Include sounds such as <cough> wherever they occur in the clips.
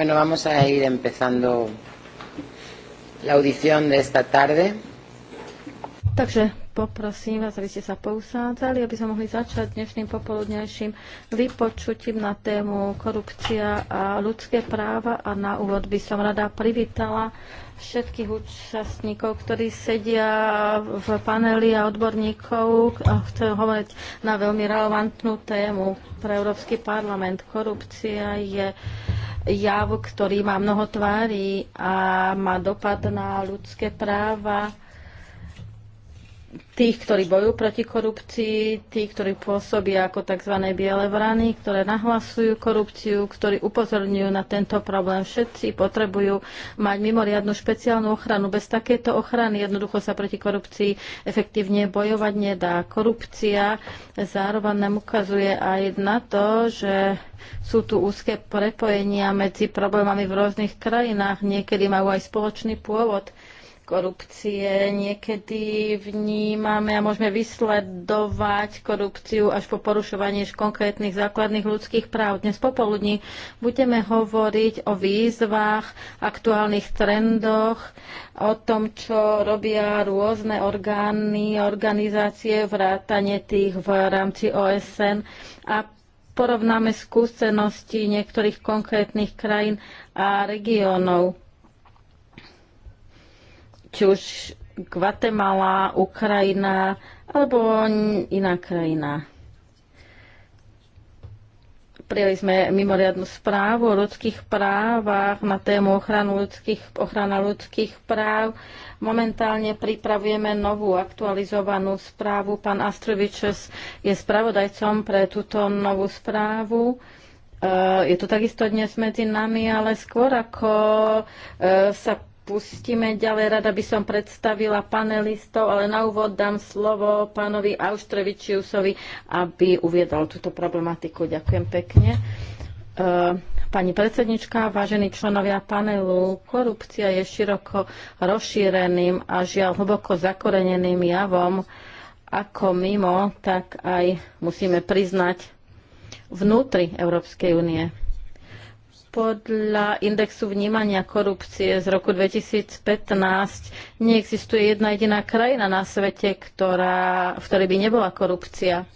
Bueno, vamos a ir empezando la audición de esta tarde. Takže poprosím vás, aby ste sa pousádzali, aby sme mohli začať dnešným popoludnejším vypočutím na tému korupcia a ľudské práva a na úvod by som rada privítala všetkých účastníkov, ktorí sedia v paneli a odborníkov a chcú hovoriť na veľmi relevantnú tému pre Európsky parlament. Korupcia je jav, ktorý má mnoho tvári a má dopad na ľudské práva tých, ktorí bojujú proti korupcii, tí, ktorí pôsobia ako tzv. biele vrany, ktoré nahlasujú korupciu, ktorí upozorňujú na tento problém. Všetci potrebujú mať mimoriadnu špeciálnu ochranu. Bez takéto ochrany jednoducho sa proti korupcii efektívne bojovať nedá. Korupcia zároveň nám ukazuje aj na to, že sú tu úzke prepojenia medzi problémami v rôznych krajinách. Niekedy majú aj spoločný pôvod korupcie. Niekedy vnímame a môžeme vysledovať korupciu až po porušovanie konkrétnych základných ľudských práv. Dnes popoludní budeme hovoriť o výzvach, aktuálnych trendoch, o tom, čo robia rôzne orgány, organizácie, vrátane tých v rámci OSN a porovnáme skúsenosti niektorých konkrétnych krajín a regiónov či už Guatemala, Ukrajina alebo iná krajina. Prijali sme mimoriadnu správu o ľudských právach na tému ochranu ľudských, ochrana ľudských práv. Momentálne pripravujeme novú aktualizovanú správu. Pán Astrovičes je spravodajcom pre túto novú správu. E, je to takisto dnes medzi nami, ale skôr ako e, sa pustíme ďalej. Rada by som predstavila panelistov, ale na úvod dám slovo pánovi Auštrevičiusovi, aby uviedol túto problematiku. Ďakujem pekne. E, pani predsednička, vážení členovia panelu, korupcia je široko rozšíreným a žiaľ hlboko zakoreneným javom, ako mimo, tak aj musíme priznať vnútri Európskej únie. Podľa indexu vnímania korupcie z roku 2015 neexistuje jedna jediná krajina na svete, ktorá, v ktorej by nebola korupcia.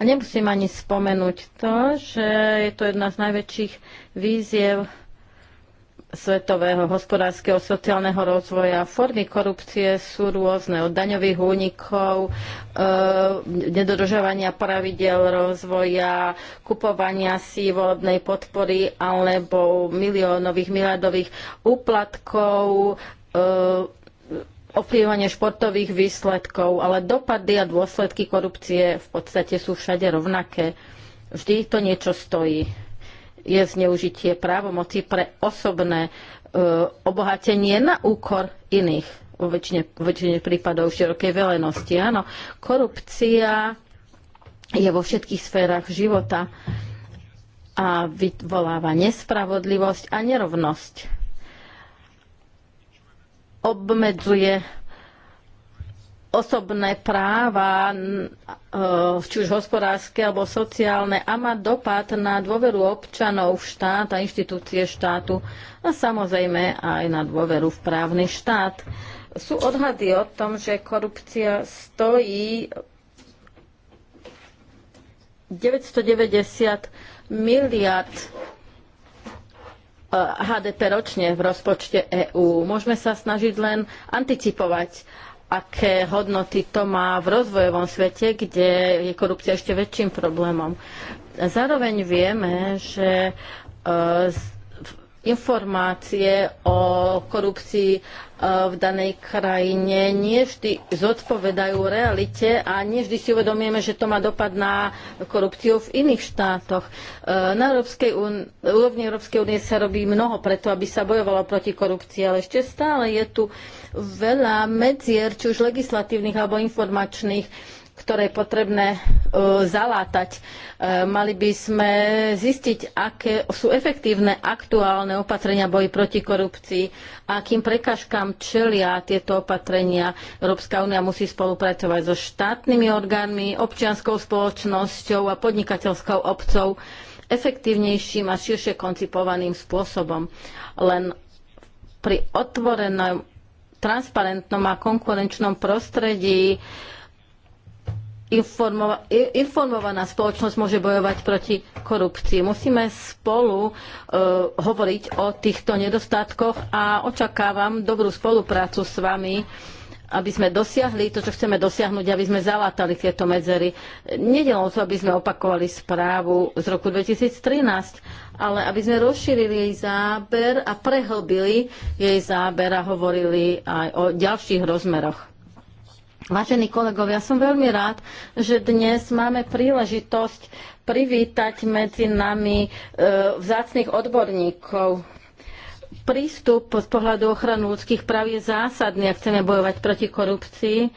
A nemusím ani spomenúť to, že je to jedna z najväčších výziev svetového hospodárskeho sociálneho rozvoja. Formy korupcie sú rôzne, od daňových únikov, e, nedodržovania pravidel rozvoja, kupovania si volebnej podpory alebo miliónových, miliardových úplatkov, e, ovplyvňovanie športových výsledkov, ale dopady a dôsledky korupcie v podstate sú všade rovnaké. Vždy to niečo stojí je zneužitie právomoci pre osobné e, obohatenie na úkor iných. Vo väčšine, väčšine prípadov širokej velenosti. Áno, korupcia je vo všetkých sférach života a vyvoláva nespravodlivosť a nerovnosť. Obmedzuje osobné práva, e, či už hospodárske alebo sociálne, a má dopad na dôveru občanov v štát a inštitúcie štátu a samozrejme aj na dôveru v právny štát. Sú odhady o tom, že korupcia stojí 990 miliard e, HDP ročne v rozpočte EÚ. Môžeme sa snažiť len anticipovať aké hodnoty to má v rozvojovom svete, kde je korupcia ešte väčším problémom. Zároveň vieme, že e, informácie o korupcii e, v danej krajine nie vždy zodpovedajú realite a nie vždy si uvedomujeme, že to má dopad na korupciu v iných štátoch. E, na Európskej úrovni Európskej únie sa robí mnoho preto, aby sa bojovalo proti korupcii, ale ešte stále je tu veľa medzier, či už legislatívnych alebo informačných, ktoré je potrebné e, zalátať. E, mali by sme zistiť, aké sú efektívne aktuálne opatrenia boji proti korupcii a akým prekažkám čelia tieto opatrenia. Európska únia musí spolupracovať so štátnymi orgánmi, občianskou spoločnosťou a podnikateľskou obcov efektívnejším a širšie koncipovaným spôsobom. Len pri otvorenom transparentnom a konkurenčnom prostredí informova- informovaná spoločnosť môže bojovať proti korupcii. Musíme spolu e, hovoriť o týchto nedostatkoch a očakávam dobrú spoluprácu s vami aby sme dosiahli to, čo chceme dosiahnuť, aby sme zalátali tieto medzery. Nedelo to, aby sme opakovali správu z roku 2013, ale aby sme rozšírili jej záber a prehlbili jej záber a hovorili aj o ďalších rozmeroch. Vážení kolegovia, som veľmi rád, že dnes máme príležitosť privítať medzi nami e, vzácných odborníkov prístup z pohľadu ochranu ľudských práv je zásadný, ak chceme bojovať proti korupcii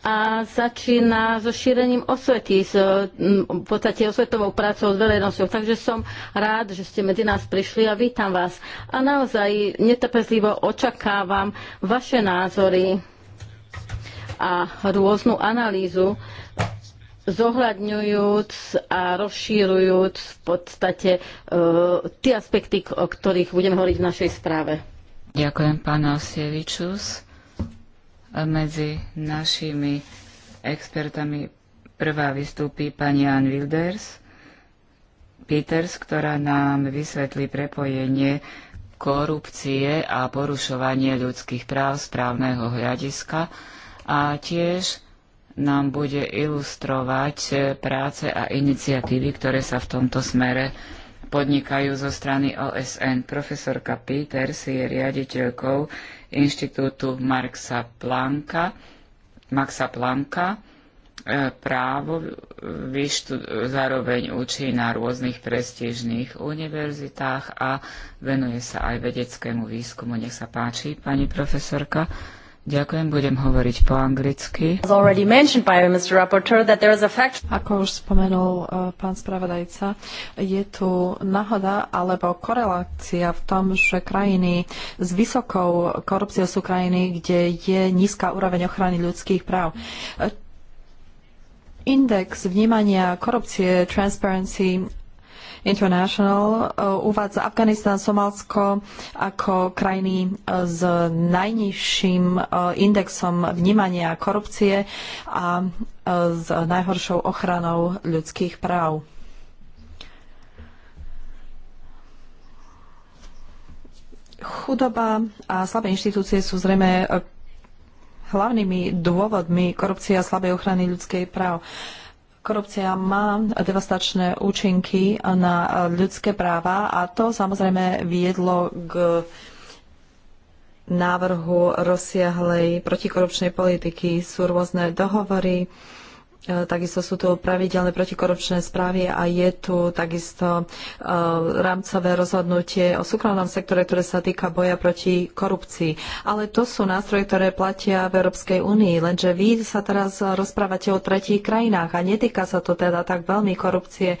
a začína so šírením osvety, s mm, v podstate osvetovou prácou s verejnosťou. Takže som rád, že ste medzi nás prišli a vítam vás. A naozaj netrpezlivo očakávam vaše názory a rôznu analýzu zohľadňujúc a rozšírujúc v podstate uh, tie aspekty, o ktorých budem hovoriť v našej správe. Ďakujem, pán Osievičus. Medzi našimi expertami prvá vystúpi pani Ann Wilders, Peters, ktorá nám vysvetlí prepojenie korupcie a porušovanie ľudských práv správneho hľadiska a tiež nám bude ilustrovať e, práce a iniciatívy, ktoré sa v tomto smere podnikajú zo strany OSN. Profesorka Peters je riaditeľkou Inštitútu Marxa Planka, Maxa Planka, e, právo vyštú, zároveň učí na rôznych prestížnych univerzitách a venuje sa aj vedeckému výskumu. Nech sa páči, pani profesorka. Ďakujem, budem hovoriť po anglicky. Ako už spomenul eh, pán spravodajca, je tu náhoda alebo korelácia v tom, že krajiny s vysokou korupciou sú krajiny, kde je nízka úroveň ochrany ľudských práv. Eh, Index vnímania korupcie Transparency International eh, uvádza Afganistan, Somálsko ako krajiny eh, s najnižším eh, indexom vnímania korupcie a s najhoršou ochranou ľudských práv. Chudoba a slabé inštitúcie sú zrejme hlavnými dôvodmi korupcie a slabej ochrany ľudských práv. Korupcia má devastačné účinky na ľudské práva a to samozrejme viedlo k návrhu rozsiahlej protikorupčnej politiky. Sú rôzne dohovory, E, takisto sú tu pravidelné protikorupčné správy a je tu takisto e, rámcové rozhodnutie o súkromnom sektore, ktoré sa týka boja proti korupcii. Ale to sú nástroje, ktoré platia v Európskej únii, lenže vy sa teraz rozprávate o tretích krajinách a netýka sa to teda tak veľmi korupcie e,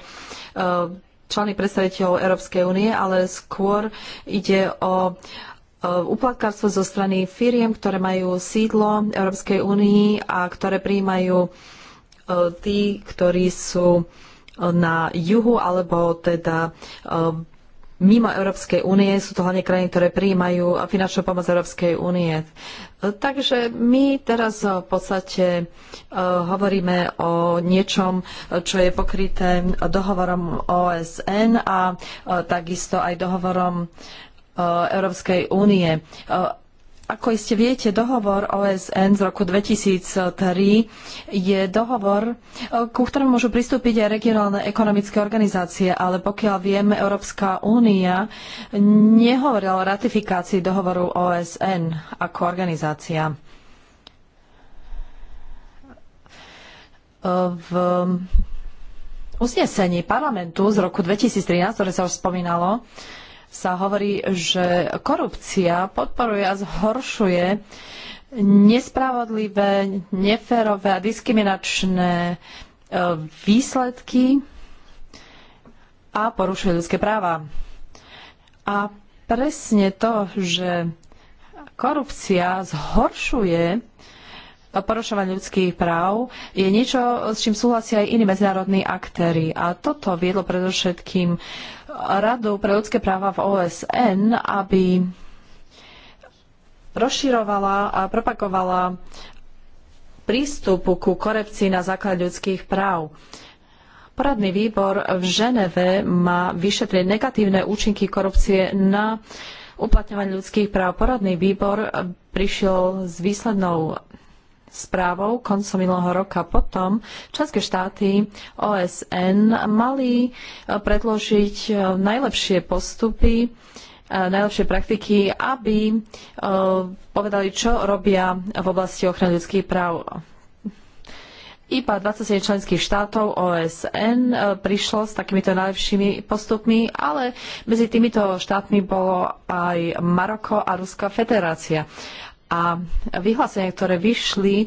členy predstaviteľov Európskej únie, ale skôr ide o uplatkárstvo zo strany firiem, ktoré majú sídlo Európskej únii a ktoré prijímajú E, tí, ktorí sú e, na juhu alebo teda e, mimo Európskej únie, sú to hlavne krajiny, ktoré prijímajú finančnú pomoc Európskej únie. Takže my teraz v podstate hovoríme o niečom, čo je pokryté dohovorom OSN a takisto aj dohovorom Európskej únie. Ako iste viete, dohovor OSN z roku 2003 je dohovor, ku ktorému môžu pristúpiť aj regionálne ekonomické organizácie, ale pokiaľ vieme, Európska únia nehovorila o ratifikácii dohovoru OSN ako organizácia. V uznesení parlamentu z roku 2013, ktoré sa už spomínalo, sa hovorí, že korupcia podporuje a zhoršuje nespravodlivé, neférové a diskriminačné e, výsledky a porušuje ľudské práva. A presne to, že korupcia zhoršuje porušovanie ľudských práv je niečo, s čím súhlasia aj iní medzinárodní aktéry. A toto viedlo predovšetkým Radu pre ľudské práva v OSN, aby rozširovala a propagovala prístupu ku korupcii na základe ľudských práv. Poradný výbor v Ženeve má vyšetriť negatívne účinky korupcie na uplatňovanie ľudských práv. Poradný výbor prišiel s výslednou správou koncom minulého roka potom členské štáty OSN mali e, predložiť e, najlepšie postupy, e, najlepšie praktiky, aby povedali, čo robia v oblasti ochrany ľudských práv. Iba 27 členských štátov OSN prišlo s takýmito najlepšími postupmi, ale medzi týmito štátmi bolo aj Maroko a Ruská federácia. A vyhlásenia, ktoré vyšli e,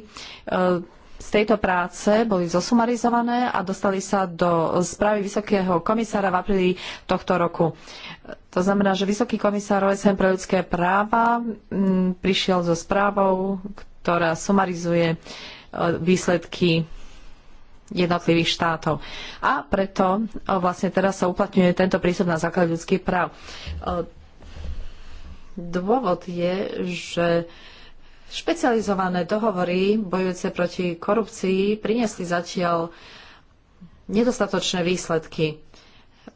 z tejto práce, boli zosumarizované a dostali sa do správy Vysokého komisára v apríli tohto roku. To znamená, že Vysoký komisár OSN pre ľudské práva prišiel so správou, ktorá sumarizuje e, výsledky jednotlivých štátov. A preto e, vlastne teraz sa uplatňuje tento prístup na základ ľudských práv. Dôvod je, že špecializované dohovory bojujúce proti korupcii priniesli zatiaľ nedostatočné výsledky.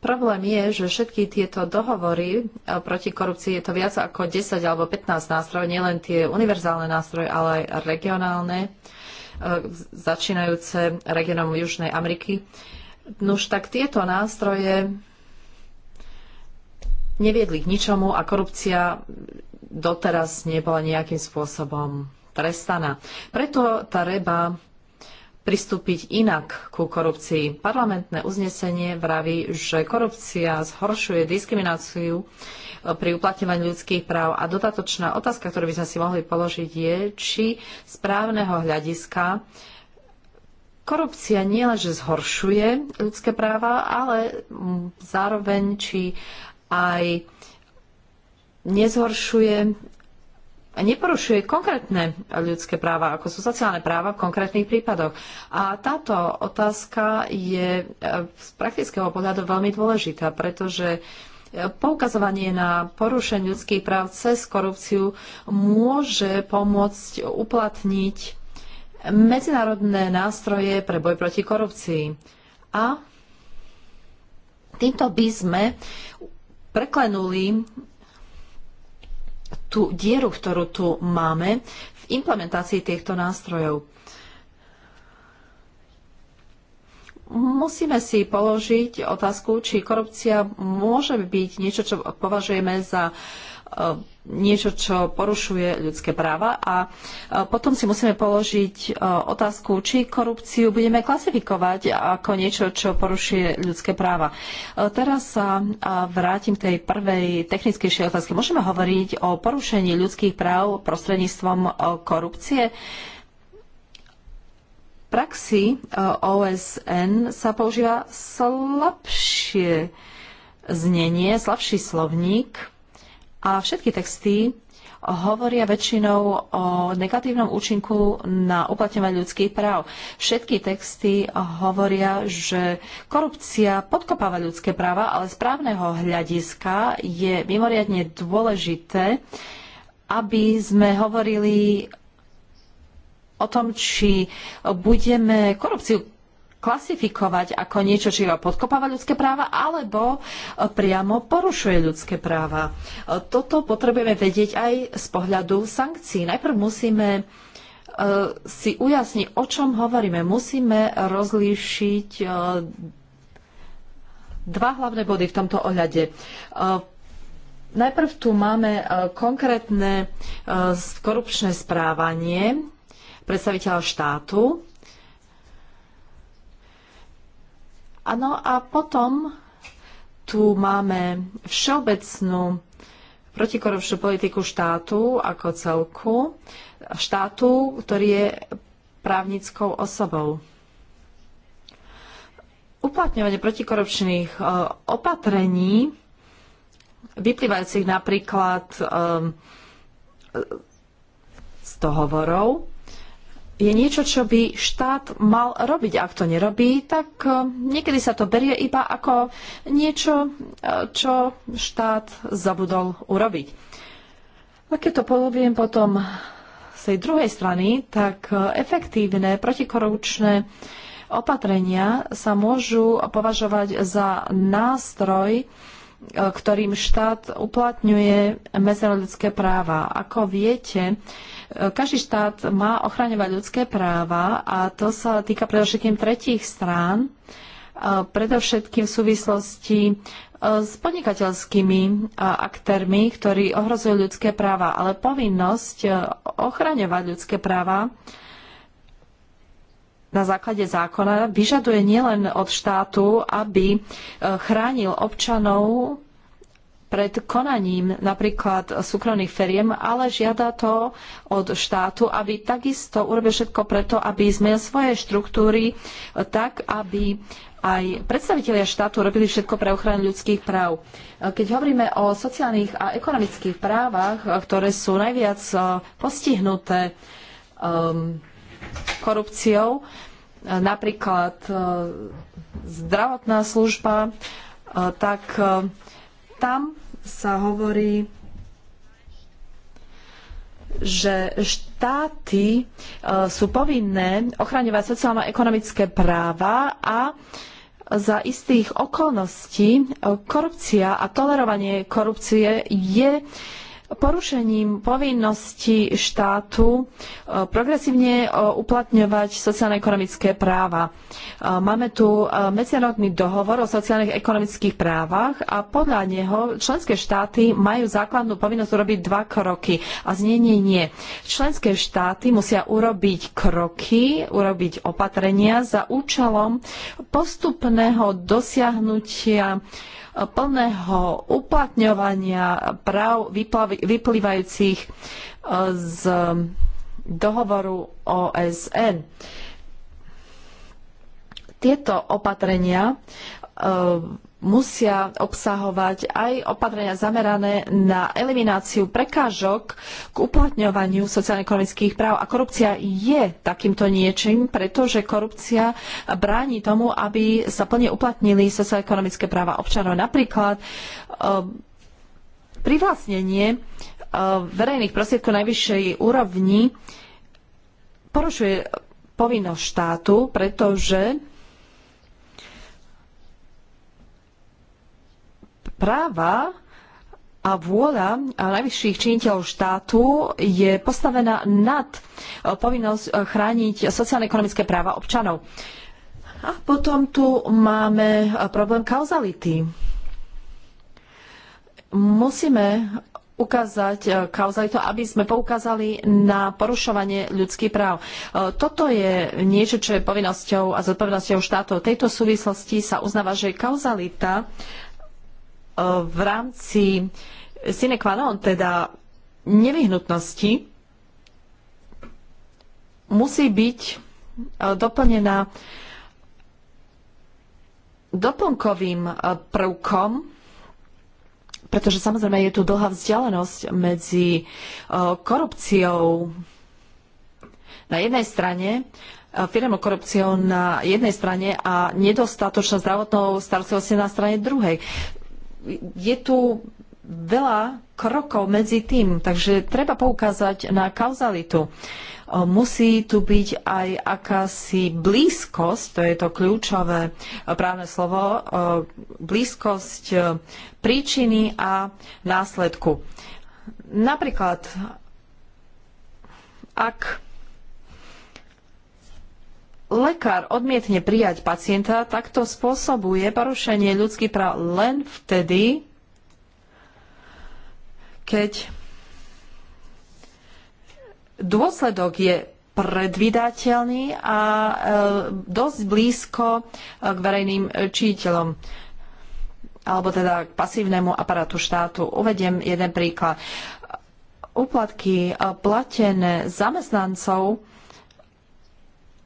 Problém je, že všetky tieto dohovory e, proti korupcii je to viac ako 10 alebo 15 nástrojov, nielen tie univerzálne nástroje, ale aj regionálne, e, začínajúce regionom Južnej Ameriky. Nuž tak tieto nástroje neviedli k ničomu a korupcia doteraz nebola nejakým spôsobom trestaná. Preto tá treba pristúpiť inak ku korupcii. Parlamentné uznesenie vraví, že korupcia zhoršuje diskrimináciu e, pri uplatňovaní ľudských práv a dodatočná otázka, ktorú by sme si mohli položiť je, či z právneho hľadiska korupcia nielenže zhoršuje ľudské práva, ale zároveň, či aj nezhoršuje a neporušuje konkrétne ľudské práva, ako sú sociálne práva v konkrétnych prípadoch. A táto otázka je e, z praktického pohľadu veľmi dôležitá, pretože e, poukazovanie na porušenie ľudských práv cez korupciu môže pomôcť uplatniť medzinárodné nástroje pre boj proti korupcii. A týmto by sme preklenuli tú dieru, ktorú tu máme v implementácii týchto nástrojov. Musíme si položiť otázku, či korupcia môže byť niečo, čo považujeme za uh, E, niečo, čo porušuje ľudské práva a e, potom si musíme položiť e, otázku, či korupciu budeme klasifikovať ako niečo, čo porušuje ľudské práva. Teraz sa vrátim k tej prvej technickejšej otázke. Môžeme hovoriť o porušení ľudských práv prostredníctvom korupcie? V praxi OSN sa používa slabšie znenie, slabší slovník a všetky texty hovoria väčšinou o negatívnom účinku na uplatňovanie ľudských práv. Všetky texty hovoria, že korupcia podkopáva ľudské práva, ale z právneho hľadiska je mimoriadne dôležité, aby sme hovorili o tom, či budeme korupciu klasifikovať ako niečo, čo podkopáva ľudské práva, alebo e, priamo porušuje ľudské práva. E, toto potrebujeme vedieť aj z pohľadu sankcií. Najprv musíme e, si ujasniť, o čom hovoríme. Musíme rozlíšiť dva hlavné body v tomto ohľade. Najprv tu máme konkrétne korupčné správanie predstaviteľa štátu Áno, a potom tu máme všeobecnú protikorupčnú politiku štátu ako celku, štátu, ktorý je právnickou osobou. Uplatňovanie protikorupčných e, opatrení, vyplývajúcich napríklad e, z dohovorov, je niečo, čo by štát mal robiť. Ak to nerobí, tak eh, niekedy sa to berie iba ako niečo, eh, čo štát zabudol urobiť. A keď to poviem potom z tej druhej strany, tak eh, efektívne protikorupčné opatrenia sa môžu považovať za nástroj, E, ktorým štát uplatňuje medziľudské práva. Ako viete, e, každý štát má ochraňovať ľudské práva a to sa týka predovšetkým tretích strán, e, predovšetkým v súvislosti s podnikateľskými aktérmi, ktorí ohrozujú ľudské práva. Ale povinnosť ochraňovať ľudské práva na základe zákona vyžaduje nielen od štátu, aby e, chránil občanov pred konaním napríklad súkromných feriem, ale žiada to od štátu, aby takisto urobil všetko preto, aby zmenil svoje štruktúry e, tak, aby aj predstavitelia štátu robili všetko pre ochranu ľudských práv. E, keď hovoríme o sociálnych a ekonomických právach, ktoré sú najviac postihnuté um, korupciou, napríklad e, zdravotná služba, e, tak e, tam sa hovorí, že štáty sú povinné ochraňovať sociálno-ekonomické práva a za istých okolností korupcia a tolerovanie korupcie je porušením povinnosti štátu e, progresívne e, uplatňovať sociálne-ekonomické práva. E, máme tu medzinárodný dohovor o sociálnych ekonomických právach a podľa neho členské štáty majú základnú povinnosť urobiť dva kroky a znenie nie. Členské štáty musia urobiť kroky, urobiť opatrenia za účelom postupného dosiahnutia plného uplatňovania práv vyplývajúcich e, z dohovoru OSN. Tieto opatrenia e, musia obsahovať aj opatrenia zamerané na elimináciu prekážok k uplatňovaniu sociálno-ekonomických práv. A korupcia je takýmto niečím, pretože korupcia bráni tomu, aby sa plne uplatnili sociálno-ekonomické práva občanov. Napríklad eh, privlastnenie eh, verejných prostriedkov najvyššej úrovni porušuje povinnosť štátu, pretože práva a vôľa najvyšších činiteľov štátu je postavená nad povinnosť chrániť sociálne-ekonomické práva občanov. A potom tu máme problém kauzality. Musíme ukázať kauzalitu, aby sme poukázali na porušovanie ľudských práv. Toto je niečo, čo je povinnosťou a zodpovednosťou štátov. V tejto súvislosti sa uznáva, že kauzalita v rámci sine qua non, teda nevyhnutnosti, musí byť e, doplnená doplnkovým e, prvkom, pretože samozrejme je tu dlhá vzdialenosť medzi e, korupciou na jednej strane firemnou korupciou na jednej strane a nedostatočnou zdravotnou starostlivosťou na strane druhej je tu veľa krokov medzi tým, takže treba poukázať na kauzalitu. Musí tu byť aj akási blízkosť, to je to kľúčové e, právne slovo, e, blízkosť e, príčiny a následku. Napríklad, ak lekár odmietne prijať pacienta, tak to spôsobuje porušenie ľudských práv len vtedy, keď dôsledok je predvydateľný a e, dosť blízko e, k verejným e, čítelom alebo teda k pasívnemu aparátu štátu. Uvediem jeden príklad. Uplatky platené zamestnancov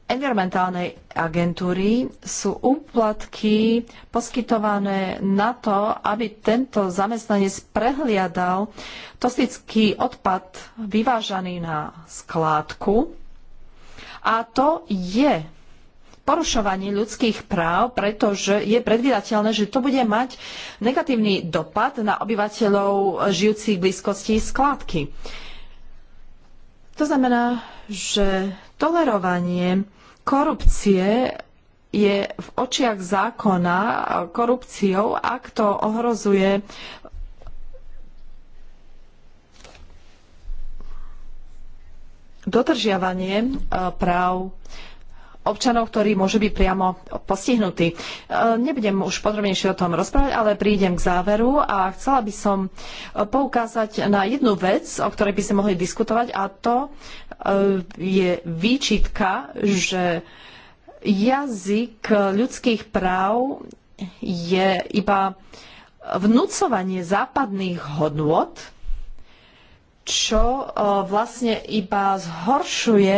environmentálnej agentúry sú úplatky poskytované na to, aby tento zamestnanec prehliadal toxický odpad vyvážaný na skládku. A to je porušovanie ľudských práv, pretože je predvydateľné, že to bude mať negatívny dopad na obyvateľov žijúcich v blízkosti skládky. To znamená, že tolerovanie korupcie je v očiach zákona korupciou, ak to ohrozuje dodržiavanie e, práv občanov, ktorý môže byť priamo postihnutý. E, nebudem už podrobnejšie o tom rozprávať, ale prídem k záveru a chcela by som e, poukázať na jednu vec, o ktorej by sme mohli diskutovať a to e, je výčitka, že jazyk ľudských práv je iba vnúcovanie západných hodnôt, čo vlastne iba zhoršuje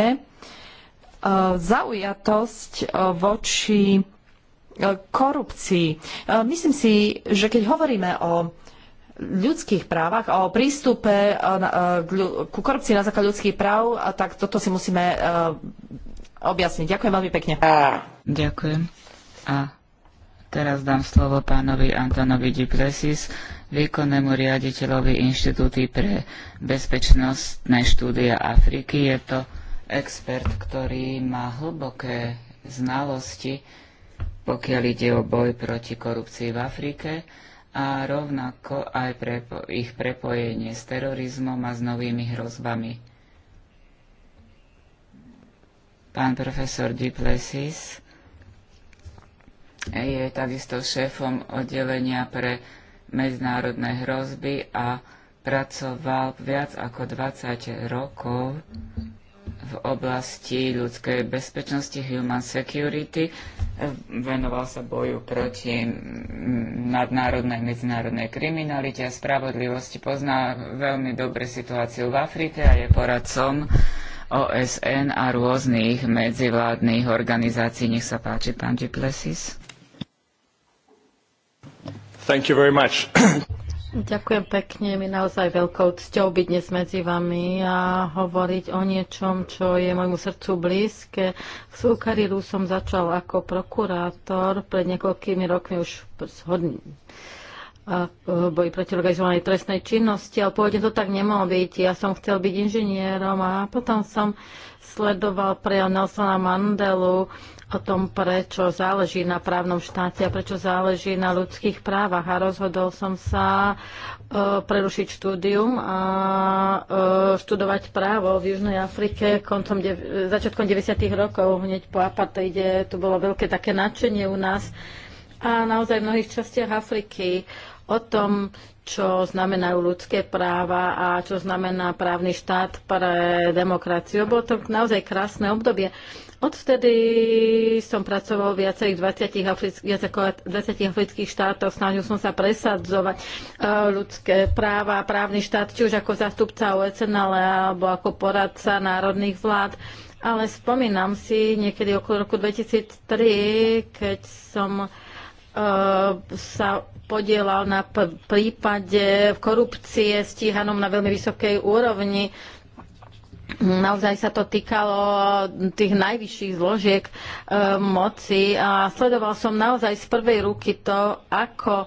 zaujatosť eh, voči eh, korupcii. Eh, myslím si, že keď hovoríme o ľudských právach a o prístupe ku korupcii na základe ľudských práv, tak toto si musíme objasniť. Ďakujem veľmi pekne. Ďakujem. A teraz dám slovo pánovi Antonovi Diplesis, výkonnému riaditeľovi Inštitúty pre bezpečnostné štúdia Afriky. Je to expert, ktorý má hlboké znalosti, pokiaľ ide o boj proti korupcii v Afrike a rovnako aj pre ich prepojenie s terorizmom a s novými hrozbami. Pán profesor Duplessis je takisto šéfom oddelenia pre medzinárodné hrozby a pracoval viac ako 20 rokov v oblasti ľudskej bezpečnosti, human security. Venoval sa boju proti nadnárodnej medzinárodnej kriminalite a spravodlivosti. Pozná veľmi dobre situáciu v Afrike a je poradcom OSN a rôznych medzivládnych organizácií. Nech sa páči, pán Diplesis. Thank you very much. Ďakujem pekne. Mi naozaj veľkou cťou byť dnes medzi vami a hovoriť o niečom, čo je môjmu srdcu blízke. V Súkariru som začal ako prokurátor pred niekoľkými rokmi už a e, boji proti organizovanej trestnej činnosti, ale pôvodne to tak nemohol byť. Ja som chcel byť inžinierom a potom som sledoval prejav Nelsona Mandelu o tom, prečo záleží na právnom štáte a prečo záleží na ľudských právach. A rozhodol som sa e, prerušiť štúdium a e, študovať právo v Južnej Afrike koncom de- začiatkom 90. rokov, hneď po apartheide. Tu bolo veľké také nadšenie u nás a naozaj v mnohých častiach Afriky o tom, čo znamenajú ľudské práva a čo znamená právny štát pre demokraciu. Bolo to naozaj krásne obdobie. Odvtedy som pracoval v viacerých 20 afrických, viac ako 20 afrických štátoch, snažil som sa presadzovať e, ľudské práva, a právny štát, či už ako zástupca OECN, alebo ako poradca národných vlád. Ale spomínam si niekedy okolo roku 2003, keď som e, sa podielal na prípade korupcie stíhanom na veľmi vysokej úrovni. Naozaj sa to týkalo tých najvyšších zložiek e, moci a sledoval som naozaj z prvej ruky to, ako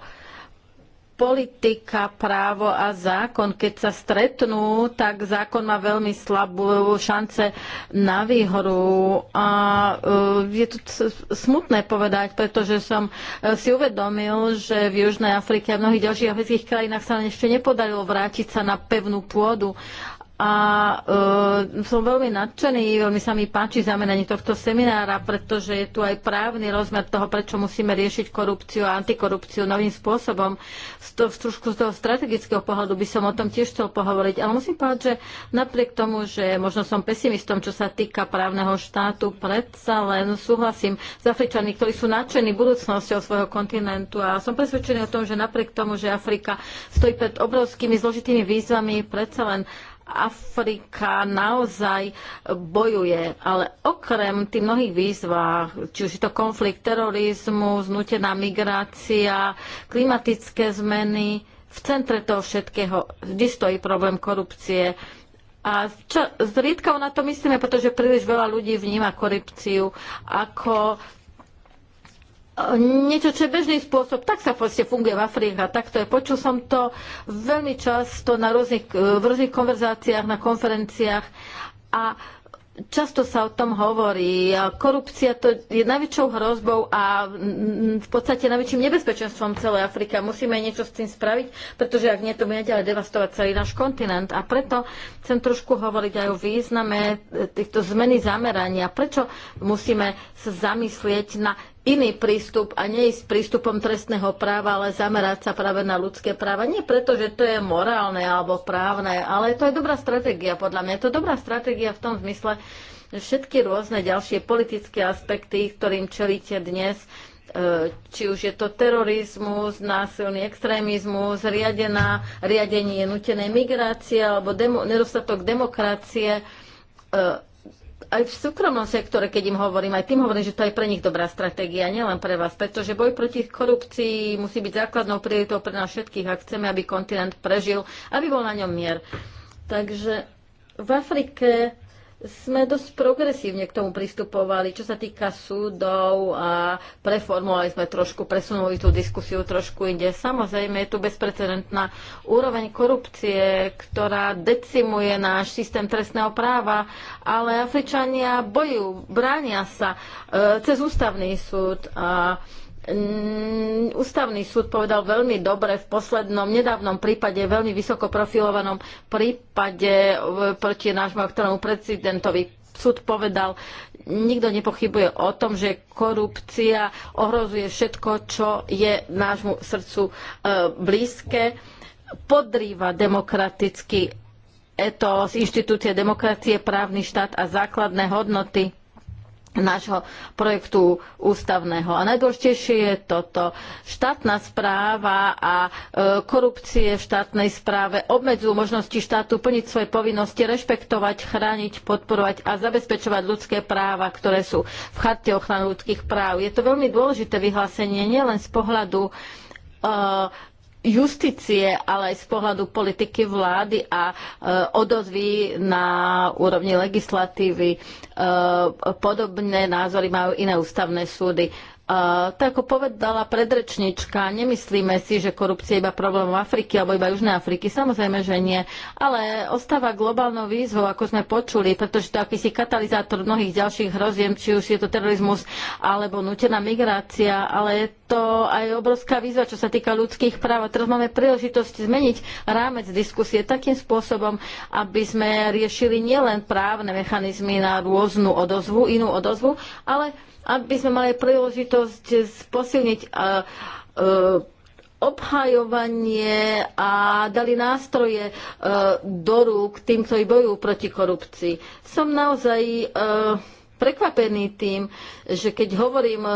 politika, právo a zákon, keď sa stretnú, tak zákon má veľmi slabú šance na výhru. A e, je to smutné povedať, pretože som e, si uvedomil, že v Južnej Afrike a v mnohých ďalších afrických krajinách sa ešte nepodarilo vrátiť sa na pevnú pôdu a uh, som veľmi nadšený, veľmi sa mi páči zameranie tohto seminára, pretože je tu aj právny rozmer toho, prečo musíme riešiť korupciu a antikorupciu novým spôsobom. Z to, v trošku z toho strategického pohľadu by som o tom tiež chcel pohovoriť, ale musím povedať, že napriek tomu, že možno som pesimistom, čo sa týka právneho štátu, predsa len súhlasím s Afričanmi, ktorí sú nadšení budúcnosťou svojho kontinentu a som presvedčený o tom, že napriek tomu, že Afrika stojí pred obrovskými zložitými výzvami, predsa len Afrika naozaj bojuje, ale okrem tých mnohých výzvách, či už je to konflikt terorizmu, znutená migrácia, klimatické zmeny, v centre toho všetkého vždy stojí problém korupcie. A čo, zriedka na to myslíme, pretože príliš veľa ľudí vníma korupciu ako niečo, čo je bežný spôsob. Tak sa proste funguje v Afrike a takto je. Počul som to veľmi často na rôznych, e, v rôznych konverzáciách, na konferenciách a často sa o tom hovorí. Korupcia to je najväčšou hrozbou a mm, v podstate najväčším nebezpečenstvom celej Afriky. Musíme niečo s tým spraviť, pretože ak nie, to bude ďalej devastovať celý náš kontinent. A preto chcem trošku hovoriť aj o význame e, týchto zmeny zamerania. Prečo musíme sa zamyslieť na iný prístup a nie s prístupom trestného práva, ale zamerať sa práve na ľudské práva. Nie preto, že to je morálne alebo právne, ale to je dobrá stratégia podľa mňa. Je To je dobrá stratégia v tom zmysle, že všetky rôzne ďalšie politické aspekty, ktorým čelíte dnes, e, či už je to terorizmus, násilný extrémizmus, riadená, riadenie nutenej migrácie alebo demo, nedostatok demokracie, e, aj v súkromnom sektore, keď im hovorím, aj tým hovorím, že to je pre nich dobrá stratégia, nielen pre vás, pretože boj proti korupcii musí byť základnou prioritou pre nás všetkých, ak chceme, aby kontinent prežil, aby bol na ňom mier. Takže v Afrike sme dosť progresívne k tomu pristupovali, čo sa týka súdov a preformovali sme trošku, presunuli tú diskusiu trošku inde. Samozrejme je tu bezprecedentná úroveň korupcie, ktorá decimuje náš systém trestného práva, ale Afričania bojujú, bránia sa e, cez ústavný súd a e, Mm, ústavný súd povedal veľmi dobre v poslednom, nedávnom prípade, veľmi vysoko profilovanom prípade e, proti nášmu aktuálnemu prezidentovi. Súd povedal, nikto nepochybuje o tom, že korupcia ohrozuje všetko, čo je nášmu srdcu e, blízke, podrýva demokratický etos, inštitúcie demokracie, právny štát a základné hodnoty nášho projektu ústavného. A najdôležitejšie je toto. Štátna správa a e, korupcie v štátnej správe obmedzujú možnosti štátu plniť svoje povinnosti, rešpektovať, chrániť, podporovať a zabezpečovať ľudské práva, ktoré sú v charte ochrany ľudských práv. Je to veľmi dôležité vyhlásenie nielen z pohľadu e, justície, ale aj z pohľadu politiky vlády a e, odozvy na úrovni legislatívy. E, podobné názory majú iné ústavné súdy tak ako povedala predrečnička, nemyslíme si, že korupcia je iba problém Afriky alebo iba Južnej Afriky. Samozrejme, že nie. Ale ostáva globálnou výzvou, ako sme počuli, pretože to je akýsi katalizátor mnohých ďalších hroziem, či už je to terorizmus alebo nutená migrácia, ale je to aj obrovská výzva, čo sa týka ľudských práv. A teraz máme príležitosť zmeniť rámec diskusie takým spôsobom, aby sme riešili nielen právne mechanizmy na rôznu odozvu, inú odozvu, ale aby sme mali príležitosť príležitosť posilniť a, obhajovanie a dali nástroje do rúk tým, ktorí bojujú proti korupcii. Som naozaj prekvapený tým, že keď hovorím e,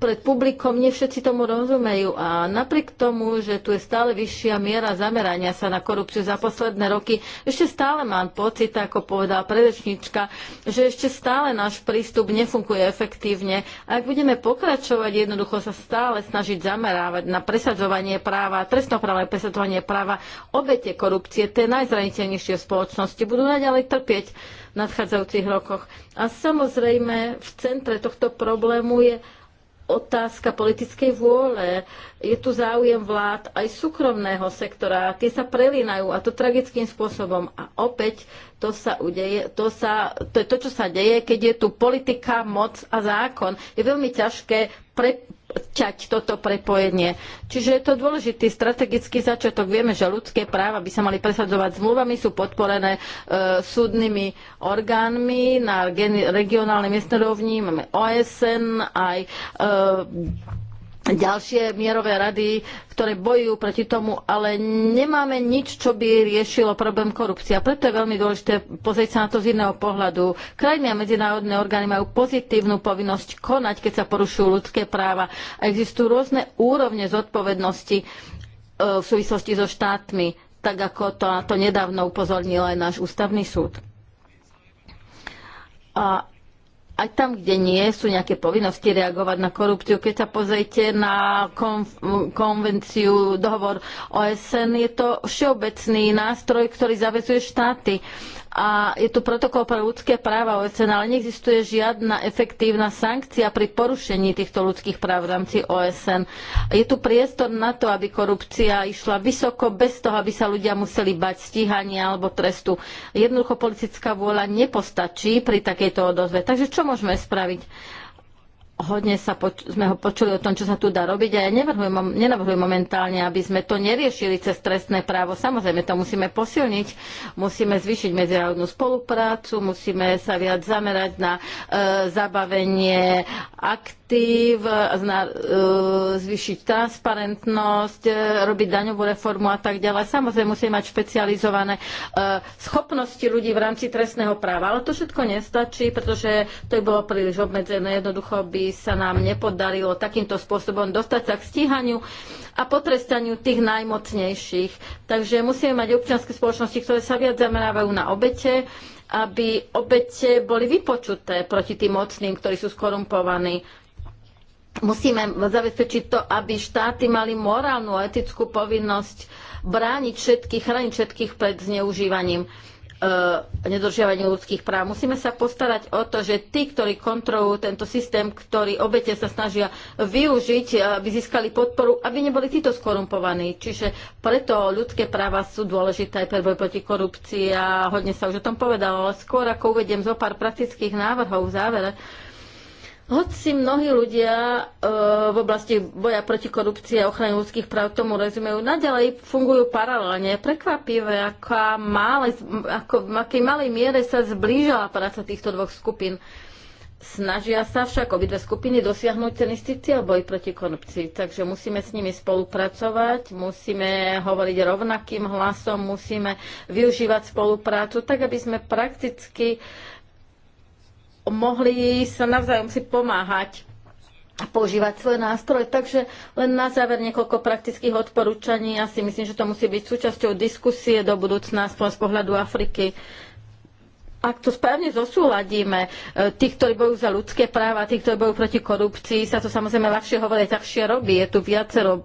pred publikom, nie všetci tomu rozumejú. A napriek tomu, že tu je stále vyššia miera zamerania sa na korupciu za posledné roky, ešte stále mám pocit, ako povedala predečnička, že ešte stále náš prístup nefunguje efektívne. A ak budeme pokračovať, jednoducho sa stále snažiť zamerávať na presadzovanie práva, trestnoprávne presadzovanie práva, obete korupcie, tie najzraniteľnejšie v spoločnosti budú naďalej trpieť nadchádzajúcich rokoch. A samozrejme v centre tohto problému je otázka politickej vôle. Je tu záujem vlád aj súkromného sektora. Tie sa prelínajú a to tragickým spôsobom. A opäť to sa udeje, to, sa, to je to, čo sa deje, keď je tu politika, moc a zákon. Je veľmi ťažké preťať toto prepojenie. Čiže je to dôležitý strategický začiatok. Vieme, že ľudské práva by sa mali presadzovať zmluvami, sú podporené e, súdnymi orgánmi na regionálnej miestnej rovni, máme OSN, aj e, ďalšie mierové rady, ktoré bojujú proti tomu, ale nemáme nič, čo by riešilo problém korupcie. A preto je veľmi dôležité pozrieť sa na to z iného pohľadu. Krajiny a medzinárodné orgány majú pozitívnu povinnosť konať, keď sa porušujú ľudské práva. A existujú rôzne úrovne zodpovednosti e, v súvislosti so štátmi, tak ako to, to nedávno upozornil aj náš ústavný súd. A aj tam, kde nie sú nejaké povinnosti reagovať na korupciu. Keď sa pozrite na konvenciu, dohovor OSN, je to všeobecný nástroj, ktorý zavezuje štáty a je tu protokol pre ľudské práva OSN, ale neexistuje žiadna efektívna sankcia pri porušení týchto ľudských práv v rámci OSN. Je tu priestor na to, aby korupcia išla vysoko bez toho, aby sa ľudia museli bať stíhania alebo trestu. Jednoducho politická vôľa nepostačí pri takejto odozve. Takže čo môžeme spraviť? hodne sa poč- sme ho počuli o tom, čo sa tu dá robiť a ja nenavrhujem, nenavrhujem momentálne, aby sme to neriešili cez trestné právo. Samozrejme, to musíme posilniť, musíme zvýšiť medzinárodnú spoluprácu, musíme sa viac zamerať na e, zabavenie aktív, zna- e, zvýšiť transparentnosť, e, robiť daňovú reformu a tak ďalej. Samozrejme, musíme mať špecializované e, schopnosti ľudí v rámci trestného práva, ale to všetko nestačí, pretože to by bolo príliš obmedzené, jednoducho by sa nám nepodarilo takýmto spôsobom dostať sa k stíhaniu a potrestaniu tých najmocnejších. Takže musíme mať občianske spoločnosti, ktoré sa viac zamerávajú na obete, aby obete boli vypočuté proti tým mocným, ktorí sú skorumpovaní. Musíme zabezpečiť to, aby štáty mali morálnu a etickú povinnosť brániť všetkých, chrániť všetkých pred zneužívaním E, nedržiavaniu ľudských práv. Musíme sa postarať o to, že tí, ktorí kontrolujú tento systém, ktorí obete sa snažia využiť, e, aby získali podporu, aby neboli títo skorumpovaní. Čiže preto ľudské práva sú dôležité aj pre boj proti korupcii a hodne sa už o tom povedalo, ale skôr ako uvediem zo pár praktických návrhov v závere, hoci mnohí ľudia e, v oblasti boja proti korupcii a ochrany ľudských práv tomu rozumejú, naďalej fungujú paralelne. Prekvapivé, aká mále, ako, v akej malej miere sa zblížila práca týchto dvoch skupín. Snažia sa však obidve skupiny dosiahnuť ten istý cieľ boj proti korupcii, takže musíme s nimi spolupracovať, musíme hovoriť rovnakým hlasom, musíme využívať spoluprácu tak, aby sme prakticky e, mohli sa navzájom si pomáhať a používať svoje nástroje. Takže len na záver niekoľko praktických odporúčaní. Ja si myslím, že to musí byť súčasťou diskusie do budúcna, aspoň z pohľadu Afriky ak to správne zosúladíme, e, tých, ktorí bojujú za ľudské práva, tých, ktorí bojujú proti korupcii, sa to samozrejme ľahšie hovorí, ľahšie robí. Je tu viacero e,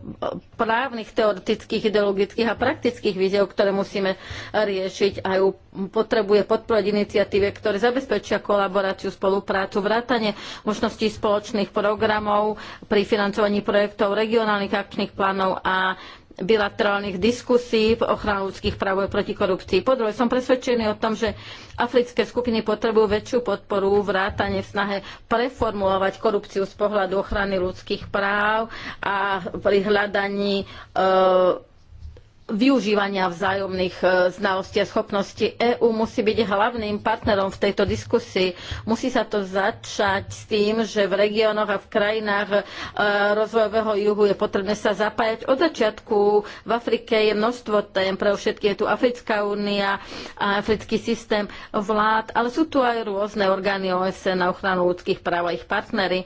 právnych, teoretických, ideologických a praktických víziev, ktoré musíme riešiť. A ju potrebuje podporiť iniciatíve, ktoré zabezpečia kolaboráciu, spoluprácu, vrátanie možností spoločných programov pri financovaní projektov, regionálnych akčných plánov a bilaterálnych diskusí v ochranu ľudských práv a proti korupcii. Po druhé, som presvedčený o tom, že africké skupiny potrebujú väčšiu podporu vrátane v snahe preformulovať korupciu z pohľadu ochrany ľudských práv a pri hľadaní e, využívania vzájomných e, znalostí a schopností. EÚ musí byť hlavným partnerom v tejto diskusii. Musí sa to začať s tým, že v regiónoch a v krajinách e, rozvojového juhu je potrebné sa zapájať od začiatku. V Afrike je množstvo tém, pre všetky je tu Africká únia a africký systém vlád, ale sú tu aj rôzne orgány OSN na ochranu ľudských práv a ich partnery.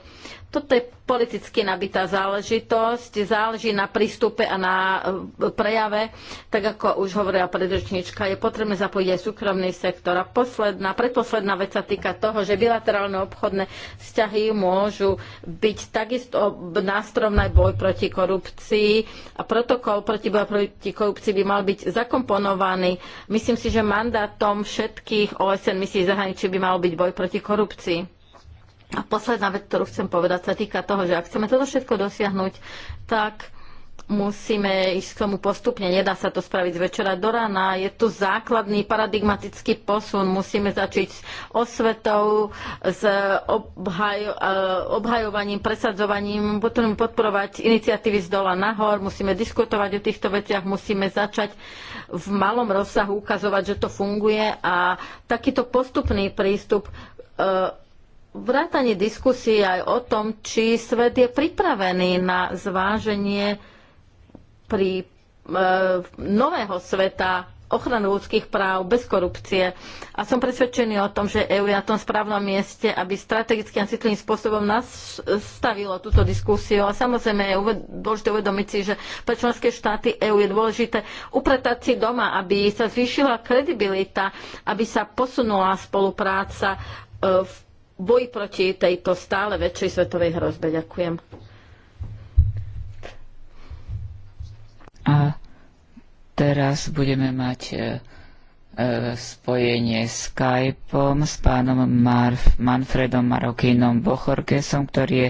Toto je politicky nabitá záležitosť, záleží na prístupe a na e, prejave. Tak ako už hovorila predročníčka, je potrebné zapojiť aj súkromný sektor. A posledná, predposledná vec sa týka toho, že bilaterálne obchodné vzťahy môžu byť takisto nástrom na boj proti korupcii a protokol proti boju proti korupcii by mal byť zakomponovaný. Myslím si, že mandátom všetkých OSN misií zahraničí by mal byť boj proti korupcii a posledná vec, ktorú chcem povedať, sa týka toho, že ak chceme toto všetko dosiahnuť, tak musíme ísť k tomu postupne. Nedá sa to spraviť z večera do rána. Je tu základný paradigmatický posun. Musíme začať s osvetou, s obhaj, e, obhajovaním, presadzovaním, potom podporovať iniciatívy z dola nahor. Musíme diskutovať o týchto veciach, musíme začať v malom rozsahu ukazovať, že to funguje a takýto postupný prístup e, vrátanie diskusie aj o tom, či svet je pripravený na zváženie pri e, nového sveta ochranu ľudských práv bez korupcie. A som presvedčený o tom, že EU je na tom správnom mieste, aby strategicky a citlivým spôsobom nastavilo túto diskusiu. A samozrejme je dôležité uvedomiť si, že pre členské štáty EU je dôležité upratať si doma, aby sa zvýšila kredibilita, aby sa posunula spolupráca e, v boji proti tejto stále väčšej svetovej hrozbe. Ďakujem. A teraz budeme mať e, e spojenie Skypeom s pánom Marf, Manfredom Marokínom Bochorkesom, ktorý je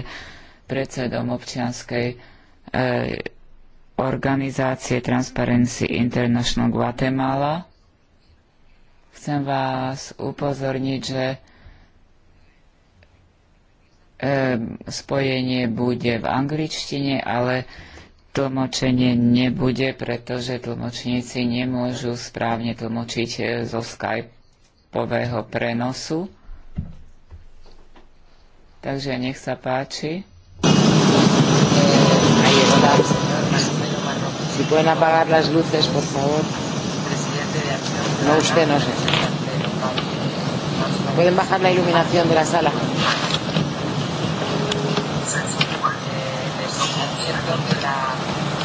predsedom občianskej e, organizácie Transparency International Guatemala. Chcem vás upozorniť, že spojenie bude v angličtine, ale tlmočenie nebude, pretože tlmočníci nemôžu správne tlmočiť eh, zo skypového prenosu. Takže nech sa páči. Si pueden apagar las luces, por favor. No, usted no sé. Pueden bajar la iluminación de la sala.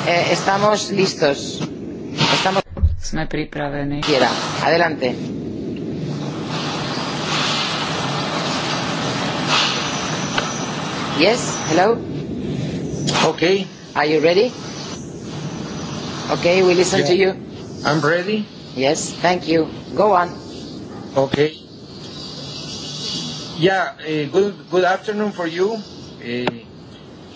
Eh, estamos listos. Estamos... Sme pripravení. Quiera. Adelante. Yes, hello. Okay. Are you ready? Okay, we listen yeah. to you. I'm ready. Yes, thank you. Go on. Okay. Yeah, uh, good, good afternoon for you. Uh,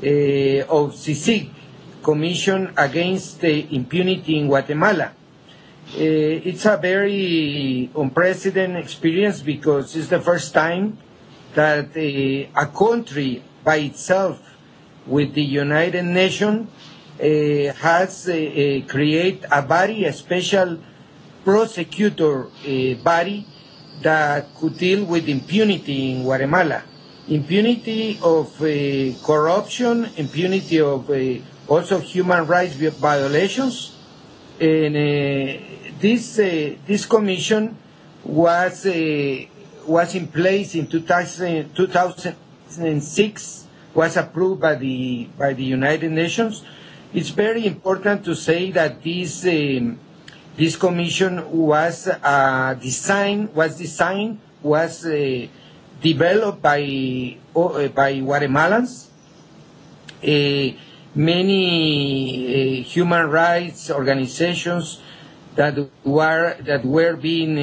uh, of CICIG, Commission Against the Impunity in Guatemala. Uh, it's a very unprecedented experience because it's the first time that uh, a country by itself with the United Nations uh, has uh, uh, created a body, a special prosecutor uh, body that could deal with impunity in Guatemala impunity of uh, corruption, impunity of uh, also human rights violations. And uh, this uh, this commission was uh, was in place in 2000, 2006, was approved by the by the United Nations. It's very important to say that this um, this commission was uh, designed was designed was. Uh, developed by, uh, by Guatemalans. Uh, many uh, human rights organizations that were, that were being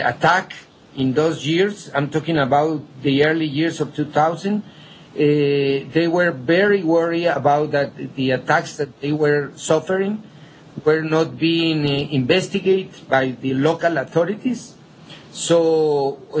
uh, attacked in those years. I'm talking about the early years of 2000. Uh, they were very worried about that the attacks that they were suffering were not being uh, investigated by the local authorities. So uh,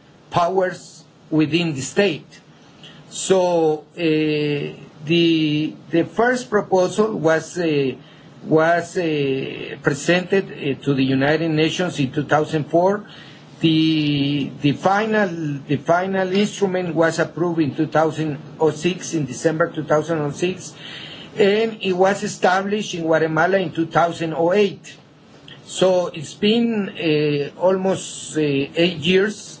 powers within the state. So uh, the the first proposal was uh, was uh, presented uh, to the United Nations in 2004. The the final the final instrument was approved in 2006 in December 2006, and it was established in Guatemala in 2008. So it's been uh, almost uh, eight years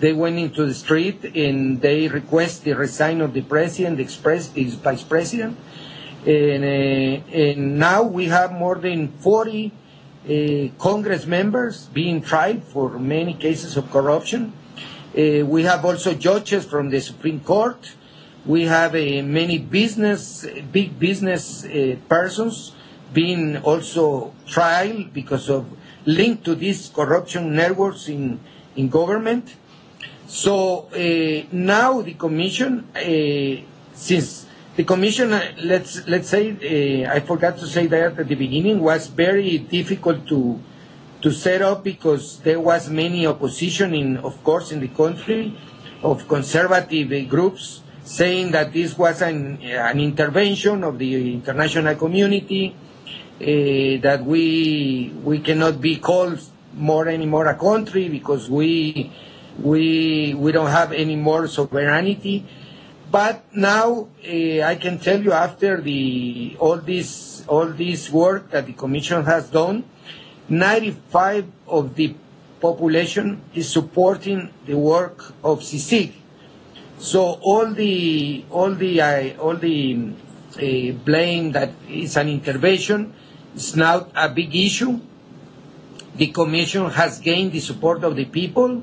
They went into the street and they request the resign of the president, the express, the vice president. And, uh, and now we have more than 40 uh, Congress members being tried for many cases of corruption. Uh, we have also judges from the Supreme Court. We have uh, many business, big business uh, persons being also tried because of linked to these corruption networks in, in government. So uh, now the commission, uh, since the commission, uh, let's let's say, uh, I forgot to say that at the beginning, was very difficult to to set up because there was many opposition in, of course, in the country, of conservative uh, groups saying that this was an an intervention of the international community, uh, that we we cannot be called more anymore a country because we We, we don't have any more sovereignty. But now uh, I can tell you after the, all, this, all this work that the Commission has done, 95 of the population is supporting the work of CSIC. So all the, all the, uh, all the uh, blame that is an intervention is now a big issue. The Commission has gained the support of the people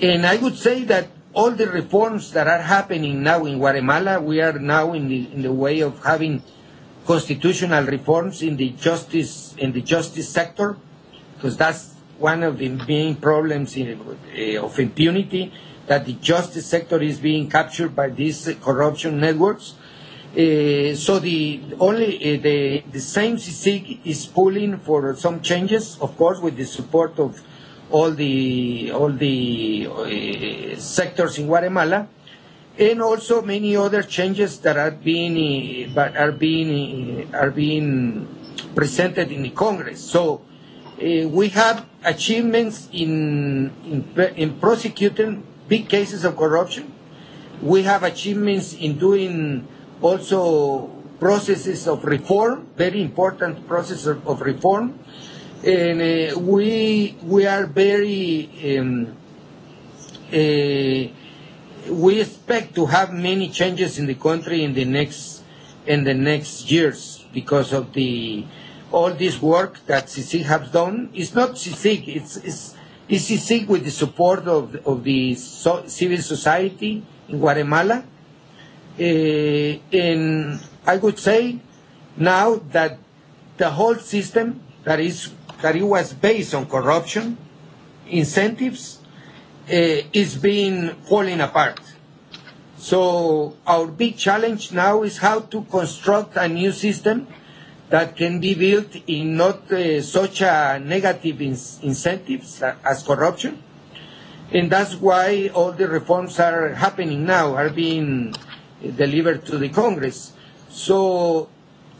And I would say that all the reforms that are happening now in Guatemala, we are now in the, in the way of having constitutional reforms in the justice in the justice sector, because that's one of the main problems in, uh, of impunity that the justice sector is being captured by these uh, corruption networks. Uh, so the only uh, the the same CSIC is pulling for some changes, of course, with the support of all the all the uh, sectors in Guatemala, and also many other changes that are being uh, but are being uh, are being presented in the Congress. So uh, we have achievements in, in in prosecuting big cases of corruption. We have achievements in doing also processes of reform, very important process of, of reform. Uh, and uh, we we are very um, uh, we expect to have many changes in the country in the next in the next years because of the all this work that CICIG has done. It's not CICIG, it's, it's, it's CICIG with the support of, of the so, civil society in Guatemala. Uh, and I would say now that the whole system that is that it was based on corruption, incentives, uh, is being falling apart. So our big challenge now is how to construct a new system that can be built in not uh, such a negative in incentives as corruption. And that's why all the reforms are happening now, are being delivered to the Congress. So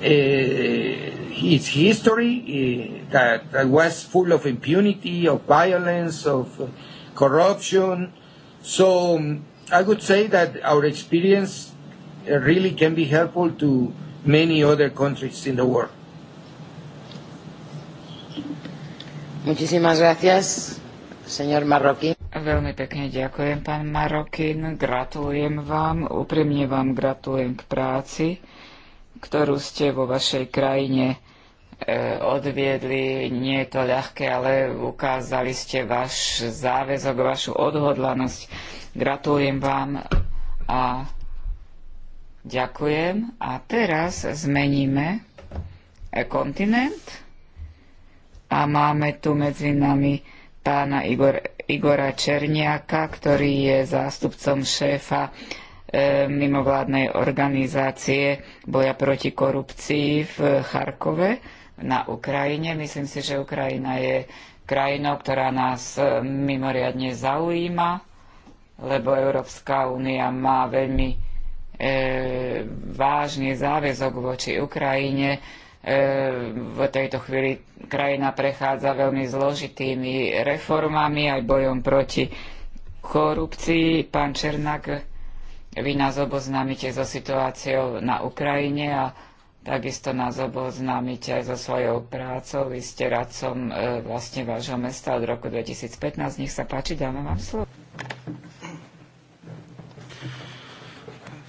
uh, its history uh, that, that was full of impunity, of violence, of uh, corruption. So um, I would say that our experience uh, really can be helpful to many other countries in the world. Muchísimas gracias, señor Marroquín. Veľmi pekne ďakujem, pán Marokín. Gratulujem vám, úprimne vám gratulujem k práci ktorú ste vo vašej krajine e, odviedli. Nie je to ľahké, ale ukázali ste váš záväzok, vašu odhodlanosť. Gratulujem vám a ďakujem. A teraz zmeníme e, kontinent a máme tu medzi nami pána Igor, Igora Černiaka, ktorý je zástupcom šéfa E, mimovládnej organizácie boja proti korupcii v Charkove na Ukrajine. Myslím si, že Ukrajina je krajinou, ktorá nás e, mimoriadne zaujíma, lebo Európska únia má veľmi e, vážny záväzok voči Ukrajine. E, v tejto chvíli krajina prechádza veľmi zložitými reformami aj bojom proti korupcii. Pán Černák vy nás oboznámite so situáciou na Ukrajine a takisto nás oboznámite aj so svojou prácou. Vy ste radcom e, vlastne vášho mesta od roku 2015. Nech sa páči, dáme vám slovo.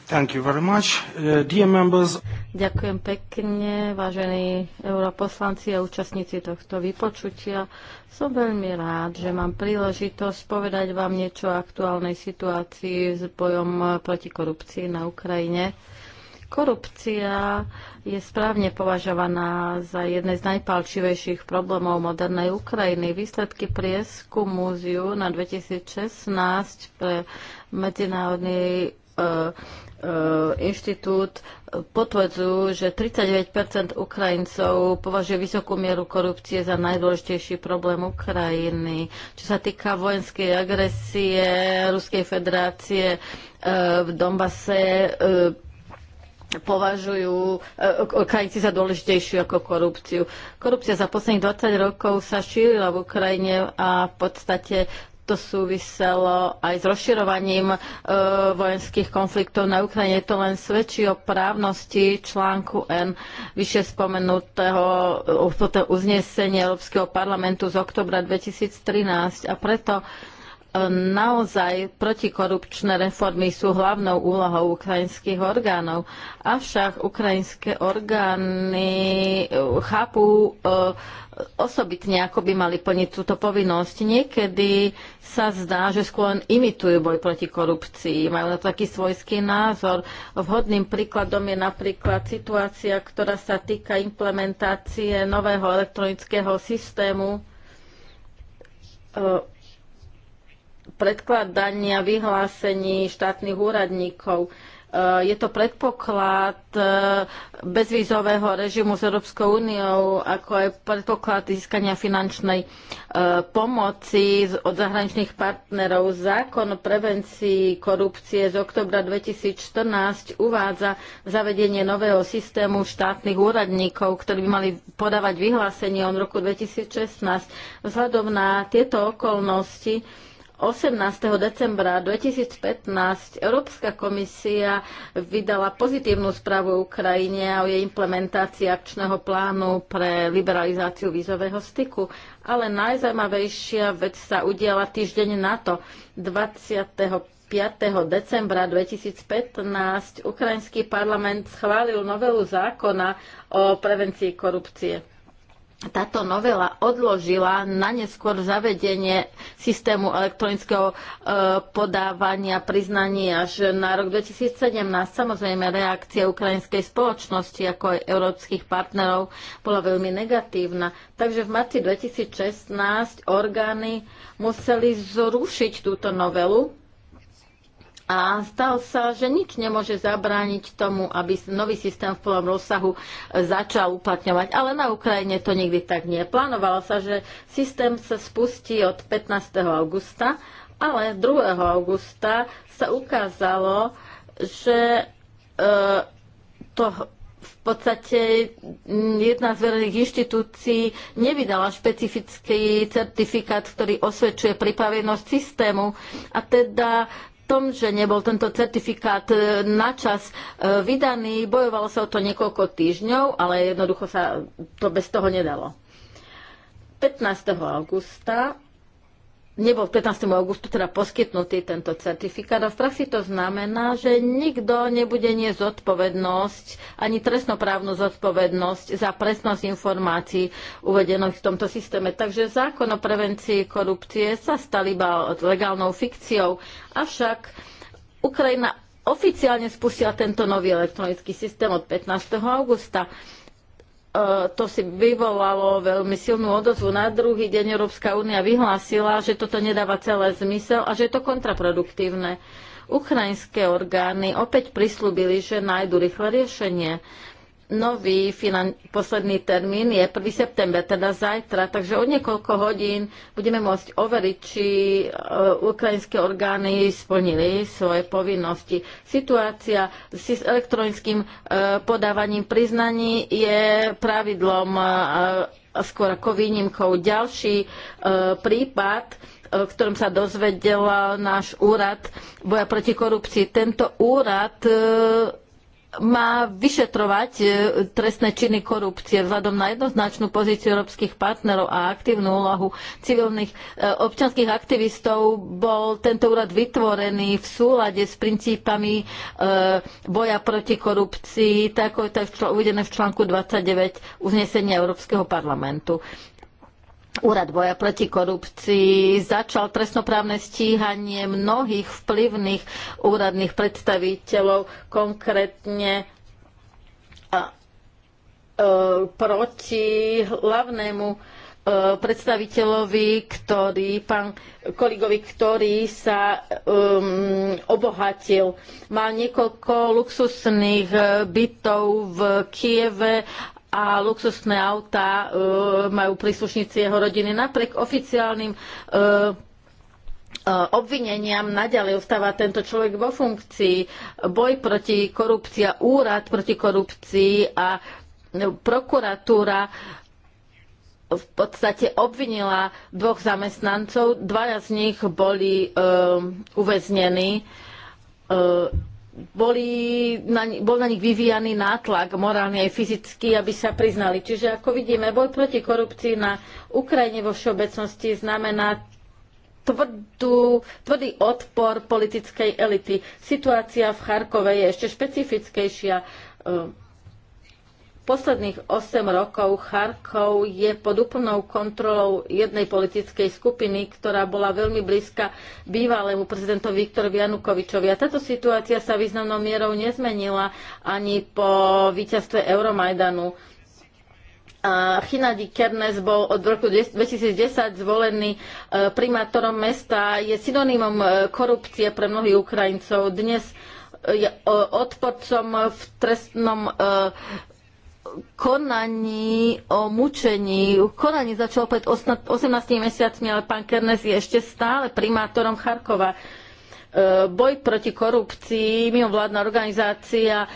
Thank you very much. Uh, dear members... Ďakujem pekne, vážení europoslanci a účastníci tohto vypočutia. Som veľmi rád, že mám príležitosť povedať vám niečo o aktuálnej situácii s bojom proti korupcii na Ukrajine. Korupcia je správne považovaná za jedné z najpalčivejších problémov modernej Ukrajiny. Výsledky prieskumu z júna 2016 pre Medzinárodný e, E, inštitút potvrdzujú, že 39 Ukrajincov považuje vysokú mieru korupcie za najdôležitejší problém Ukrajiny. Čo sa týka vojenskej agresie Ruskej federácie e, v Dombase, e, považujú Ukrajinci za dôležitejšiu ako korupciu. Korupcia za posledných 20 rokov sa šírila v Ukrajine a v podstate to súviselo aj s rozširovaním e, vojenských konfliktov na Ukrajine. To len svedčí o právnosti článku N vyššie spomenutého uznesenia uznesenie Európskeho parlamentu z oktobra 2013 a preto Ehm, naozaj protikorupčné reformy sú hlavnou úlohou ukrajinských orgánov, avšak ukrajinské orgány eh, chápu eh, osobitne, ako by mali plniť túto povinnosť. Niekedy sa zdá, že skôr imitujú boj proti korupcii, majú na to taký svojský názor. Vhodným príkladom je napríklad situácia, ktorá sa týka implementácie nového elektronického systému eh, predkladania vyhlásení štátnych úradníkov. Eh, je to predpoklad eh, bezvízového režimu s Európskou úniou, ako aj predpoklad získania finančnej eh, pomoci od zahraničných partnerov. Zákon o prevencii korupcie z oktobra 2014 uvádza zavedenie nového systému štátnych úradníkov, ktorí by mali podávať vyhlásenie od roku 2016. Vzhľadom na tieto okolnosti 18. decembra 2015 Európska komisia vydala pozitívnu správu Ukrajine o jej implementácii akčného plánu pre liberalizáciu vízového styku. Ale najzajímavejšia vec sa udiala týždeň na to, 25. decembra 2015 ukrajinský parlament schválil novelu zákona o prevencii korupcie táto novela odložila na neskôr zavedenie systému elektronického e, podávania priznaní až na rok 2017. Samozrejme, reakcia ukrajinskej spoločnosti ako aj európskych partnerov bola veľmi negatívna. Takže v marci 2016 orgány museli zrušiť túto novelu a stalo sa, že nič nemôže zabrániť tomu, aby nový systém v plnom rozsahu e, začal uplatňovať. Ale na Ukrajine to nikdy tak nie. Plánovalo sa, že systém sa spustí od 15. augusta, ale 2. augusta sa ukázalo, že e, to v podstate jedna z verejných inštitúcií nevydala špecifický certifikát, ktorý osvedčuje pripravenosť systému a teda tom, že nebol tento certifikát e, načas e, vydaný. Bojovalo sa o to niekoľko týždňov, ale jednoducho sa to bez toho nedalo. 15. augusta nebol 15. augustu teda poskytnutý tento certifikát a v praxi to znamená, že nikto nebude nie zodpovednosť, ani trestnoprávnu zodpovednosť za presnosť informácií uvedených v tomto systéme. Takže zákon o prevencii korupcie sa stal iba legálnou fikciou, avšak Ukrajina oficiálne spustila tento nový elektronický systém od 15. augusta. E, to si vyvolalo veľmi silnú odozvu. Na druhý deň Európska únia vyhlásila, že toto nedáva celé zmysel a že je to kontraproduktívne. Ukrajinské orgány opäť prislúbili, že nájdu rýchle riešenie nový finan- posledný termín je 1. september, teda zajtra, takže o niekoľko hodín budeme môcť overiť, či e, ukrajinské orgány splnili svoje povinnosti. Situácia s elektronickým e, podávaním priznaní je pravidlom e, skôr ako výnimkou. Ďalší prípad v ktorom sa dozvedel náš úrad boja proti korupcii. Tento úrad má vyšetrovať e, trestné činy korupcie vzhľadom na jednoznačnú pozíciu európskych partnerov a aktívnu úlohu civilných e, občanských aktivistov. Bol tento úrad vytvorený v súlade s princípami e, boja proti korupcii, tak ako je to uvedené v článku 29 uznesenia Európskeho parlamentu. Úrad boja proti korupcii začal trestnoprávne stíhanie mnohých vplyvných úradných predstaviteľov, konkrétne a, e, proti hlavnému e, predstaviteľovi, ktorý, pán kolegovi, ktorý sa um, obohatil. Mal niekoľko luxusných e, bytov v Kieve a luxusné autá e, majú príslušníci jeho rodiny. Napriek oficiálnym e, e, obvineniam naďalej ostáva tento človek vo funkcii. Boj proti korupcii, úrad proti korupcii a prokuratúra v podstate obvinila dvoch zamestnancov, dvaja z nich boli e, uväznení. E, boli na, bol na nich vyvíjaný nátlak morálny aj fyzický, aby sa priznali. Čiže ako vidíme, boj proti korupcii na Ukrajine vo všeobecnosti znamená tvrdú, tvrdý odpor politickej elity. Situácia v Charkove je ešte špecifickejšia. Posledných 8 rokov Charkov je pod úplnou kontrolou jednej politickej skupiny, ktorá bola veľmi blízka bývalému prezidentovi Viktorovi Janukovičovi. A táto situácia sa významnou mierou nezmenila ani po víťazstve Euromajdanu. Chinadi Kernes bol od roku 2010 zvolený e, primátorom mesta, je synonymom e, korupcie pre mnohých Ukrajincov. Dnes e, je odporcom v trestnom konaní o mučení. Konanie začalo pred 18 mesiacmi, ale pán Kernes je ešte stále primátorom Charkova. E, boj proti korupcii, mimovládna organizácia e,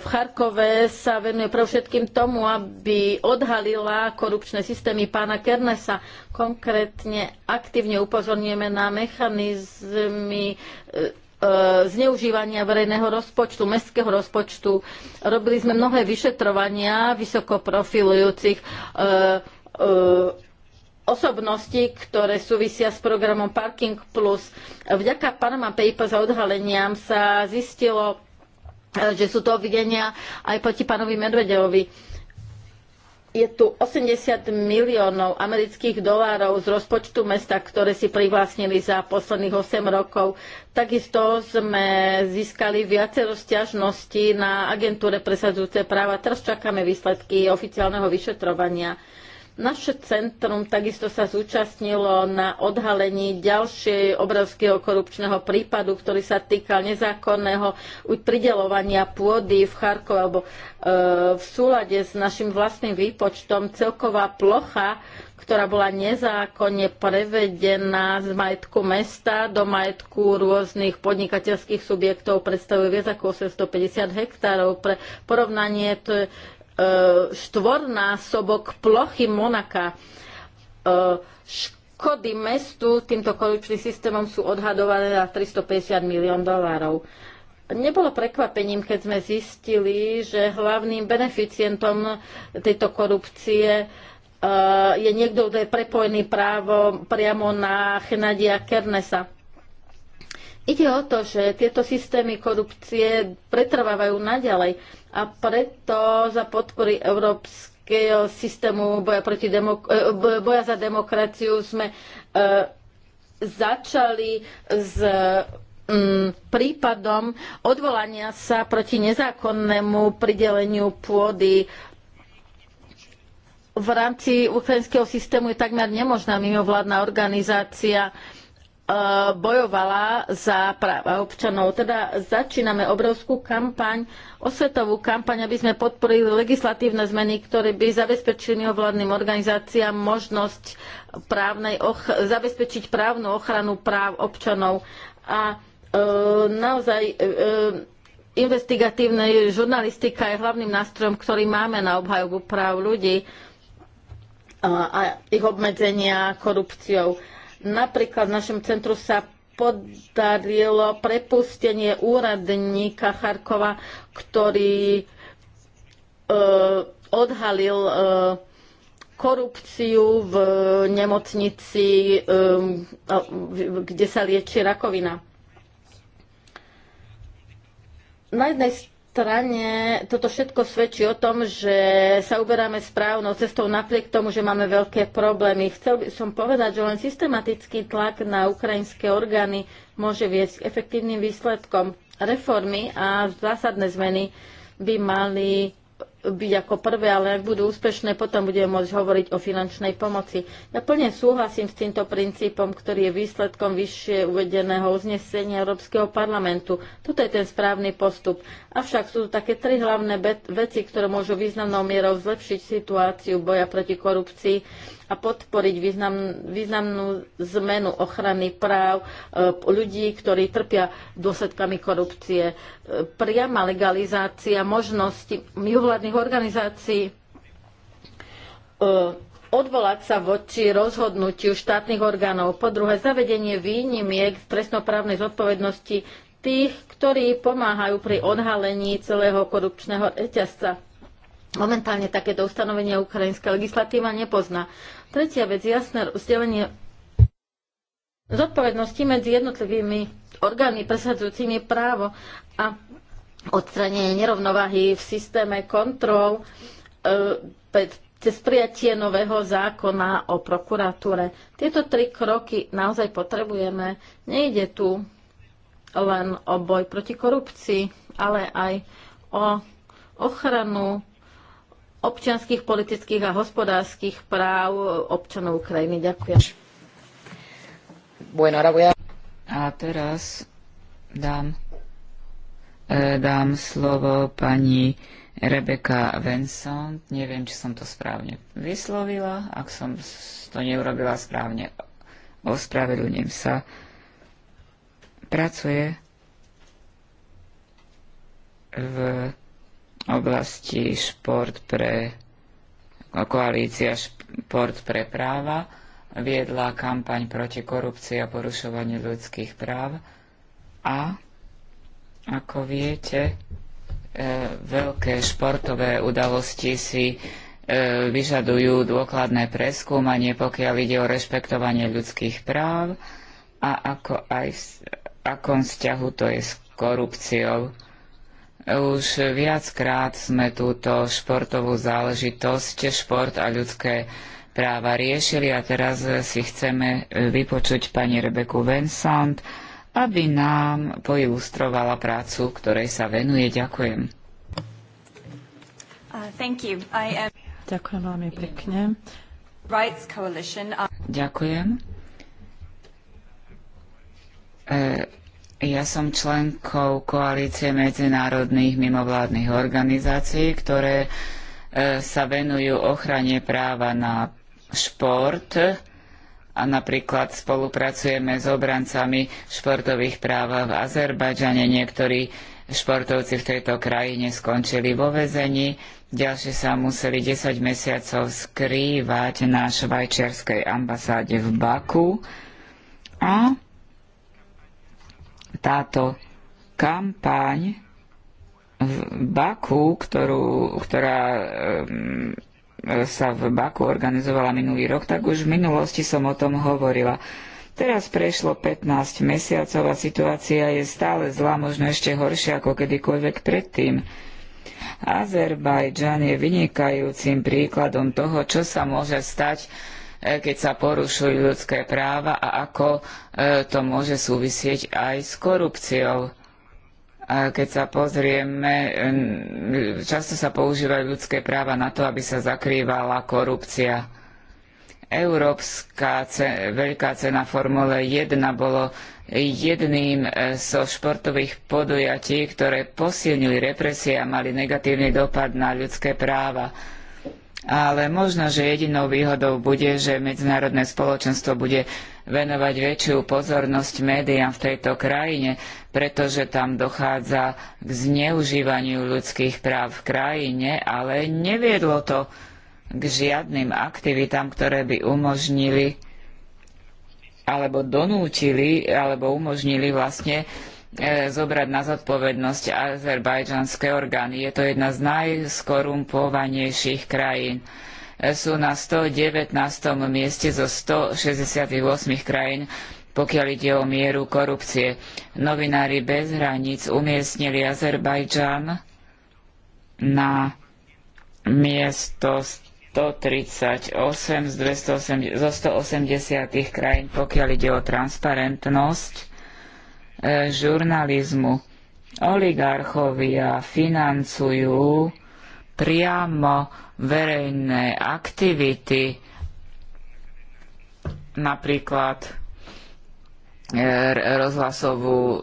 v Charkove sa venuje pre všetkým tomu, aby odhalila korupčné systémy pána Kernesa. Konkrétne aktívne upozorňujeme na mechanizmy e, E, zneužívania verejného rozpočtu, mestského rozpočtu. Robili sme mnohé vyšetrovania vysoko profilujúcich e, e, osobnosti, ktoré súvisia s programom Parking Plus. Vďaka Panama Papers a odhaleniam sa zistilo, že sú to obvinenia aj proti pánovi Medvedevovi je tu 80 miliónov amerických dolárov z rozpočtu mesta, ktoré si privlastnili za posledných 8 rokov. Takisto sme získali viacero stiažností na agentúre presadzujúce práva. Teraz čakáme výsledky oficiálneho vyšetrovania naše centrum takisto sa zúčastnilo na odhalení ďalšej obrovského korupčného prípadu, ktorý sa týkal nezákonného pridelovania pôdy v Charkove, alebo e, v súlade s našim vlastným výpočtom celková plocha, ktorá bola nezákonne prevedená z majetku mesta do majetku rôznych podnikateľských subjektov, predstavuje viac ako 850 hektárov. Pre porovnanie to je E, štvornásobok plochy Monaka. E, škody mestu týmto korupčným systémom sú odhadované na 350 milión dolárov. Nebolo prekvapením, keď sme zistili, že hlavným beneficientom tejto korupcie e, je niekto, kto je prepojený právo priamo na Chenadia Kernesa. Ide o to, že tieto systémy korupcie pretrvávajú naďalej a preto za podpory európskeho systému boja, proti demok- e, boja za demokraciu sme e, začali s mm, prípadom odvolania sa proti nezákonnému prideleniu pôdy v rámci ukrajinského systému je takmer nemožná mimovládna organizácia, E, bojovala za práva občanov. Teda začíname obrovskú kampaň, osvetovú kampaň, aby sme podporili legislatívne zmeny, ktoré by zabezpečili mimovládnym organizáciám možnosť právnej och- zabezpečiť právnu ochranu práv občanov. A e, naozaj e, e investigatívna žurnalistika je hlavným nástrojom, ktorý máme na obhajobu práv ľudí a, ich obmedzenia korupciou. Napríklad v našom centru sa podarilo prepustenie úradníka Charkova, ktorý e, odhalil e, korupciu v nemocnici, e, kde sa lieči rakovina. Na jednej strane toto všetko svedčí o tom, že sa uberáme správnou cestou napriek tomu, že máme veľké problémy. Chcel by som povedať, že len systematický tlak na ukrajinské orgány môže viesť k efektívnym výsledkom. Reformy a zásadné zmeny by mali byť ako prvé, ale ak budú úspešné, potom budeme môcť hovoriť o finančnej pomoci. Ja plne súhlasím s týmto princípom, ktorý je výsledkom vyššie uvedeného uznesenia Európskeho parlamentu. Toto je ten správny postup. Avšak sú tu také tri hlavné veci, ktoré môžu významnou mierou zlepšiť situáciu boja proti korupcii a podporiť význam, významnú zmenu ochrany práv e, ľudí, ktorí trpia dôsledkami korupcie. E, priama legalizácia možnosti mimovládnych organizácií e, odvolať sa voči rozhodnutiu štátnych orgánov. Po druhé, zavedenie výnimiek v trestnoprávnej zodpovednosti tých, ktorí pomáhajú pri odhalení celého korupčného reťazca Momentálne takéto ustanovenia ukrajinská legislatíva nepozná. Tretia vec, jasné rozdelenie zodpovednosti medzi jednotlivými orgánmi presadzujúcimi právo a odstranenie nerovnováhy v systéme kontrol e, cez prijatie nového zákona o prokuratúre. Tieto tri kroky naozaj potrebujeme. Nejde tu len o boj proti korupcii, ale aj o ochranu občianských, politických a hospodárskych práv občanov Ukrajiny. Ďakujem. A teraz dám, e, dám slovo pani Rebeka Venson. Neviem, či som to správne vyslovila. Ak som to neurobila správne, ospravedlňujem sa. Pracuje v oblasti šport pre koalícia šport pre práva viedla kampaň proti korupcii a porušovaniu ľudských práv a ako viete, e, veľké športové udalosti si e, vyžadujú dôkladné preskúmanie, pokiaľ ide o rešpektovanie ľudských práv a ako aj v akom vzťahu to je s korupciou. Už viackrát sme túto športovú záležitosť, šport a ľudské práva riešili a teraz si chceme vypočuť pani Rebeku Vensant, aby nám poilustrovala prácu, ktorej sa venuje. Ďakujem. Uh, am... Uh, Ďakujem veľmi pekne. Uh, Ďakujem. Uh, ja som členkou koalície medzinárodných mimovládnych organizácií, ktoré e, sa venujú ochrane práva na šport a napríklad spolupracujeme s obrancami športových práv v Azerbajdžane. Niektorí športovci v tejto krajine skončili vo vezení, ďalšie sa museli 10 mesiacov skrývať na švajčiarskej ambasáde v Baku a táto kampaň v Baku, ktorú, ktorá sa v Baku organizovala minulý rok, tak už v minulosti som o tom hovorila. Teraz prešlo 15 mesiacov a situácia je stále zlá, možno ešte horšia ako kedykoľvek predtým. Azerbajdžan je vynikajúcim príkladom toho, čo sa môže stať E, keď sa porušujú ľudské práva a ako e, to môže súvisieť aj s korupciou. keď sa pozrieme, často sa používajú ľudské práva na to, aby sa zakrývala korupcia. Európska ce, veľká cena Formule 1 bolo jedným e, zo športových podujatí, ktoré posilnili represie a mali negatívny dopad na ľudské práva ale možno, že jedinou výhodou bude, že medzinárodné spoločenstvo bude venovať väčšiu pozornosť médiám v tejto krajine, pretože tam dochádza k zneužívaniu ľudských práv v krajine, ale neviedlo to k žiadnym aktivitám, ktoré by umožnili alebo donútili, alebo umožnili vlastne E, zobrať na zodpovednosť azerbajdžanské orgány. Je to jedna z najskorumpovanejších krajín. E, sú na 119. mieste zo 168 krajín, pokiaľ ide o mieru korupcie. Novinári bez hraníc umiestnili Azerbajdžan na miesto 138 z, 280, zo 180 krajín, pokiaľ ide o transparentnosť E, žurnalizmu. Oligarchovia financujú priamo verejné aktivity, napríklad e, rozhlasovú e,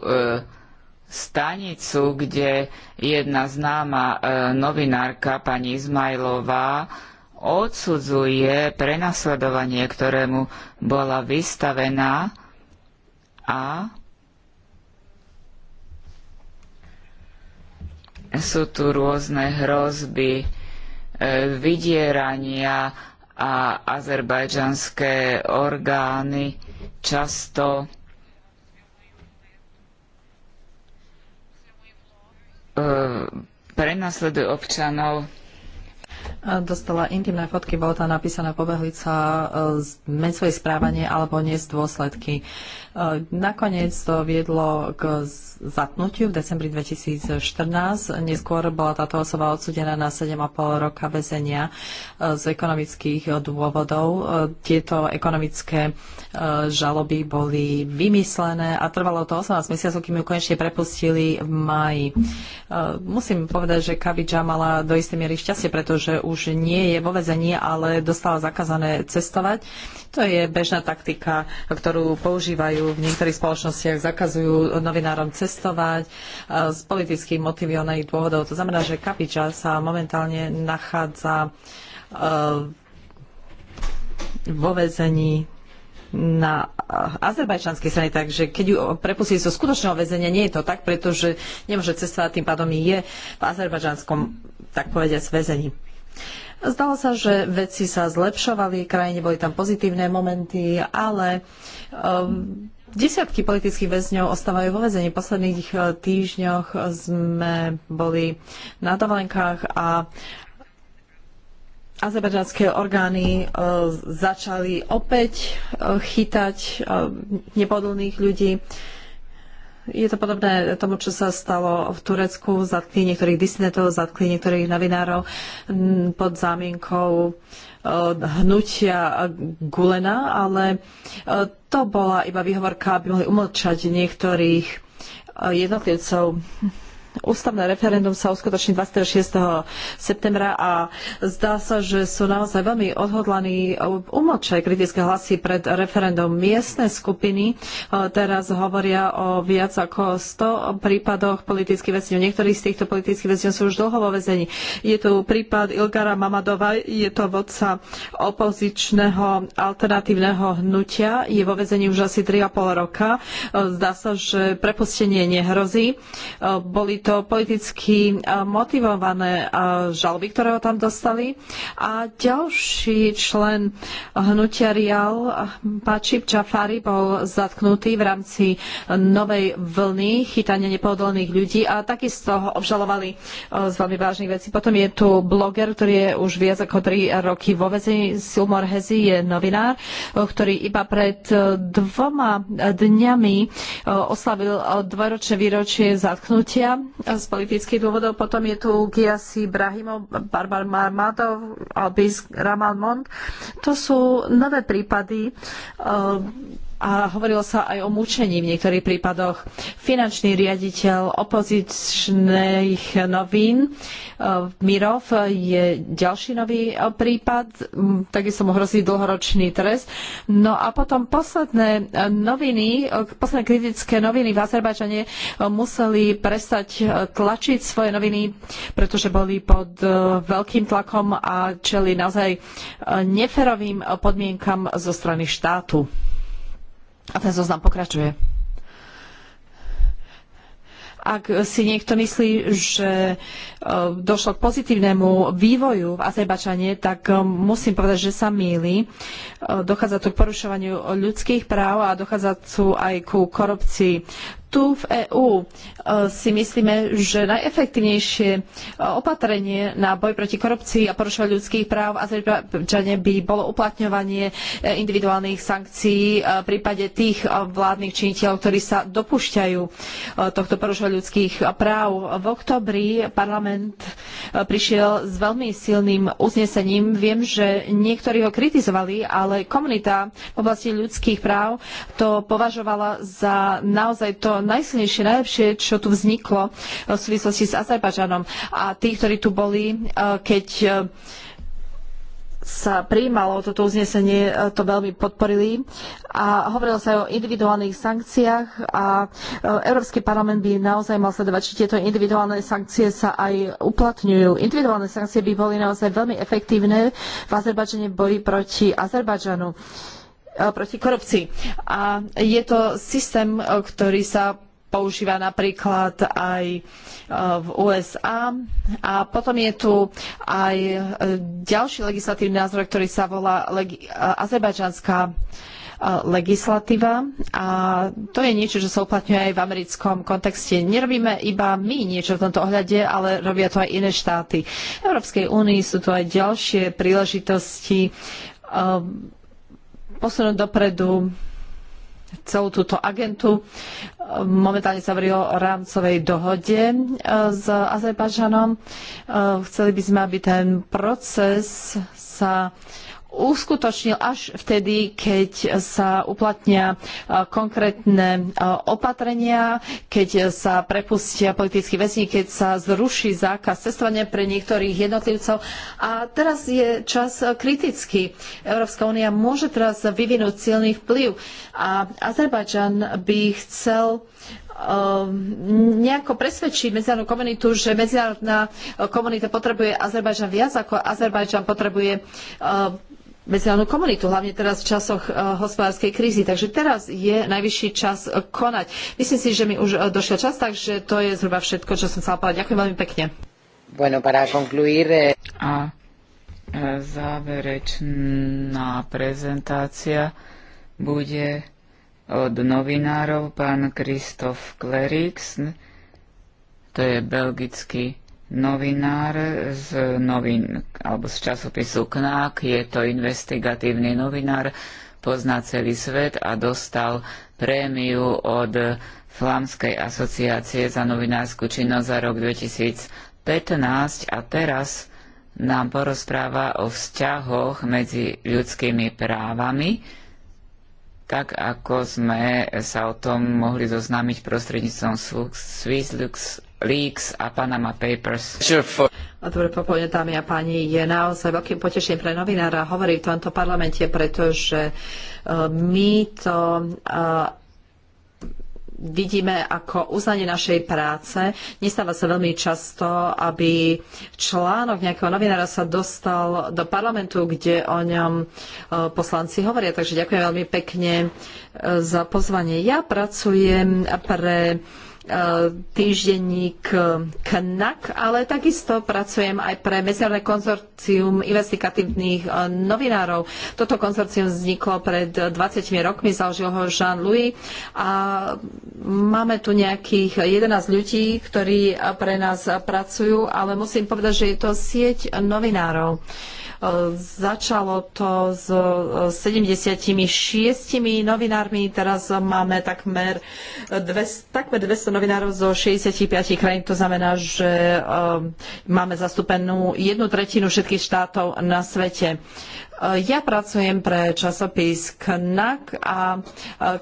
stanicu, kde jedna známa novinárka pani Izmajlová odsudzuje prenasledovanie, ktorému bola vystavená a Sú tu rôzne hrozby, e, vydierania a azerbajdžanské orgány často e, prenasledujú občanov. Dostala intimné fotky, bola tam napísaná pobehlica, e, svoje správanie alebo nie z dôsledky. Ehm, nakoniec to viedlo k zatnutiu v decembri 2014. Neskôr bola táto osoba odsudená na 7,5 roka väzenia ehm, z ekonomických dôvodov. Ehm, tieto ekonomické žaloby boli vymyslené a trvalo to 18 mesiacov, kým ju konečne prepustili v maji. Musím povedať, že Kabidža mala do istej miery šťastie, pretože už nie je vo väzení, ale dostala zakázané cestovať. To je bežná taktika, ktorú používajú zakazujú, v niektorých spoločnostiach zakazujú novinárom cestovať z e, politických motivovaných dôvodov. To znamená, že Kapiča sa momentálne nachádza e, vo väzení na azerbajčanskej strane, takže keď ju prepustili zo skutočného väzenia, nie je to tak, pretože nemôže cestovať, tým pádom je v azerbajdžanskom, tak povediať, väzení. Zdalo sa, že veci sa zlepšovali, krajine boli tam pozitívne momenty, ale um, desiatky politických väzňov ostávajú vo väzení. V posledných e, týždňoch sme boli na dovolenkách a azerbajdžanské orgány e, začali opäť e, chytať nepodlných ľudí. Je to podobné tomu, čo sa stalo v Turecku. Zatkli niektorých disidentov, zatkli niektorých novinárov pod zámienkou e, hnutia Gulena, ale e, to bola iba výhovorka, aby mohli umlčať niektorých e, jednotlivcov ústavné referendum sa uskutoční 26. septembra a zdá sa, že sú naozaj veľmi odhodlaní e, umlčať kritické hlasy pred referendum. Miestne skupiny e, teraz hovoria o viac ako 100 prípadoch politických väzňov. Niektorí z týchto politických väzňov sú už dlho vo väzení. Je tu prípad Ilgara Mamadova, je to vodca opozičného alternatívneho hnutia. Je vo väzení už asi 3,5 roka. E, zdá sa, že prepustenie nehrozí. Boli to politicky e, motivované e, žaloby, ktoré ho tam dostali. A ďalší člen hnutia Rial, Pačip Čafari, bol zatknutý v rámci novej vlny chytania nepohodlných ľudí a takisto ho obžalovali e, z veľmi vážnych vecí. Potom je tu bloger, ktorý je už viac ako 3 roky vo vezení. Silmor Hezi je novinár, ktorý iba pred dvoma dňami oslavil dvojročné výročie zatknutia z politických dôvodov. Potom je tu Giasi Brahimov, Barbar Marmadov, Albis Ramalmond. To sú nové prípady a hovorilo sa aj o mučení v niektorých prípadoch. Finančný riaditeľ opozičných novín e, Mirov je ďalší nový e, prípad, mm, takisto mu hrozí dlhoročný trest. No a potom posledné e, noviny, posledné kritické noviny v Azerbajdžane museli prestať tlačiť svoje noviny, pretože boli pod veľkým tlakom a čeli naozaj neferovým podmienkam zo strany štátu. A ten zoznam pokračuje. Ak si niekto myslí, že e, došlo k pozitívnemu vývoju v Azerbačane, tak e, musím povedať, že sa míli. E, dochádza tu k porušovaniu ľudských práv a dochádza tu aj ku korupcii tu v EÚ e, si myslíme, že najefektívnejšie e, opatrenie na boj proti korupcii a porušovaniu ľudských práv v Azerbajdžane by bolo uplatňovanie e, individuálnych sankcií v prípade tých vládnych činiteľov, ktorí sa dopúšťajú tohto porušovania ľudských práv. V oktobri parlament prišiel s veľmi silným uznesením. Viem, že niektorí ho kritizovali, ale komunita v oblasti ľudských práv to považovala za naozaj to najsilnejšie, najlepšie, čo tu vzniklo e, v súvislosti s Azerbajdžanom. A tí, ktorí tu boli, e, keď e, sa prijímalo toto uznesenie, to veľmi podporili. A hovorilo sa aj o individuálnych sankciách a Európsky parlament by naozaj mal sledovať, či tieto individuálne sankcie sa aj uplatňujú. Individuálne sankcie by boli naozaj veľmi efektívne v Azerbajdžane boji proti Azerbajdžanu proti korupcii. A je to systém, ktorý sa používa napríklad aj e, v USA. A potom je tu aj e, ďalší legislatívny názor, ktorý sa volá legi- e, azerbajdžanská legislatíva a to je niečo, čo sa uplatňuje aj v americkom kontexte. Nerobíme iba my niečo v tomto ohľade, ale robia to aj iné štáty. V Európskej únii sú tu aj ďalšie príležitosti um, posunúť dopredu celú túto agentu. Momentálne sa hovorí o rámcovej dohode e, s Azerbajdžanom. E, chceli by sme, aby ten proces sa uskutočnil až vtedy, keď sa uplatnia e, konkrétne e, opatrenia, keď sa prepustia politickí väzni, keď sa zruší zákaz cestovania pre niektorých jednotlivcov. A teraz je čas kritický. Európska únia môže teraz vyvinúť silný vplyv a Azerbajdžan by chcel e, nejako presvedčiť medzinárodnú komunitu, že medzinárodná komunita potrebuje Azerbajdžan viac, ako Azerbajdžan potrebuje medzinárodnú komunitu, hlavne teraz v časoch e, hospodárskej krízy. Takže teraz je najvyšší čas e, konať. Myslím si, že mi už e, došiel čas, takže to je zhruba všetko, čo som chcela povedať. Ďakujem veľmi pekne. Bueno, para concluir... Eh, A záverečná prezentácia bude od novinárov pán Kristof Klerix, to je belgický novinár z novin, alebo z časopisu KNAK, je to investigatívny novinár, pozná celý svet a dostal prémiu od Flámskej asociácie za novinárskú činnosť za rok 2015 a teraz nám porozpráva o vzťahoch medzi ľudskými právami, tak ako sme sa o tom mohli zoznámiť prostredníctvom Swiss Lux Leaks a Panama Papers. Dobre dámy a páni. Je naozaj veľkým potešením pre novinára hovoriť v tomto parlamente, pretože e, my to e, vidíme ako uznanie našej práce. Nestáva sa veľmi často, aby článok nejakého novinára sa dostal do parlamentu, kde o ňom e, poslanci hovoria. Takže ďakujem veľmi pekne za pozvanie. Ja pracujem pre E, týždenník e, KNAK, ale takisto pracujem aj pre Medzinárodné konzorcium investigatívnych e, novinárov. Toto konzorcium vzniklo pred 20 rokmi, založil ho Jean-Louis a máme tu nejakých 11 ľudí, ktorí pre nás pracujú, ale musím povedať, že je to sieť novinárov. Začalo to s 76 novinármi, teraz máme takmer 200, takmer 200 novinárov zo 65 krajín. To znamená, že um, máme zastúpenú jednu tretinu všetkých štátov na svete. Ja pracujem pre časopis KNAK a e,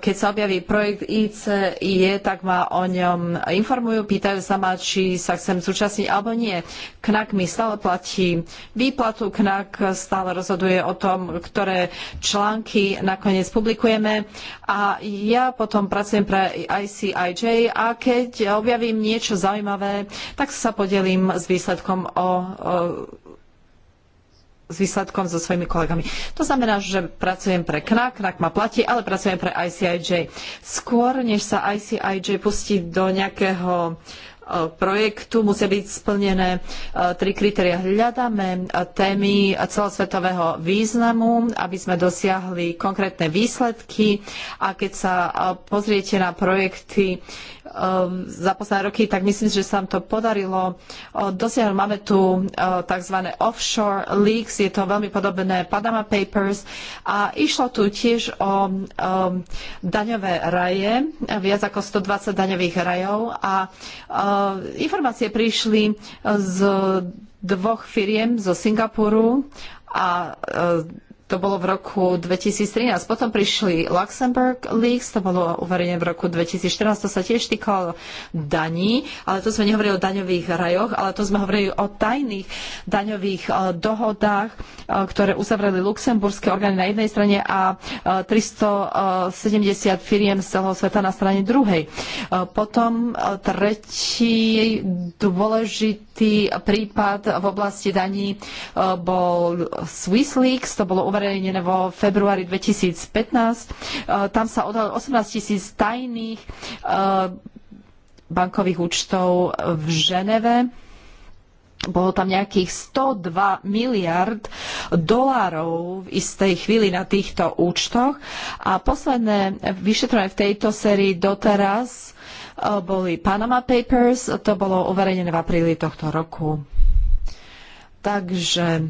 keď sa objaví projekt ICIE, tak ma o ňom informujú, pýtajú sa ma, či sa chcem zúčastniť alebo nie. KNAK mi stále platí výplatu, KNAK stále rozhoduje o tom, ktoré články nakoniec publikujeme a ja potom pracujem pre ICIJ a keď objavím niečo zaujímavé, tak sa podelím s výsledkom o, o s výsledkom so svojimi kolegami. To znamená, že pracujem pre KNAK, KNAK ma platí, ale pracujem pre ICIJ. Skôr, než sa ICIJ pustí do nejakého e, projektu musia byť splnené e, tri kritéria. Hľadáme e, témy celosvetového významu, aby sme dosiahli konkrétne výsledky a keď sa pozriete na projekty Um, za posledné roky, tak myslím, že sa nám to podarilo uh, dosiahnuť. Máme tu uh, tzv. offshore leaks, je to veľmi podobné Panama Papers a išlo tu tiež o um, daňové raje, viac ako 120 daňových rajov a uh, informácie prišli z dvoch firiem zo Singapuru a to bolo v roku 2013. Potom prišli Luxemburg Leaks, to bolo uverejnené v roku 2014. To sa tiež týkalo daní, ale to sme nehovorili o daňových rajoch, ale to sme hovorili o tajných daňových e, dohodách, e, ktoré uzavreli luxemburské orgány na jednej strane a 370 e, firiem z celého sveta na strane druhej. Potom tretí dôležitý prípad v oblasti daní bol Swiss Leaks, to bolo uverejnené zverejnené vo februári 2015. E, tam sa odhalilo 18 tisíc tajných e, bankových účtov v Ženeve. Bolo tam nejakých 102 miliard dolárov v istej chvíli na týchto účtoch. A posledné vyšetrovanie v tejto sérii doteraz e, boli Panama Papers, to bolo uverejnené v apríli tohto roku. Takže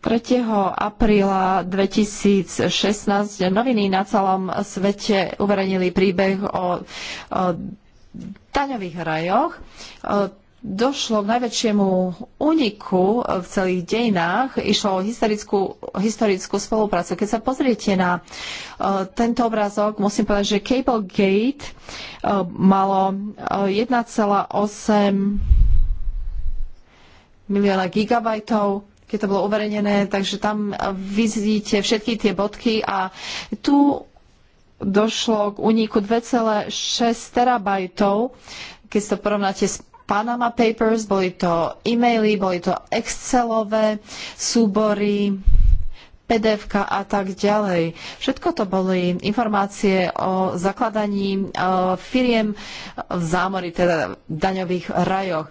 3. apríla 2016 noviny na celom svete uverejnili príbeh o, o daňových rajoch. Došlo k najväčšiemu úniku v celých dejinách. Išlo o historickú, historickú spoluprácu. Keď sa pozriete na uh, tento obrázok, musím povedať, že Cable Gate uh, malo uh, 1,8 milióna gigabajtov keď to bolo uverejnené, takže tam vidíte všetky tie bodky a tu došlo k úniku 2,6 terabajtov, keď to porovnáte s Panama Papers, boli to e-maily, boli to Excelové súbory, pdf a tak ďalej. Všetko to boli informácie o zakladaní e, firiem v zámori, teda v daňových rajoch. E,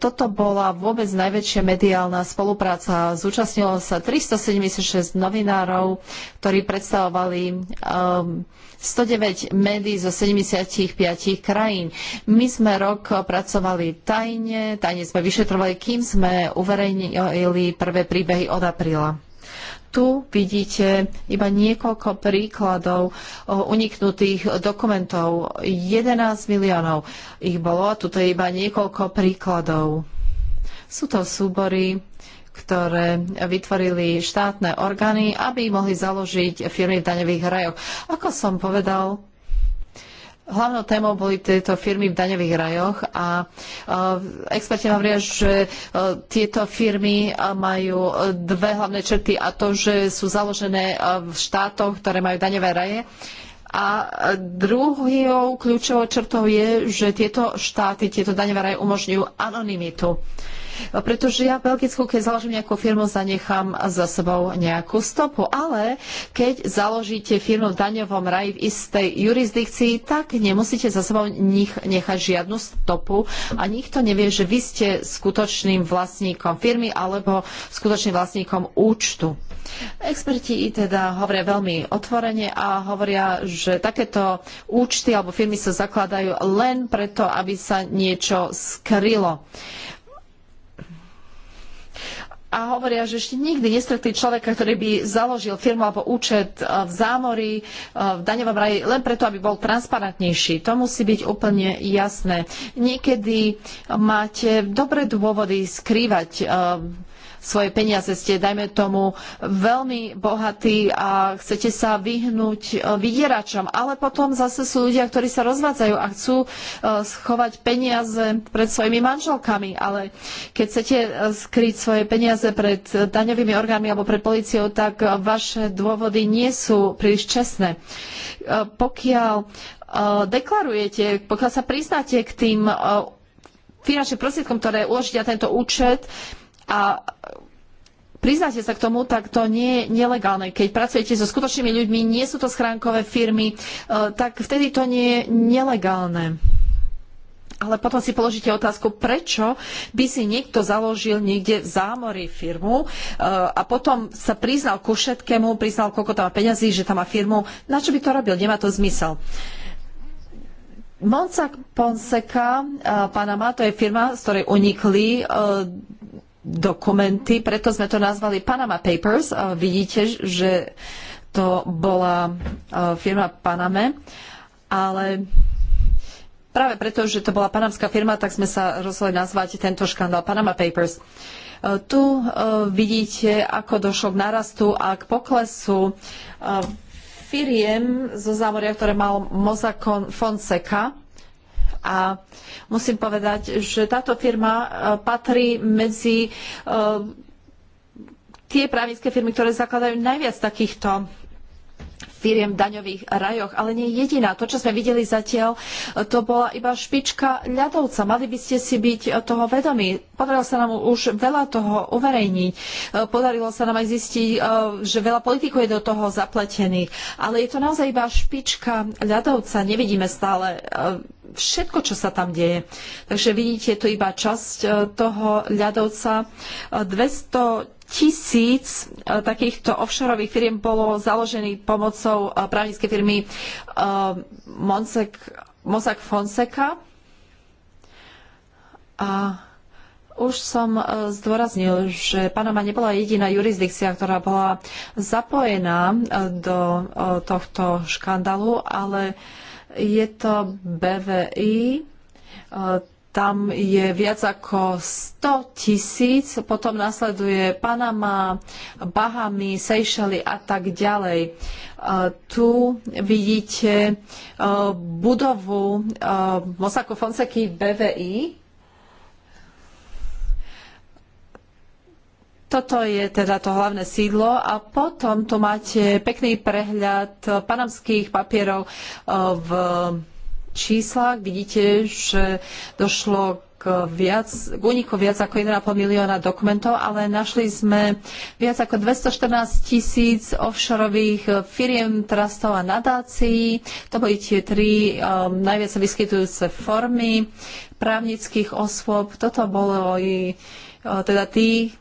toto bola vôbec najväčšia mediálna spolupráca. Zúčastnilo sa 376 novinárov, ktorí predstavovali 109 e, médií zo 75 krajín. My sme rok pracovali tajne, tajne sme vyšetrovali, kým sme uverejnili prvé príbehy od apríla tu vidíte iba niekoľko príkladov uniknutých dokumentov. 11 miliónov ich bolo a tuto je iba niekoľko príkladov. Sú to súbory, ktoré vytvorili štátne orgány, aby mohli založiť firmy v daňových rajoch. Ako som povedal, Hlavnou témou boli tieto firmy v daňových rajoch a e, experti hovoria, že e, tieto firmy e, majú dve hlavné črty a to, že sú založené v štátoch, ktoré majú daňové raje. A druhou kľúčovou črtou je, že tieto štáty, tieto daňové raje umožňujú anonymitu. Uh, pretože ja v Belgicku, keď založím nejakú firmu, zanechám za sebou nejakú stopu. Ale keď založíte firmu v daňovom raji v istej jurisdikcii, tak nemusíte za sebou nich nechať žiadnu stopu a nikto nevie, že vy ste skutočným vlastníkom firmy alebo skutočným vlastníkom účtu. Experti teda hovoria veľmi otvorene a hovoria, že takéto účty alebo firmy sa zakladajú len preto, aby sa niečo skrylo a hovoria, že ešte nikdy nestretli človeka, ktorý by založil firmu alebo účet e, v zámori, e, v daňovom raji, len preto, aby bol transparentnejší. To musí byť úplne jasné. Niekedy máte dobré dôvody skrývať e, svoje peniaze. Ste, dajme tomu, veľmi bohatí a chcete sa vyhnúť e, vydieračom. Ale potom zase sú ľudia, ktorí sa rozvádzajú a chcú e, schovať peniaze pred svojimi manželkami. Ale keď chcete e, skryť svoje peniaze pred daňovými orgánmi alebo pred políciou, tak vaše dôvody nie sú príliš čestné. Pokiaľ deklarujete, pokiaľ sa priznáte k tým finančným prostriedkom, ktoré uložíte na tento účet, a priznáte sa k tomu, tak to nie je nelegálne. Keď pracujete so skutočnými ľuďmi, nie sú to schránkové firmy, e, tak vtedy to nie je nelegálne. Ale potom si položíte otázku, prečo by si niekto založil niekde v zámori firmu e, a potom sa priznal ku všetkému, priznal, koľko tam má peňazí, že tam má firmu. Na čo by to robil? Nemá to zmysel. Monsa Ponseca e, Panama, to je firma, z ktorej unikli dokumenty, preto sme to nazvali Panama Papers. Vidíte, že to bola e, firma Paname, ale práve preto, že to bola panamská firma, tak sme sa rozhodli nazvať tento škandál Panama Papers. E, tu e, vidíte, ako došlo k narastu a k poklesu firiem zo zámoria, ktoré mal Mozakon Fonseca a musím povedať, že táto firma e, patrí medzi e, tie právnické firmy, ktoré zakladajú najviac takýchto firiem v daňových rajoch, ale nie jediná. To, čo sme videli zatiaľ, to bola iba špička ľadovca. Mali by ste si byť toho vedomí. Podarilo sa nám už veľa toho uverejniť. Podarilo sa nám aj zistiť, eh, že veľa politikov je do toho zapletených. Ale je to naozaj iba špička ľadovca. Nevidíme stále eh, všetko, čo sa tam deje. Takže vidíte, je to iba časť eh, toho ľadovca. 200 tisíc e, takýchto offshoreových firiem bolo založených pomocou e, právnickej firmy e, Monsek, Mossack Fonseca. A už som zdôraznil, že Panama nebola jediná jurisdikcia, ktorá bola zapojená do tohto škandalu, ale je to BVI, tam je viac ako 100 tisíc, potom nasleduje Panama, Bahamy, Seychely a tak ďalej. E, tu vidíte e, budovu e, Mosaku Fonseky BVI. Toto je teda to hlavné sídlo a potom tu máte pekný prehľad panamských papierov v číslach vidíte, že došlo k viac, k úniku viac ako 1,5 milióna dokumentov, ale našli sme viac ako 214 tisíc offshoreových firiem, trastov a nadácií. To boli tie tri um, najviac vyskytujúce formy právnických osôb. Toto bolo i uh, teda tí,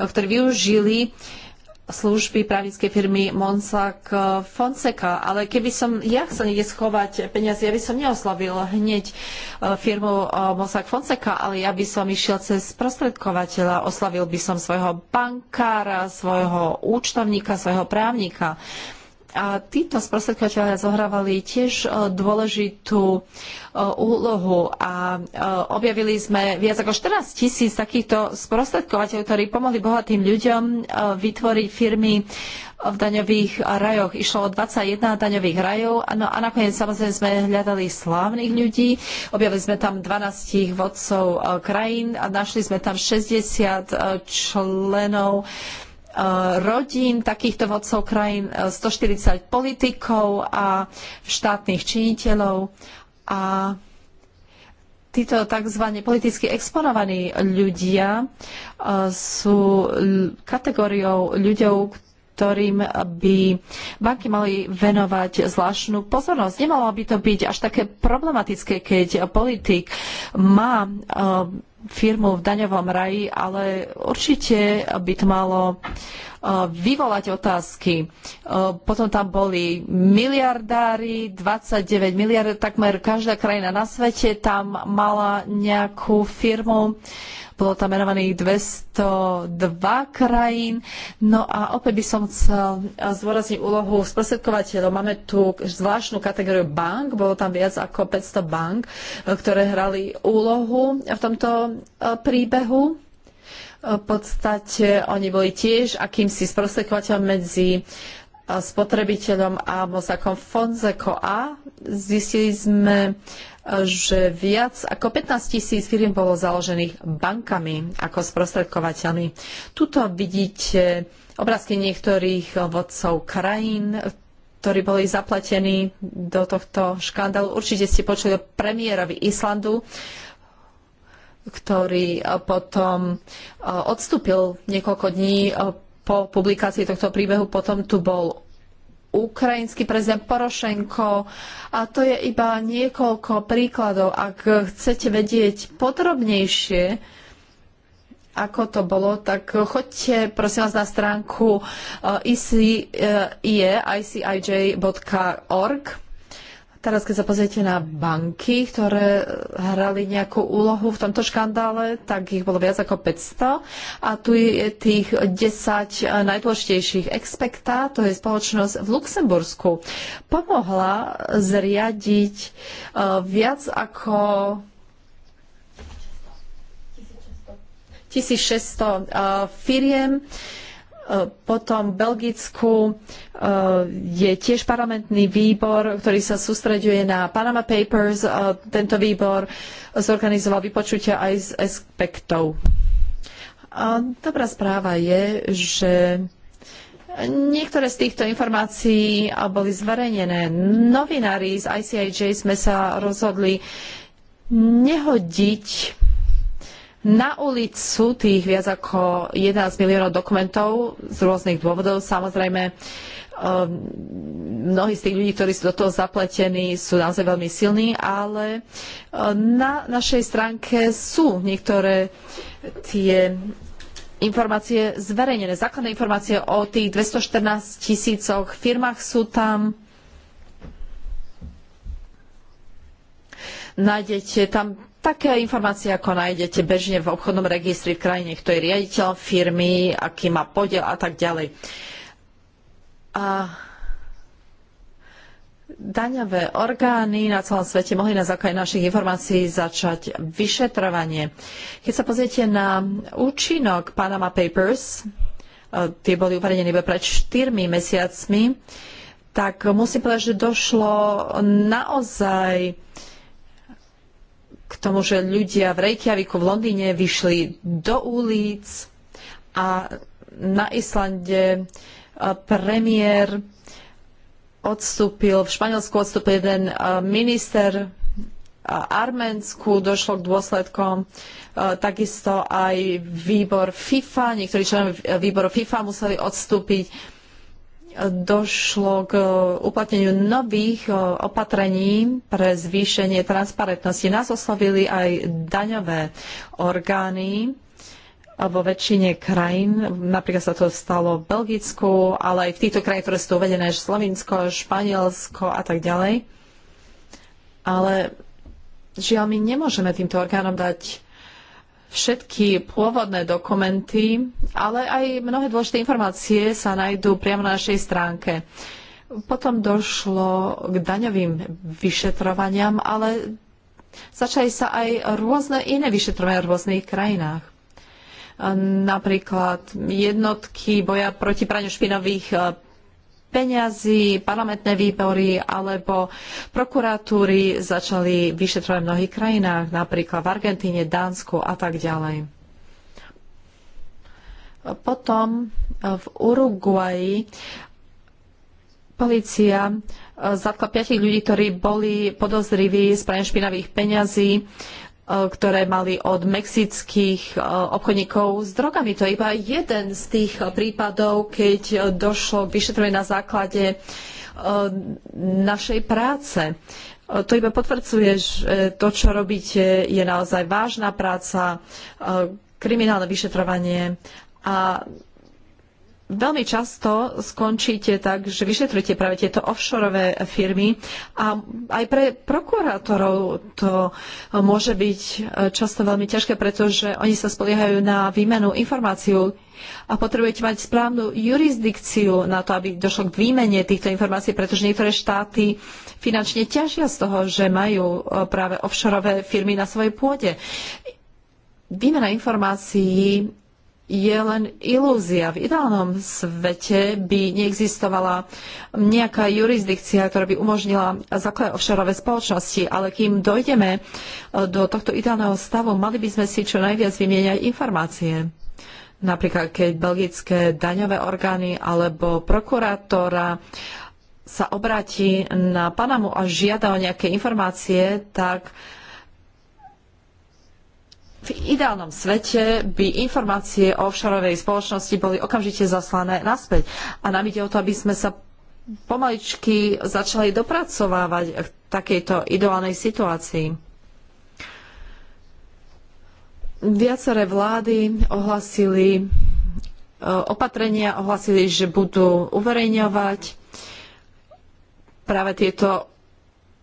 uh, ktorí využili uh, služby právnickej firmy Monsac eh, Fonseca. Ale keby som ja chcel niekde schovať peniaze, ja by som neoslavil hneď eh, firmu eh, Monsac Fonseca, ale ja by som išiel cez prostredkovateľa, oslavil by som svojho bankára, svojho účtovníka, svojho právnika. A títo sprostredkovateľia zohrávali tiež e, dôležitú e, úlohu a e, objavili sme viac ako 14 tisíc takýchto sprostredkovateľov, ktorí pomohli bohatým ľuďom vytvoriť firmy v daňových rajoch. Išlo o 21 daňových rajov no a nakoniec samozrejme sme hľadali slávnych ľudí. Objavili sme tam 12 vodcov krajín a našli sme tam 60 členov Eh, rodín takýchto vodcov krajín, 140 eh, politikov a štátnych činiteľov a títo tzv. politicky exponovaní ľudia eh, sú kategóriou ľuďov, ktorým by banky mali venovať zvláštnu pozornosť. Nemalo by to byť až také problematické, keď politik má firmu v daňovom raji, ale určite by to malo e, vyvolať otázky. E, potom tam boli miliardári, 29 miliard, takmer každá krajina na svete tam mala nejakú firmu. Bolo tam menovaných 202 krajín. No a opäť by som chcel e, zdôrazniť úlohu sprostredkovateľov. Máme tu zvláštnu kategóriu bank, bolo tam viac ako 500 bank, e, ktoré hrali úlohu v tomto e, príbehu v podstate oni boli tiež akýmsi sprostredkovateľom medzi spotrebiteľom a mozakom Fonzeco a zistili sme že viac ako 15 tisíc firm bolo založených bankami ako sprostredkovateľmi. Tuto vidíte obrázky niektorých vodcov krajín, ktorí boli zaplatení do tohto škandálu. Určite ste počuli o premiérovi Islandu, ktorý e, potom e, odstúpil niekoľko dní e, po publikácii tohto príbehu. Potom tu bol ukrajinský prezident Porošenko. A to je iba niekoľko príkladov. Ak chcete vedieť podrobnejšie, ako to bolo, tak choďte prosím vás na stránku eh, ICIE, eh, icij.org Teraz, keď sa pozriete na banky, ktoré hrali nejakú úlohu v tomto škandále, tak ich bolo viac ako 500. A tu je tých 10 najdôležitejších. expekta, to je spoločnosť v Luxembursku, pomohla zriadiť e, viac ako 1600 e, firiem, Eh, potom v Belgicku eh, je tiež parlamentný výbor, ktorý sa sústreďuje na Panama Papers. Eh, tento výbor zorganizoval vypočutia aj z aspektov. dobrá správa je, že Niektoré z týchto informácií boli zverejnené. Novinári z ICIJ sme sa rozhodli nehodiť na ulicu tých viac ako 11 miliónov dokumentov z rôznych dôvodov. Samozrejme, um, mnohí z tých ľudí, ktorí sú do toho zapletení, sú naozaj veľmi silní, ale uh, na našej stránke sú niektoré tie informácie zverejnené. Základné informácie o tých 214 tisícoch firmách sú tam. Nájdete tam Také informácie, ako nájdete bežne v obchodnom registri v krajine, kto je riaditeľ firmy, aký má podiel a tak ďalej. A daňové orgány na celom svete mohli na základe našich informácií začať vyšetrovanie. Keď sa pozriete na účinok Panama Papers, e, tie boli uverejnené iba pred 4 mesiacmi, tak musím povedať, že došlo naozaj k tomu, že ľudia v Reykjaviku v Londýne vyšli do ulic a na Islande e, premiér odstúpil, v Španielsku odstúpil jeden e, minister e, Arménsku došlo k dôsledkom. Takisto aj výbor FIFA, niektorí členovia výboru FIFA museli odstúpiť došlo k eh, uplatneniu nových eh, opatrení pre zvýšenie transparentnosti. Nás oslovili aj daňové orgány eh, vo väčšine krajín. Napríklad sa to stalo v Belgicku, ale aj v týchto krajinách, ktoré sú uvedené, Slovinsko, Španielsko a tak ďalej. Ale žiaľ, my nemôžeme týmto orgánom dať všetky pôvodné dokumenty, ale aj mnohé dôležité informácie sa nájdú priamo na našej stránke. Potom došlo k daňovým vyšetrovaniam, ale začali sa aj rôzne iné vyšetrovania v rôznych krajinách napríklad jednotky boja proti praniu špinavých eh, peňazí, parlamentné výbory alebo prokuratúry začali vyšetrovať v mnohých krajinách, napríklad v Argentíne, Dánsku a tak ďalej. Potom v Uruguaji policia e, zatkla piatich ľudí, ktorí boli podozriví z prania špinavých peňazí ktoré mali od mexických e, obchodníkov s drogami. To je iba jeden z tých e, prípadov, keď došlo k vyšetrovaniu na základe e, našej práce. To iba potvrdzuje, že to, čo robíte, je naozaj vážna práca, kriminálne vyšetrovanie a veľmi často skončíte tak, že vyšetrujete práve tieto offshore firmy a aj pre prokurátorov to môže byť e, často veľmi ťažké, pretože oni sa spoliehajú na výmenu informáciu a potrebujete mať správnu jurisdikciu na to, aby došlo k výmene týchto informácií, pretože niektoré štáty finančne ťažia z toho, že majú e, práve offshore firmy na svojej pôde. Výmena informácií je len ilúzia. V ideálnom svete by neexistovala nejaká jurisdikcia, ktorá by umožnila zakladať offshore spoločnosti, ale kým dojdeme eh, do tohto ideálneho stavu, mali by sme si čo najviac vymieňať informácie. Napríklad, keď belgické daňové orgány alebo prokurátora sa obráti na Panamu a žiada o nejaké informácie, tak v ideálnom svete by informácie o offshoreovej spoločnosti boli okamžite zaslané naspäť. A nám ide o to, aby sme sa pomaličky začali dopracovávať v takejto ideálnej situácii. Viaceré vlády ohlasili e, opatrenia, ohlasili, že budú uverejňovať práve tieto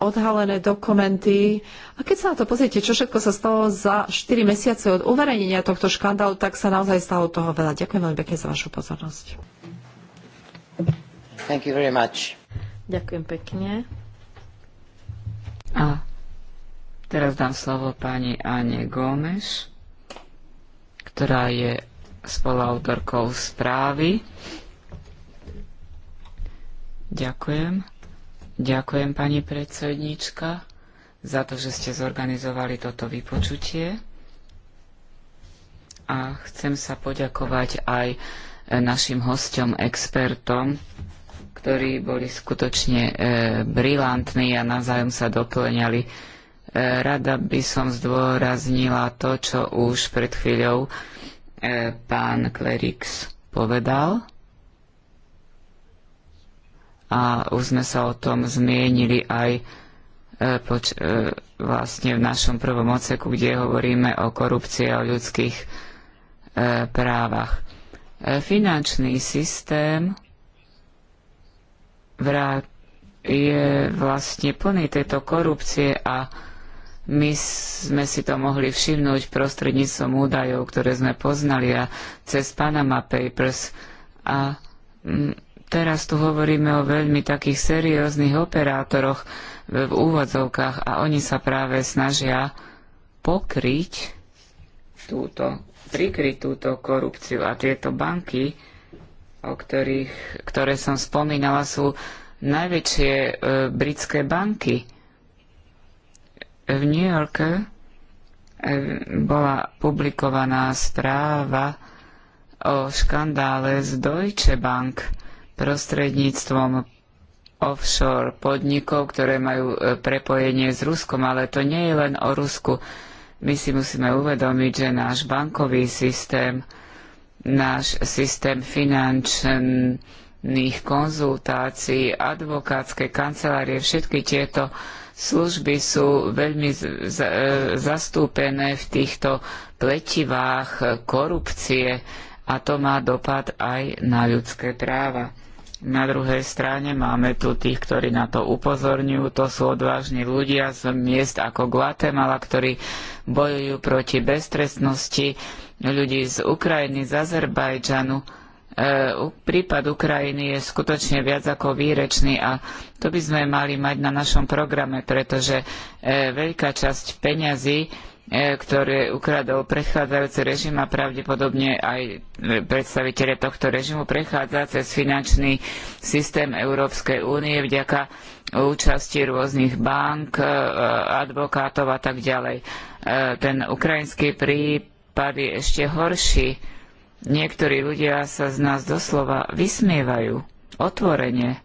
odhalené dokumenty. A keď sa na to pozriete, čo všetko sa stalo za 4 mesiace od uverejnenia tohto škandálu, tak sa naozaj stalo toho veľa. Ďakujem veľmi pekne za vašu pozornosť. Thank you very much. Ďakujem pekne. A teraz dám slovo pani Ane Gómez, ktorá je spoluautorkou správy. Ďakujem. Ďakujem, pani predsednička, za to, že ste zorganizovali toto vypočutie. A chcem sa poďakovať aj e, našim hostom, expertom, ktorí boli skutočne e, brilantní a navzájom sa doplňali. E, rada by som zdôraznila to, čo už pred chvíľou e, pán Klerix povedal a už sme sa o tom zmienili aj e, poč- e, vlastne v našom prvom oceku, kde hovoríme o korupcii a o ľudských e, právach. Finančný systém je vlastne plný tejto korupcie a my sme si to mohli všimnúť prostredníctvom údajov, ktoré sme poznali a cez Panama Papers a teraz tu hovoríme o veľmi takých serióznych operátoroch v úvodzovkách a oni sa práve snažia pokryť túto, prikryť túto korupciu a tieto banky, o ktorých, ktoré som spomínala, sú najväčšie e, britské banky. V New Yorku e, bola publikovaná správa o škandále z Deutsche Bank prostredníctvom offshore podnikov, ktoré majú e, prepojenie s Ruskom, ale to nie je len o Rusku. My si musíme uvedomiť, že náš bankový systém, náš systém finančných konzultácií, advokátske kancelárie, všetky tieto služby sú veľmi e, zastúpené v týchto pletivách korupcie a to má dopad aj na ľudské práva. Na druhej strane máme tu tých, ktorí na to upozorňujú. To sú odvážni ľudia z miest ako Guatemala, ktorí bojujú proti beztrestnosti ľudí z Ukrajiny, z Azerbajdžanu. E, prípad Ukrajiny je skutočne viac ako výrečný a to by sme mali mať na našom programe, pretože e, veľká časť peňazí E, ktoré ukradol predchádzajúci režim a pravdepodobne aj e, predstavitelia tohto režimu prechádza cez finančný systém Európskej únie vďaka účasti rôznych bank, e, advokátov a tak ďalej. Ten ukrajinský prípad je ešte horší. Niektorí ľudia sa z nás doslova vysmievajú otvorene.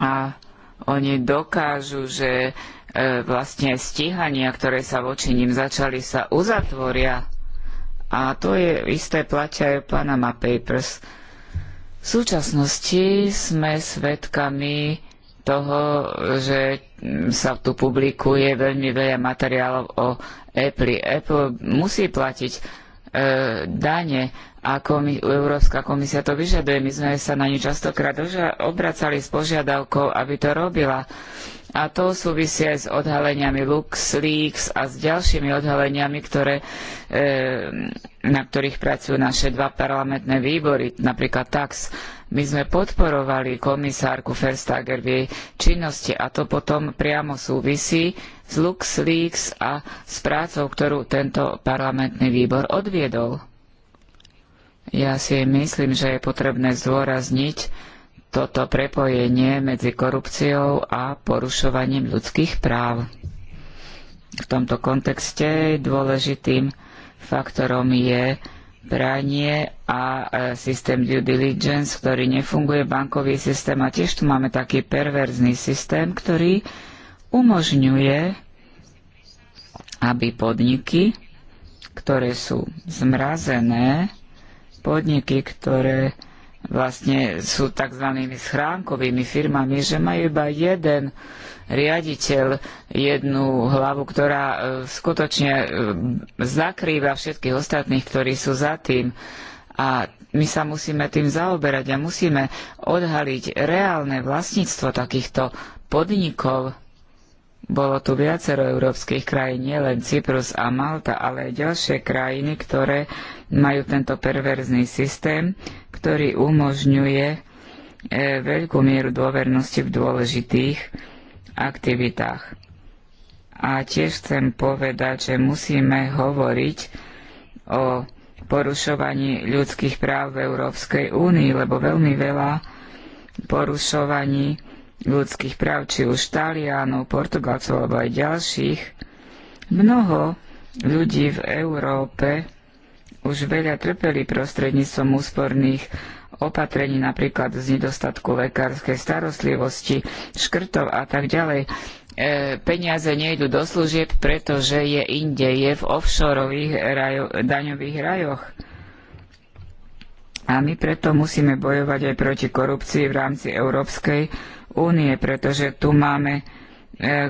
A oni dokážu, že E, vlastne stíhania, ktoré sa voči ním začali, sa uzatvoria. A to je isté platia aj Panama Papers. V súčasnosti sme svedkami toho, že sa tu publikuje veľmi veľa materiálov o Apple. Apple musí platiť e, dane ako komi- Európska komisia to vyžaduje. My sme sa na ňu častokrát obracali s požiadavkou, aby to robila. A to súvisí aj s odhaleniami LuxLeaks a s ďalšími odhaleniami, ktoré, e, na ktorých pracujú naše dva parlamentné výbory, napríklad TAX. My sme podporovali komisárku Verstager v jej činnosti a to potom priamo súvisí s LuxLeaks a s prácou, ktorú tento parlamentný výbor odviedol. Ja si myslím, že je potrebné zdôrazniť toto prepojenie medzi korupciou a porušovaním ľudských práv. V tomto kontexte dôležitým faktorom je branie a e, systém due diligence, ktorý nefunguje, bankový systém a tiež tu máme taký perverzný systém, ktorý umožňuje, aby podniky, ktoré sú zmrazené, podniky, ktoré vlastne sú tzv. schránkovými firmami, že majú iba jeden riaditeľ, jednu hlavu, ktorá e, skutočne e, zakrýva všetkých ostatných, ktorí sú za tým. A my sa musíme tým zaoberať a musíme odhaliť reálne vlastníctvo takýchto podnikov. Bolo tu viacero európskych krajín, nielen Cyprus a Malta, ale aj ďalšie krajiny, ktoré majú tento perverzný systém, ktorý umožňuje e, veľkú mieru dôvernosti v dôležitých aktivitách. A tiež chcem povedať, že musíme hovoriť o porušovaní ľudských práv v Európskej únii, lebo veľmi veľa porušovaní ľudských práv, či už Talianov, Portugalcov alebo aj ďalších, mnoho ľudí v Európe už veľa trpeli prostredníctvom úsporných opatrení, napríklad z nedostatku lekárskej starostlivosti, škrtov a tak ďalej. E, peniaze nejdu do služieb, pretože je inde, je v offshoreových rajo, daňových rajoch. A my preto musíme bojovať aj proti korupcii v rámci Európskej únie, pretože tu máme e,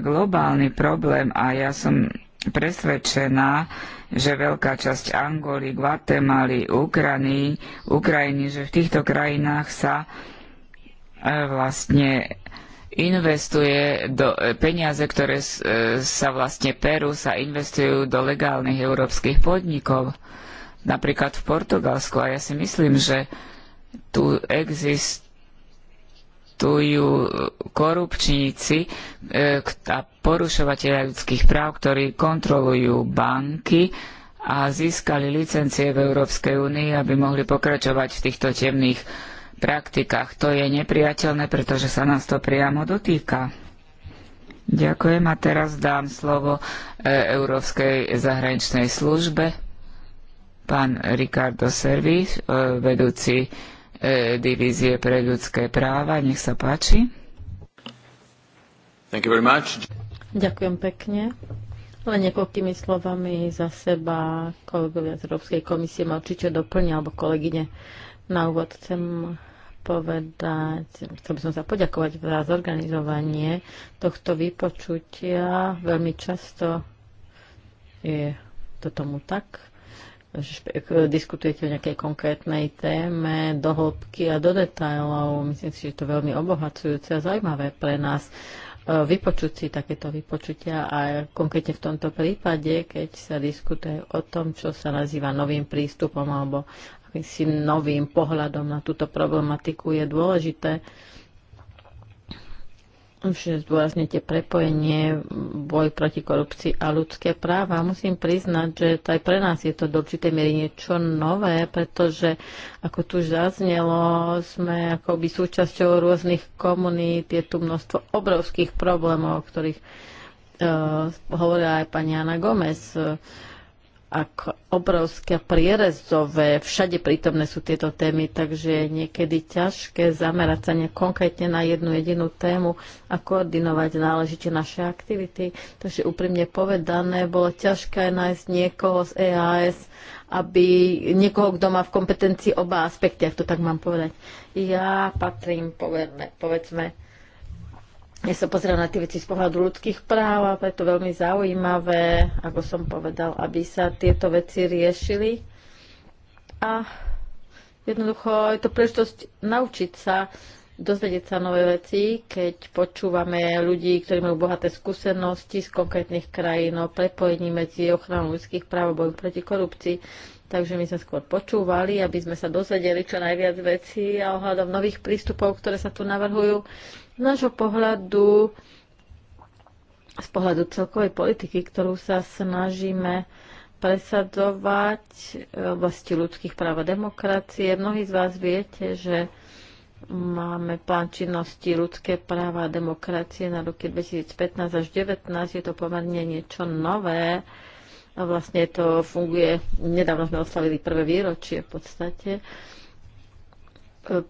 globálny problém a ja som presvedčená, že veľká časť Angoly, Guatemaly, Ukrajiny, Ukrajiny, že v týchto krajinách sa e, vlastne investuje do e, peniaze, ktoré sa vlastne perú, sa investujú do legálnych európskych podnikov, napríklad v Portugalsku. A ja si myslím, že tu existuje existujú e, korupčníci e, a porušovateľia ľudských práv, ktorí kontrolujú banky a získali licencie v Európskej únii, aby mohli pokračovať v týchto temných praktikách. To je nepriateľné, pretože sa nás to priamo dotýka. Ďakujem a teraz dám slovo e, Európskej zahraničnej službe. Pán Ricardo Servi, vedúci E, divízie pre ľudské práva. Nech sa páči. Thank you very much. Ďakujem pekne. Len niekoľkými slovami za seba kolegovia z Európskej komisie ma určite doplnia, alebo kolegyne. Na úvod chcem povedať, chcel by som sa poďakovať za zorganizovanie tohto vypočutia. Veľmi často je to tomu tak diskutujete o nejakej konkrétnej téme do hĺbky a do detajlov. Myslím si, že to veľmi obohacujúce a zaujímavé pre nás e, vypočuť si takéto vypočutia a konkrétne v tomto prípade, keď sa diskutuje o tom, čo sa nazýva novým prístupom alebo akýmsi novým pohľadom na túto problematiku, je dôležité, že zdôraznite prepojenie boj proti korupcii a ľudské práva. Musím priznať, že to aj pre nás je to do určitej miery niečo nové, pretože, ako tu už zaznelo, sme akoby súčasťou rôznych komunít. Je tu množstvo obrovských problémov, o ktorých uh, hovorila aj pani Ana Gomez. Uh, ako obrovské prierezové, všade prítomné sú tieto témy, takže je niekedy ťažké zamerať sa konkrétne na jednu jedinú tému a koordinovať náležite naše aktivity. Takže úprimne povedané, bolo ťažké nájsť niekoho z EAS, aby niekoho, kto má v kompetencii oba aspekty, ak to tak mám povedať. Ja patrím, povedme, povedzme, ja sa pozriem na tie veci z pohľadu ľudských práv a preto veľmi zaujímavé, ako som povedal, aby sa tieto veci riešili. A jednoducho je to príležitosť naučiť sa, dozvedieť sa nové veci, keď počúvame ľudí, ktorí majú bohaté skúsenosti z konkrétnych krajín o prepojení medzi ochranou ľudských práv a bojom proti korupcii. Takže my sme skôr počúvali, aby sme sa dozvedeli čo najviac vecí a ohľadom nových prístupov, ktoré sa tu navrhujú. Z nášho pohľadu, z pohľadu celkovej politiky, ktorú sa snažíme presadzovať v oblasti ľudských práv a demokracie, mnohí z vás viete, že Máme plán činnosti ľudské práva a demokracie na roky 2015 až 2019. Je to pomerne niečo nové. A vlastne to funguje. Nedávno sme oslavili prvé výročie v podstate.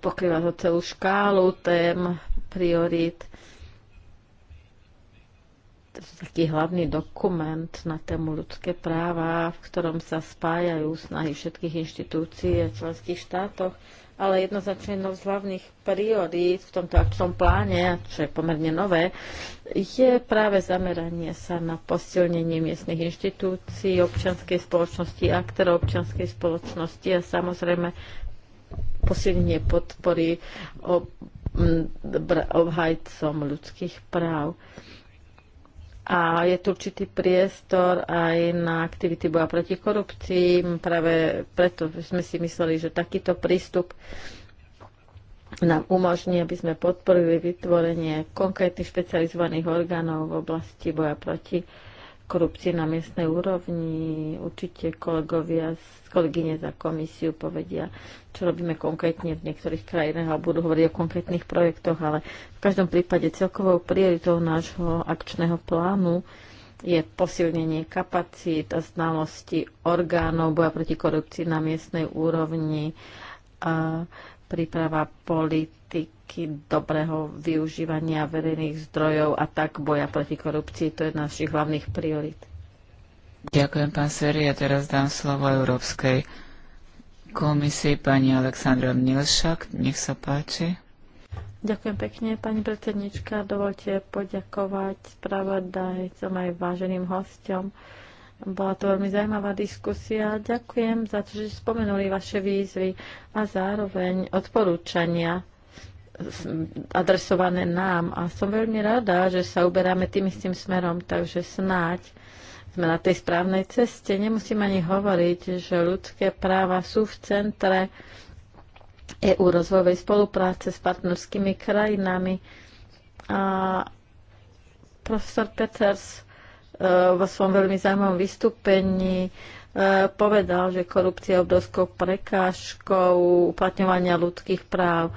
Pokrýva to celú škálu tém priorít. To je taký hlavný dokument na tému ľudské práva, v ktorom sa spájajú snahy všetkých inštitúcií a členských štátoch, ale jednoznačne jednou z hlavných priorít v tomto akčnom pláne, čo je pomerne nové, je práve zameranie sa na posilnenie miestnych inštitúcií, občianskej spoločnosti, aktérov občianskej spoločnosti a samozrejme posilnenie podpory obhajcom ľudských práv. A je tu určitý priestor aj na aktivity boja proti korupcii. Práve preto sme si mysleli, že takýto prístup nám umožní, aby sme podporili vytvorenie konkrétnych špecializovaných orgánov v oblasti boja proti korupcii korupcie na miestnej úrovni. Určite kolegovia, kolegyne za komisiu povedia, čo robíme konkrétne v niektorých krajinách a budú hovoriť o konkrétnych projektoch, ale v každom prípade celkovou prioritou nášho akčného plánu je posilnenie kapacít a znalosti orgánov boja proti korupcii na miestnej úrovni, a príprava politik otázky dobrého využívania verejných zdrojov a tak boja proti korupcii. To je jedna z našich hlavných priorit. Ďakujem, pán Seri. Ja teraz dám slovo Európskej komisii pani Aleksandra Milšak. Nech sa páči. Ďakujem pekne, pani predsednička. Dovolte poďakovať spravodajcom aj váženým hostom. Bola to veľmi zaujímavá diskusia. Ďakujem za to, že spomenuli vaše výzvy a zároveň odporúčania adresované nám. A som veľmi rada, že sa uberáme tým istým smerom, takže snáď sme na tej správnej ceste. Nemusím ani hovoriť, že ľudské práva sú v centre EU rozvojovej spolupráce s partnerskými krajinami. A profesor Peters e, vo svojom veľmi zaujímavom vystúpení e, povedal, že korupcia je obrovskou prekážkou uplatňovania ľudských práv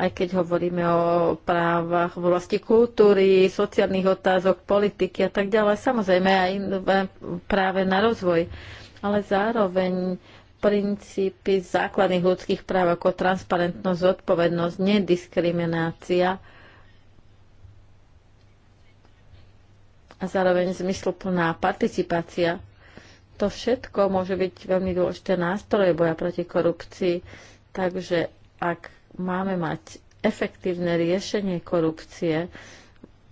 aj keď hovoríme o právach v oblasti kultúry, sociálnych otázok, politiky a tak ďalej, samozrejme aj práve na rozvoj, ale zároveň princípy základných ľudských práv ako transparentnosť, zodpovednosť, nediskriminácia, a zároveň zmysluplná participácia. To všetko môže byť veľmi dôležité nástroje boja proti korupcii, takže ak máme mať efektívne riešenie korupcie,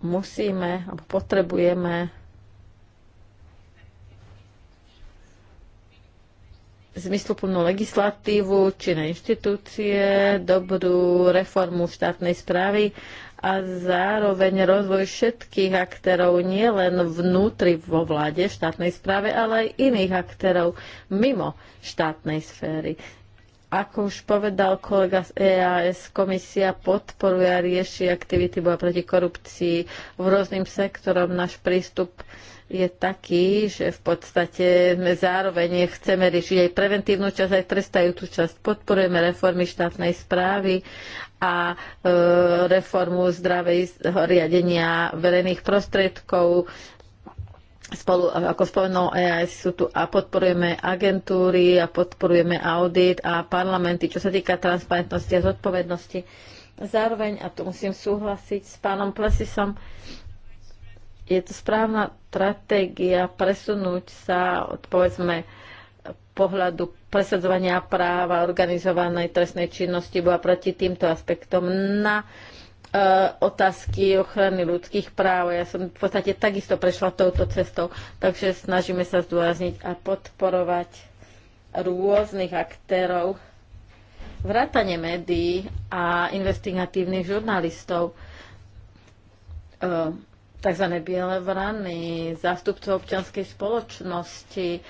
musíme alebo potrebujeme zmysluplnú legislatívu, či na inštitúcie, dobrú reformu štátnej správy a zároveň rozvoj všetkých aktérov nie len vnútri vo vláde, štátnej správe, ale aj iných aktérov mimo štátnej sféry. Ako už povedal kolega z EAS, komisia podporuje a rieši aktivity boja proti korupcii v rôznym sektorom. Náš prístup je taký, že v podstate sme zároveň chceme riešiť aj preventívnu časť, aj trestajúcu časť. Podporujeme reformy štátnej správy a e, reformu zdravej riadenia verejných prostriedkov spolu, ako spomenul EAS, sú tu a podporujeme agentúry a podporujeme audit a parlamenty, čo sa týka transparentnosti a zodpovednosti. Zároveň, a tu musím súhlasiť s pánom Plesisom, je to správna stratégia presunúť sa od, povedzme, pohľadu presadzovania práva organizovanej trestnej činnosti bola proti týmto aspektom na uh, Eh, otázky ochrany ľudských práv. Ja som v podstate takisto prešla touto cestou, takže snažíme sa zdôrazniť a podporovať rôznych aktérov, vrátane médií a investigatívnych žurnalistov, eh, tzv. biele vrany, zástupcov občianskej spoločnosti,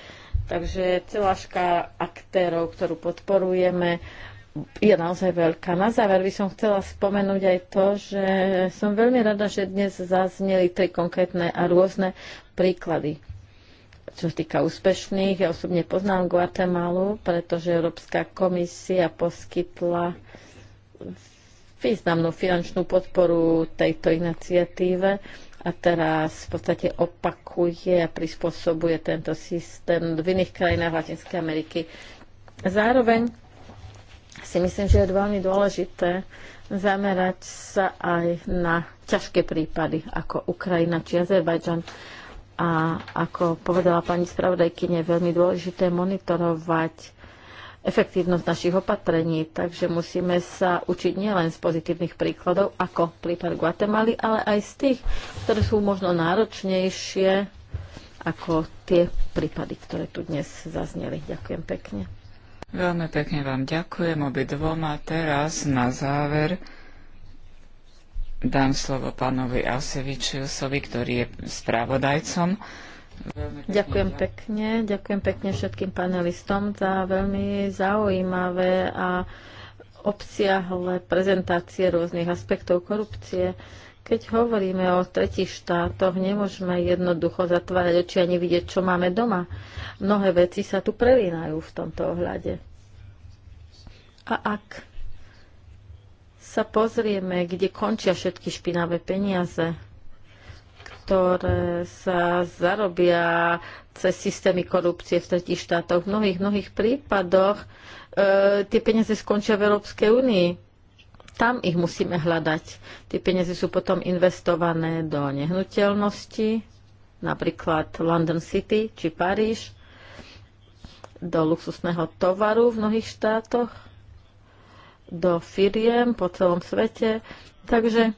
takže celá škála aktérov, ktorú podporujeme je naozaj veľká. Na záver by som chcela spomenúť aj to, že som veľmi rada, že dnes zazneli tri konkrétne a rôzne príklady. Čo sa týka úspešných, ja osobne poznám Guatemalu, pretože Európska komisia poskytla významnú finančnú podporu tejto iniciatíve a teraz v podstate opakuje a prispôsobuje tento systém v iných krajinách Latinskej Ameriky. Zároveň si myslím, že je veľmi dôležité zamerať sa aj na ťažké prípady ako Ukrajina či Azerbajdžan. A ako povedala pani spravodajkyne, je veľmi dôležité monitorovať efektívnosť našich opatrení, takže musíme sa učiť nielen z pozitívnych príkladov, ako prípad Guatemaly, ale aj z tých, ktoré sú možno náročnejšie ako tie prípady, ktoré tu dnes zazneli. Ďakujem pekne. Veľmi pekne vám ďakujem obi a teraz na záver dám slovo pánovi Asevičiusovi, ktorý je spravodajcom. Pekne ďakujem pekne, ďakujem pekne všetkým panelistom za veľmi zaujímavé a obsiahle prezentácie rôznych aspektov korupcie. Keď hovoríme o tretich štátoch, nemôžeme jednoducho zatvárať oči ani vidieť, čo máme doma. Mnohé veci sa tu prelínajú v tomto ohľade. A ak sa pozrieme, kde končia všetky špinavé peniaze, ktoré sa zarobia cez systémy korupcie v tretich štátoch. V mnohých, mnohých prípadoch e, tie peniaze skončia v Európskej únii tam ich musíme hľadať. Tie peniaze sú potom investované do nehnuteľnosti, napríklad London City či Paríž, do luxusného tovaru v mnohých štátoch, do firiem po celom svete. Takže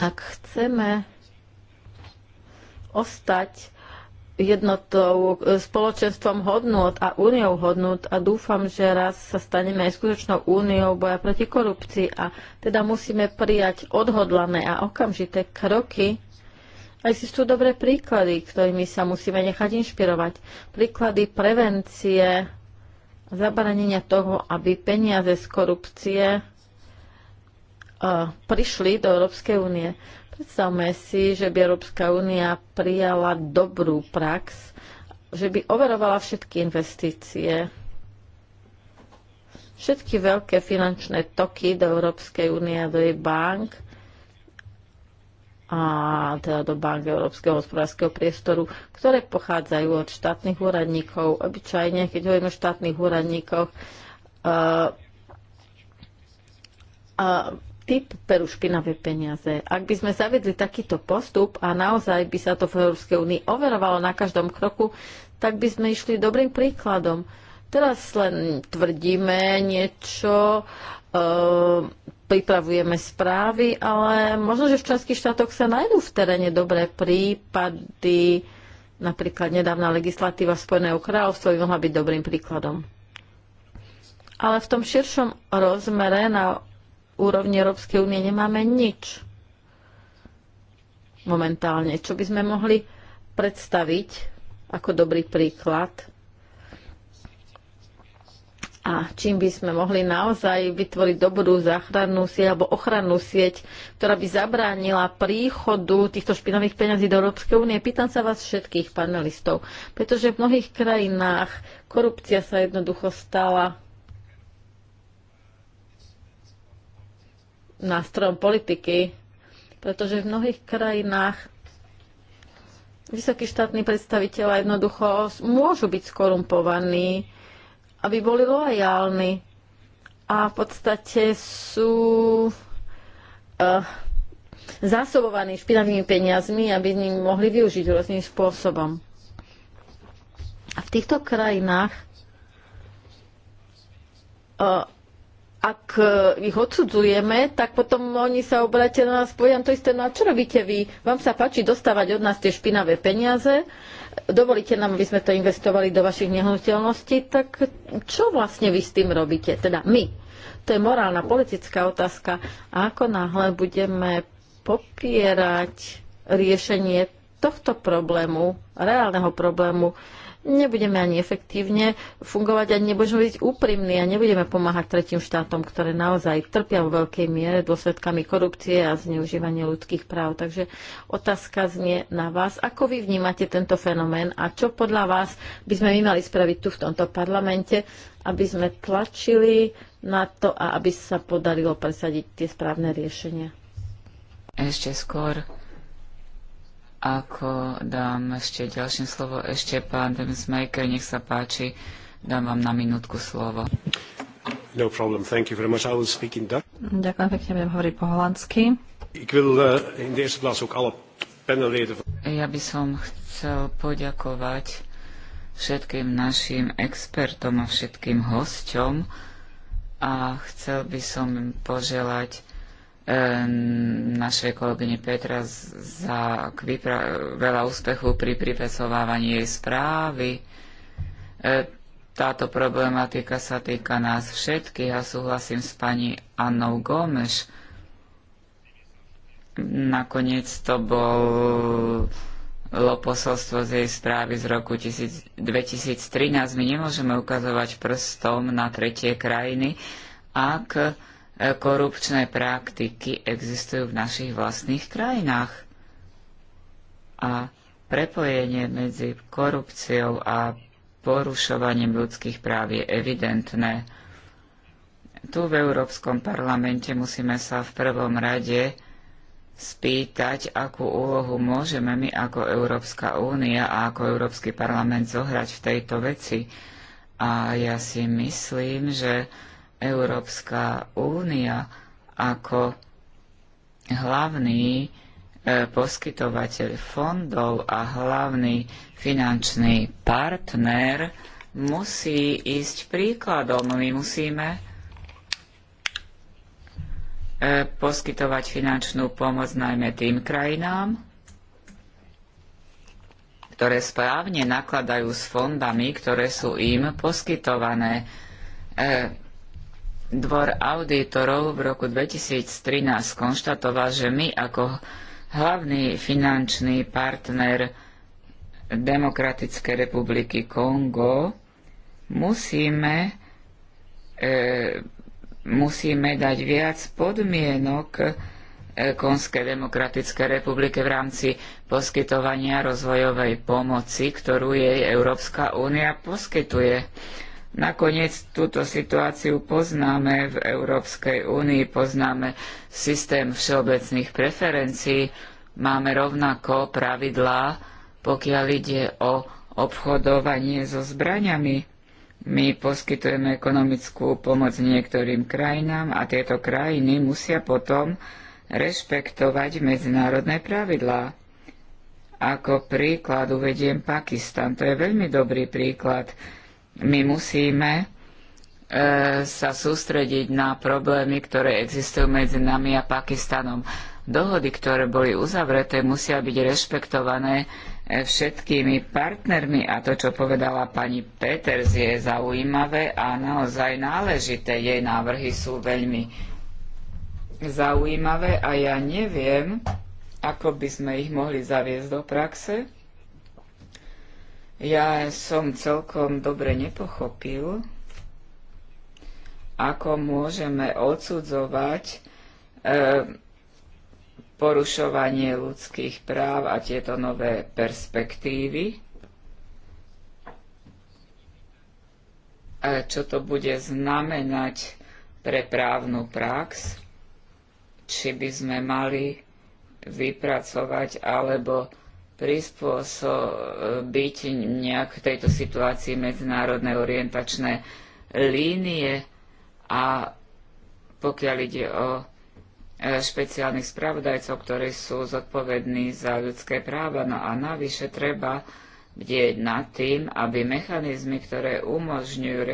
ak chceme ostať jednotou, e, spoločenstvom hodnot a úniou hodnot a dúfam, že raz sa staneme aj skutočnou úniou boja proti korupcii a teda musíme prijať odhodlané a okamžité kroky. A existujú dobré príklady, ktorými sa musíme nechať inšpirovať. Príklady prevencie, zabranenia toho, aby peniaze z korupcie e, prišli do Európskej únie. Predstavme si, že by Európska únia prijala dobrú prax, že by overovala všetky investície, všetky veľké finančné toky do Európskej únie a do jej bank, a teda do bank Európskeho hospodárskeho priestoru, ktoré pochádzajú od štátnych úradníkov. Obyčajne, keď hovoríme o štátnych úradníkoch, uh, uh, typ perú špinavé peniaze. Ak by sme zavedli takýto postup a naozaj by sa to v Európskej únii overovalo na každom kroku, tak by sme išli dobrým príkladom. Teraz len tvrdíme niečo, e, pripravujeme správy, ale možno, že v členských štátoch sa nájdú v teréne dobré prípady, napríklad nedávna legislatíva Spojeného kráľovstva by mohla byť dobrým príkladom. Ale v tom širšom rozmere na úrovni Európskej únie nemáme nič momentálne. Čo by sme mohli predstaviť ako dobrý príklad a čím by sme mohli naozaj vytvoriť dobrú záchrannú sieť alebo ochrannú sieť, ktorá by zabránila príchodu týchto špinavých peňazí do Európskej únie. Pýtam sa vás všetkých panelistov, pretože v mnohých krajinách korupcia sa jednoducho stala nástrojom politiky, pretože v mnohých krajinách vysokí štátni predstaviteľa jednoducho môžu byť skorumpovaní, aby boli loajálni. A v podstate sú uh, zásobovaní špinavými peniazmi, aby ním mohli využiť rôznym spôsobom. A v týchto krajinách uh, ak e, ich odsudzujeme, tak potom oni sa obrátia na nás, povedia no to isté, no a čo robíte vy? Vám sa páči dostávať od nás tie špinavé peniaze, dovolíte nám, aby sme to investovali do vašich nehnuteľností, tak čo vlastne vy s tým robíte? Teda my. To je morálna, politická otázka. A ako náhle budeme popierať riešenie tohto problému, reálneho problému, nebudeme ani efektívne fungovať, ani nebudeme byť úprimní a nebudeme pomáhať tretím štátom, ktoré naozaj trpia vo veľkej miere dôsledkami korupcie a zneužívania ľudských práv. Takže otázka znie na vás, ako vy vnímate tento fenomén a čo podľa vás by sme my mali spraviť tu v tomto parlamente, aby sme tlačili na to a aby sa podarilo presadiť tie správne riešenia. Ešte skôr ako dám ešte ďalším slovo, ešte pán Demsmaker, nech sa páči, dám vám na minútku slovo. No problem, thank you very much. I will speak in Dutch. Ďakujem pekne, budem hovoriť po holandsky. Ik wil uh, in de eerste plaats ook alle panelleden... Ja by som chcel poďakovať všetkým našim expertom a všetkým hosťom a chcel by som im poželať E, našej kolegyne Petra za veľa úspechu pri pripesovávaní jej správy. E, táto problematika sa týka nás všetkých a súhlasím s pani Annou Gomeš. Nakoniec to bolo posolstvo z jej správy z roku 2013. My nemôžeme ukazovať prstom na tretie krajiny, ak korupčné praktiky existujú v našich vlastných krajinách. A prepojenie medzi korupciou a porušovaním ľudských práv je evidentné. Tu v Európskom parlamente musíme sa v prvom rade spýtať, akú úlohu môžeme my ako Európska únia a ako Európsky parlament zohrať v tejto veci. A ja si myslím, že Európska únia ako hlavný e, poskytovateľ fondov a hlavný finančný partner musí ísť príkladom. My musíme e, poskytovať finančnú pomoc najmä tým krajinám, ktoré správne nakladajú s fondami, ktoré sú im poskytované. E, Dvor auditorov v roku 2013 konštatoval, že my ako hlavný finančný partner Demokratickej republiky Kongo musíme, e, musíme dať viac podmienok e, Konskej demokratickej republike v rámci poskytovania rozvojovej pomoci, ktorú jej Európska únia poskytuje. Nakoniec túto situáciu poznáme v Európskej únii, poznáme systém všeobecných preferencií, máme rovnako pravidlá, pokiaľ ide o obchodovanie so zbraňami. My poskytujeme ekonomickú pomoc niektorým krajinám a tieto krajiny musia potom rešpektovať medzinárodné pravidlá. Ako príklad uvediem Pakistan. To je veľmi dobrý príklad my musíme e, sa sústrediť na problémy, ktoré existujú medzi nami a Pakistanom. Dohody, ktoré boli uzavreté, musia byť rešpektované e, všetkými partnermi a to, čo povedala pani Peters, je zaujímavé a naozaj náležité. Jej návrhy sú veľmi zaujímavé a ja neviem, ako by sme ich mohli zaviesť do praxe. Ja som celkom dobre nepochopil, ako môžeme odsudzovať e, porušovanie ľudských práv a tieto nové perspektívy. čo to bude znamenať pre právnu prax, či by sme mali vypracovať alebo prispôsobiť nejak tejto situácii medzinárodné orientačné línie a pokiaľ ide o e, špeciálnych spravodajcov, ktorí sú zodpovední za ľudské práva. No a navyše treba bdieť nad tým, aby mechanizmy, ktoré umožňujú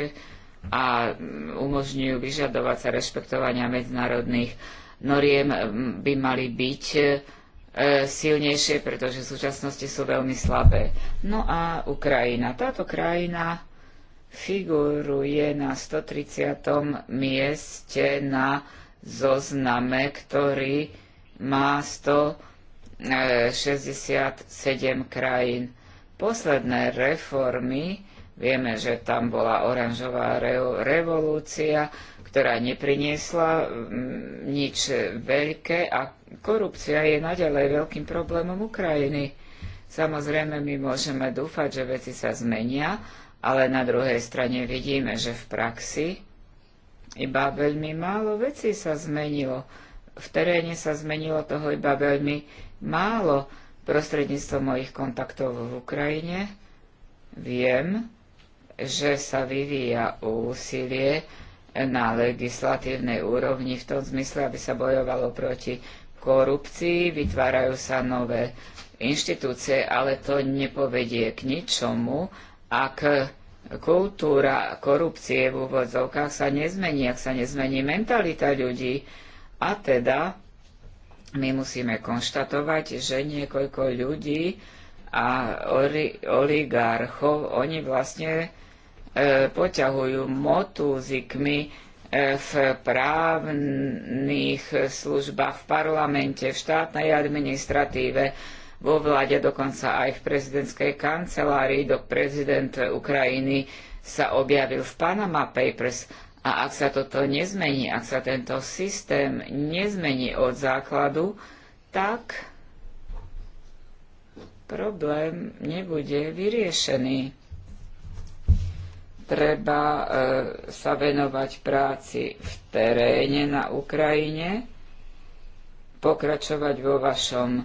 a mm, umožňujú vyžadovať sa rešpektovania medzinárodných noriem, by mali byť e, E, silnejšie, pretože v súčasnosti sú veľmi slabé. No a Ukrajina. Táto krajina figuruje na 130. mieste na zozname, ktorý má 167 e, krajín. Posledné reformy, vieme, že tam bola oranžová revolúcia, ktorá nepriniesla nič veľké a Korupcia je naďalej veľkým problémom Ukrajiny. Samozrejme, my môžeme dúfať, že veci sa zmenia, ale na druhej strane vidíme, že v praxi iba veľmi málo vecí sa zmenilo. V teréne sa zmenilo toho iba veľmi málo. Prostredníctvom mojich kontaktov v Ukrajine viem, že sa vyvíja úsilie na legislatívnej úrovni v tom zmysle, aby sa bojovalo proti korupcii, vytvárajú sa nové inštitúcie, ale to nepovedie k ničomu, ak kultúra korupcie v úvodzovkách sa nezmení, ak sa nezmení mentalita ľudí. A teda my musíme konštatovať, že niekoľko ľudí a oligarchov, oni vlastne e, poťahujú motúzikmi v právnych službách, v parlamente, v štátnej administratíve, vo vláde, dokonca aj v prezidentskej kancelárii, dok prezident Ukrajiny sa objavil v Panama Papers. A ak sa toto nezmení, ak sa tento systém nezmení od základu, tak problém nebude vyriešený treba e, sa venovať práci v teréne na Ukrajine, pokračovať vo vašom e,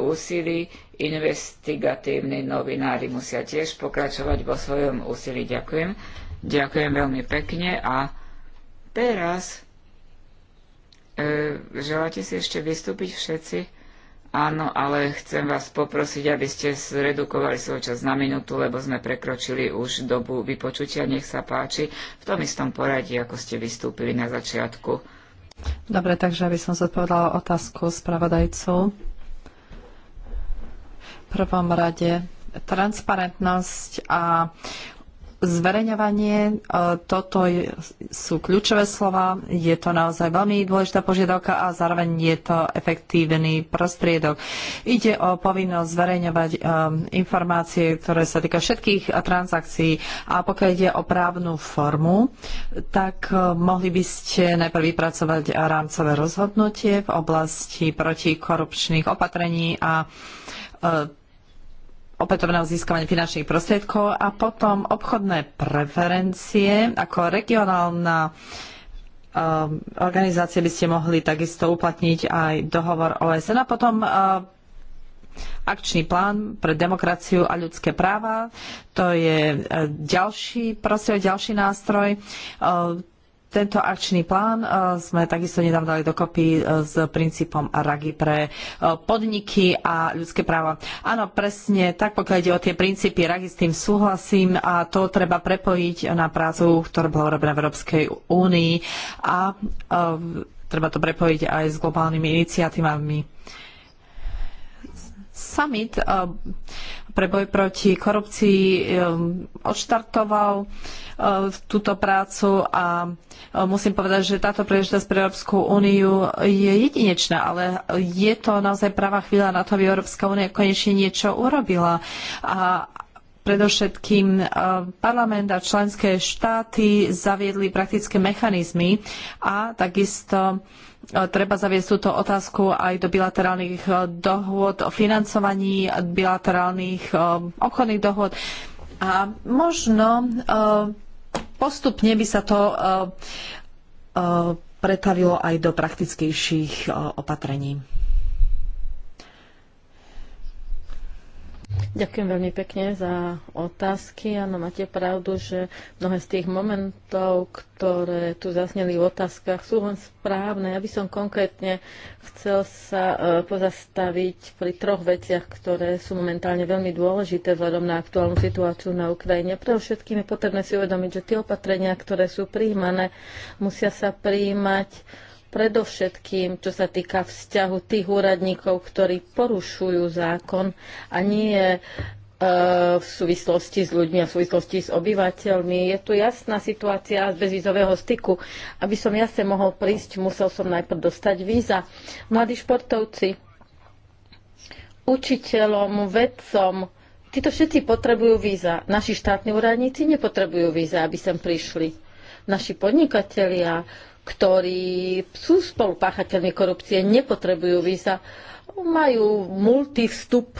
úsilí. Investigatívni novinári musia tiež pokračovať vo svojom úsilí. Ďakujem. Ďakujem veľmi pekne a teraz e, želáte si ešte vystúpiť všetci? Áno, ale chcem vás poprosiť, aby ste zredukovali svoj čas na minútu, lebo sme prekročili už dobu vypočutia. Nech sa páči v tom istom poradí, ako ste vystúpili na začiatku. Dobre, takže aby som zodpovedala otázku spravodajcu. V prvom rade transparentnosť a zverejňovanie, e, toto sú kľúčové slova, je to naozaj veľmi dôležitá požiadavka a zároveň je to efektívny prostriedok. Ide o povinnosť zverejňovať e, informácie, ktoré sa týka všetkých e, transakcií a pokiaľ ide o právnu formu, tak mohli by ste najprv vypracovať rámcové rozhodnutie v oblasti protikorupčných opatrení a opätovného získavania finančných prostriedkov a potom obchodné preferencie ako regionálna um, organizácie by ste mohli takisto uplatniť aj dohovor OSN a potom uh, akčný plán pre demokraciu a ľudské práva. To je uh, ďalší, prosím, ďalší nástroj. Uh, tento akčný plán e, sme takisto nedávno dali dokopy e, s princípom RAGI pre e, podniky a ľudské práva. Áno, presne tak, pokiaľ ide o tie princípy RAGI, s tým súhlasím a to treba prepojiť na prácu, ktorá bola urobená v Európskej únii a treba to prepojiť aj s globálnymi iniciatívami. Summit pre boj proti korupcii um, odštartoval uh, túto prácu a uh, musím povedať, že táto príležitosť pre Európsku úniu je jedinečná, ale je to naozaj práva chvíľa na to, aby Európska únia konečne niečo urobila. A predovšetkým uh, parlament a členské štáty zaviedli praktické mechanizmy a takisto treba zaviesť túto otázku aj do bilaterálnych e, dohôd o financovaní, bilaterálnych e, obchodných dohôd. A možno e, postupne by sa to pretavilo aj do praktickejších opatrení. Ďakujem veľmi pekne za otázky. Áno, máte pravdu, že mnohé z tých momentov, ktoré tu zasneli v otázkach, sú len správne. Ja by som konkrétne chcel sa e, pozastaviť pri troch veciach, ktoré sú momentálne veľmi dôležité vzhľadom na aktuálnu situáciu na Ukrajine. Pre všetkým je potrebné si uvedomiť, že tie opatrenia, ktoré sú príjmané, musia sa príjmať predovšetkým čo sa týka vzťahu tých úradníkov, ktorí porušujú zákon a nie e, v súvislosti s ľuďmi a v súvislosti s obyvateľmi. Je tu jasná situácia z bezvizového styku. Aby som ja sem mohol prísť, musel som najprv dostať víza. Mladí športovci, učiteľom, vedcom, títo všetci potrebujú víza. Naši štátni úradníci nepotrebujú víza, aby sem prišli. Naši podnikatelia, ktorí sú spolupáchateľmi korupcie, nepotrebujú víza, majú multivstup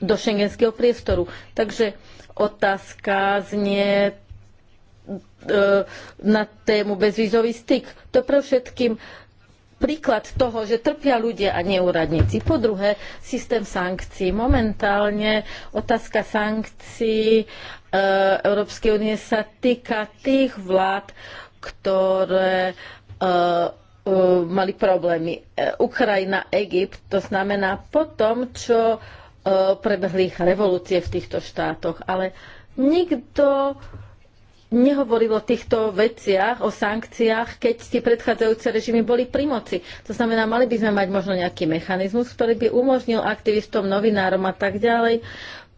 do šengenského priestoru. Takže otázka znie e, na tému bezvízový styk. To pre všetkým príklad toho, že trpia ľudia a neúradníci. Po druhé, systém sankcií. Momentálne otázka sankcií e, Európskej únie sa týka tých vlád, ktoré e, e, mali problémy. E, Ukrajina, Egypt, to znamená po tom, čo prebehli revolúcie v týchto štátoch. Ale nikto nehovoril o týchto veciach, o sankciách, keď tie predchádzajúce režimy boli pri moci. To znamená, mali by sme mať možno nejaký mechanizmus, ktorý by umožnil aktivistom, novinárom a tak ďalej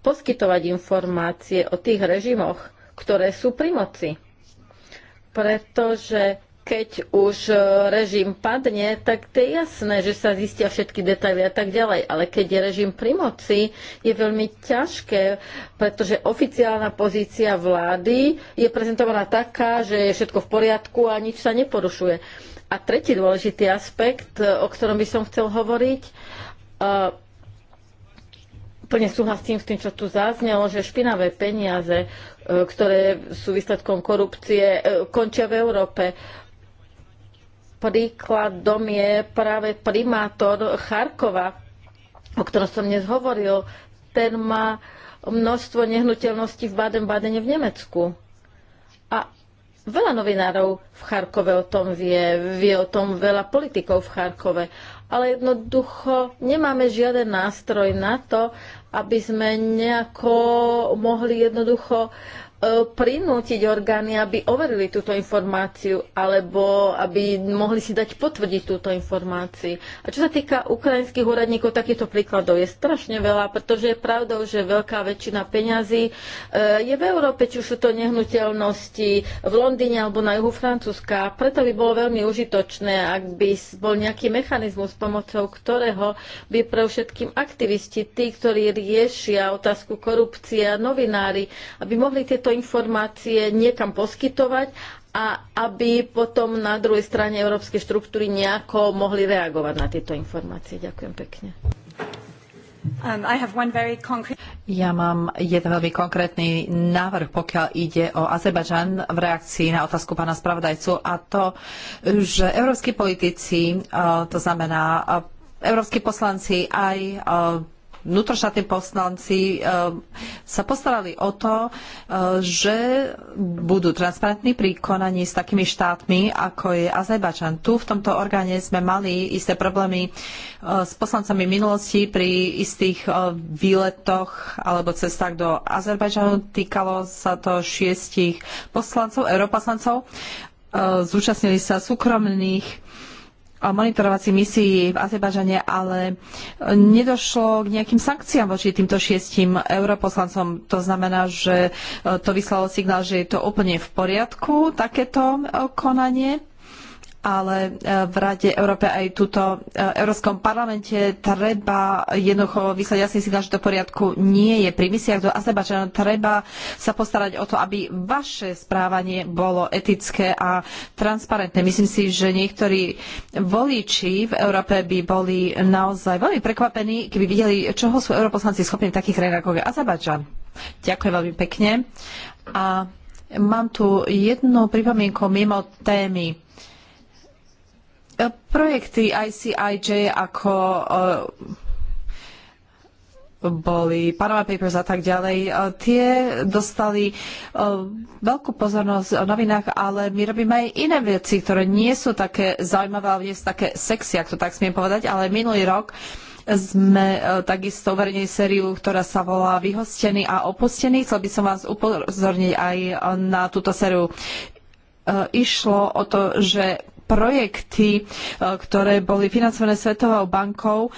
poskytovať informácie o tých režimoch, ktoré sú pri moci pretože keď už e, režim padne, tak to je jasné, že sa zistia všetky detaily a tak ďalej. Ale keď je režim pri moci, je veľmi ťažké, pretože oficiálna pozícia vlády je prezentovaná taká, že je všetko v poriadku a nič sa neporušuje. A tretí dôležitý aspekt, e, o ktorom by som chcel hovoriť, e, plne súhlasím s tým, čo tu zaznelo, že špinavé peniaze, e, ktoré sú výsledkom korupcie, e, končia v Európe. Príkladom je práve primátor Charkova, o ktorom som dnes hovoril. Ten má množstvo nehnuteľností v Baden-Badene v Nemecku. A veľa novinárov v Charkove o tom vie, vie o tom veľa politikov v Charkove ale jednoducho nemáme žiaden nástroj na to, aby sme nejako mohli jednoducho E, prinútiť orgány, aby overili túto informáciu alebo aby mohli si dať potvrdiť túto informáciu. A čo sa týka ukrajinských úradníkov, takýchto príkladov je strašne veľa, pretože je pravdou, že veľká väčšina peňazí e, je v Európe, či už sú to nehnuteľnosti v Londýne alebo na juhu Francúzska. Preto by bolo veľmi užitočné, ak by bol nejaký mechanizmus, pomocou ktorého by pre všetkým aktivisti, tí, ktorí riešia otázku korupcie a novinári, aby mohli tieto informácie niekam poskytovať a aby potom na druhej strane európske štruktúry nejako mohli reagovať na tieto informácie. Ďakujem pekne. Um, concrete... Ja mám jeden veľmi konkrétny návrh, pokiaľ ide o Azerbajdžan v reakcii na otázku pána spravodajcu a to, že európsky politici, uh, to znamená uh, európsky poslanci aj uh, vnútroštátni poslanci eh, sa postarali o to, eh, že budú transparentní pri konaní s takými štátmi, ako je Azerbajdžan. Tu v tomto orgáne sme mali isté problémy eh, s poslancami minulosti pri istých výletoch alebo cestách do Azerbajdžanu. Týkalo sa to šiestich poslancov, europoslancov. Zúčastnili sa súkromných monitorovací misii v Azerbažane, ale e, nedošlo k nejakým sankciám voči týmto šiestim europoslancom. To znamená, že e, to vyslalo signál, že je to úplne v poriadku, takéto e, konanie ale e, v Rade Európe aj tuto e, Európskom parlamente treba jednoducho vyslať jasný signál, že to v poriadku nie je. Pri misiách do Azerbajdžanu treba sa postarať o to, aby vaše správanie bolo etické a transparentné. Myslím si, že niektorí voliči v Európe by boli naozaj veľmi prekvapení, keby videli, čoho sú europoslanci schopní v takých krajinách ako je Azerbajdžan. Ďakujem veľmi pekne. A mám tu jednu pripomienku mimo témy E, projekty ICIJ ako e, boli Panama Papers a tak ďalej, e, tie dostali veľkú pozornosť v novinách, ale my robíme aj iné veci, ktoré nie sú také zaujímavé, ale nie sú také sexy, ak to tak smiem povedať, ale minulý rok sme takisto uverejnili sériu, ktorá sa volá Vyhostený a opustený. Chcel by som vás upozorniť aj na túto sériu. Išlo o to, že projekty, e, ktoré boli financované Svetovou bankou, e,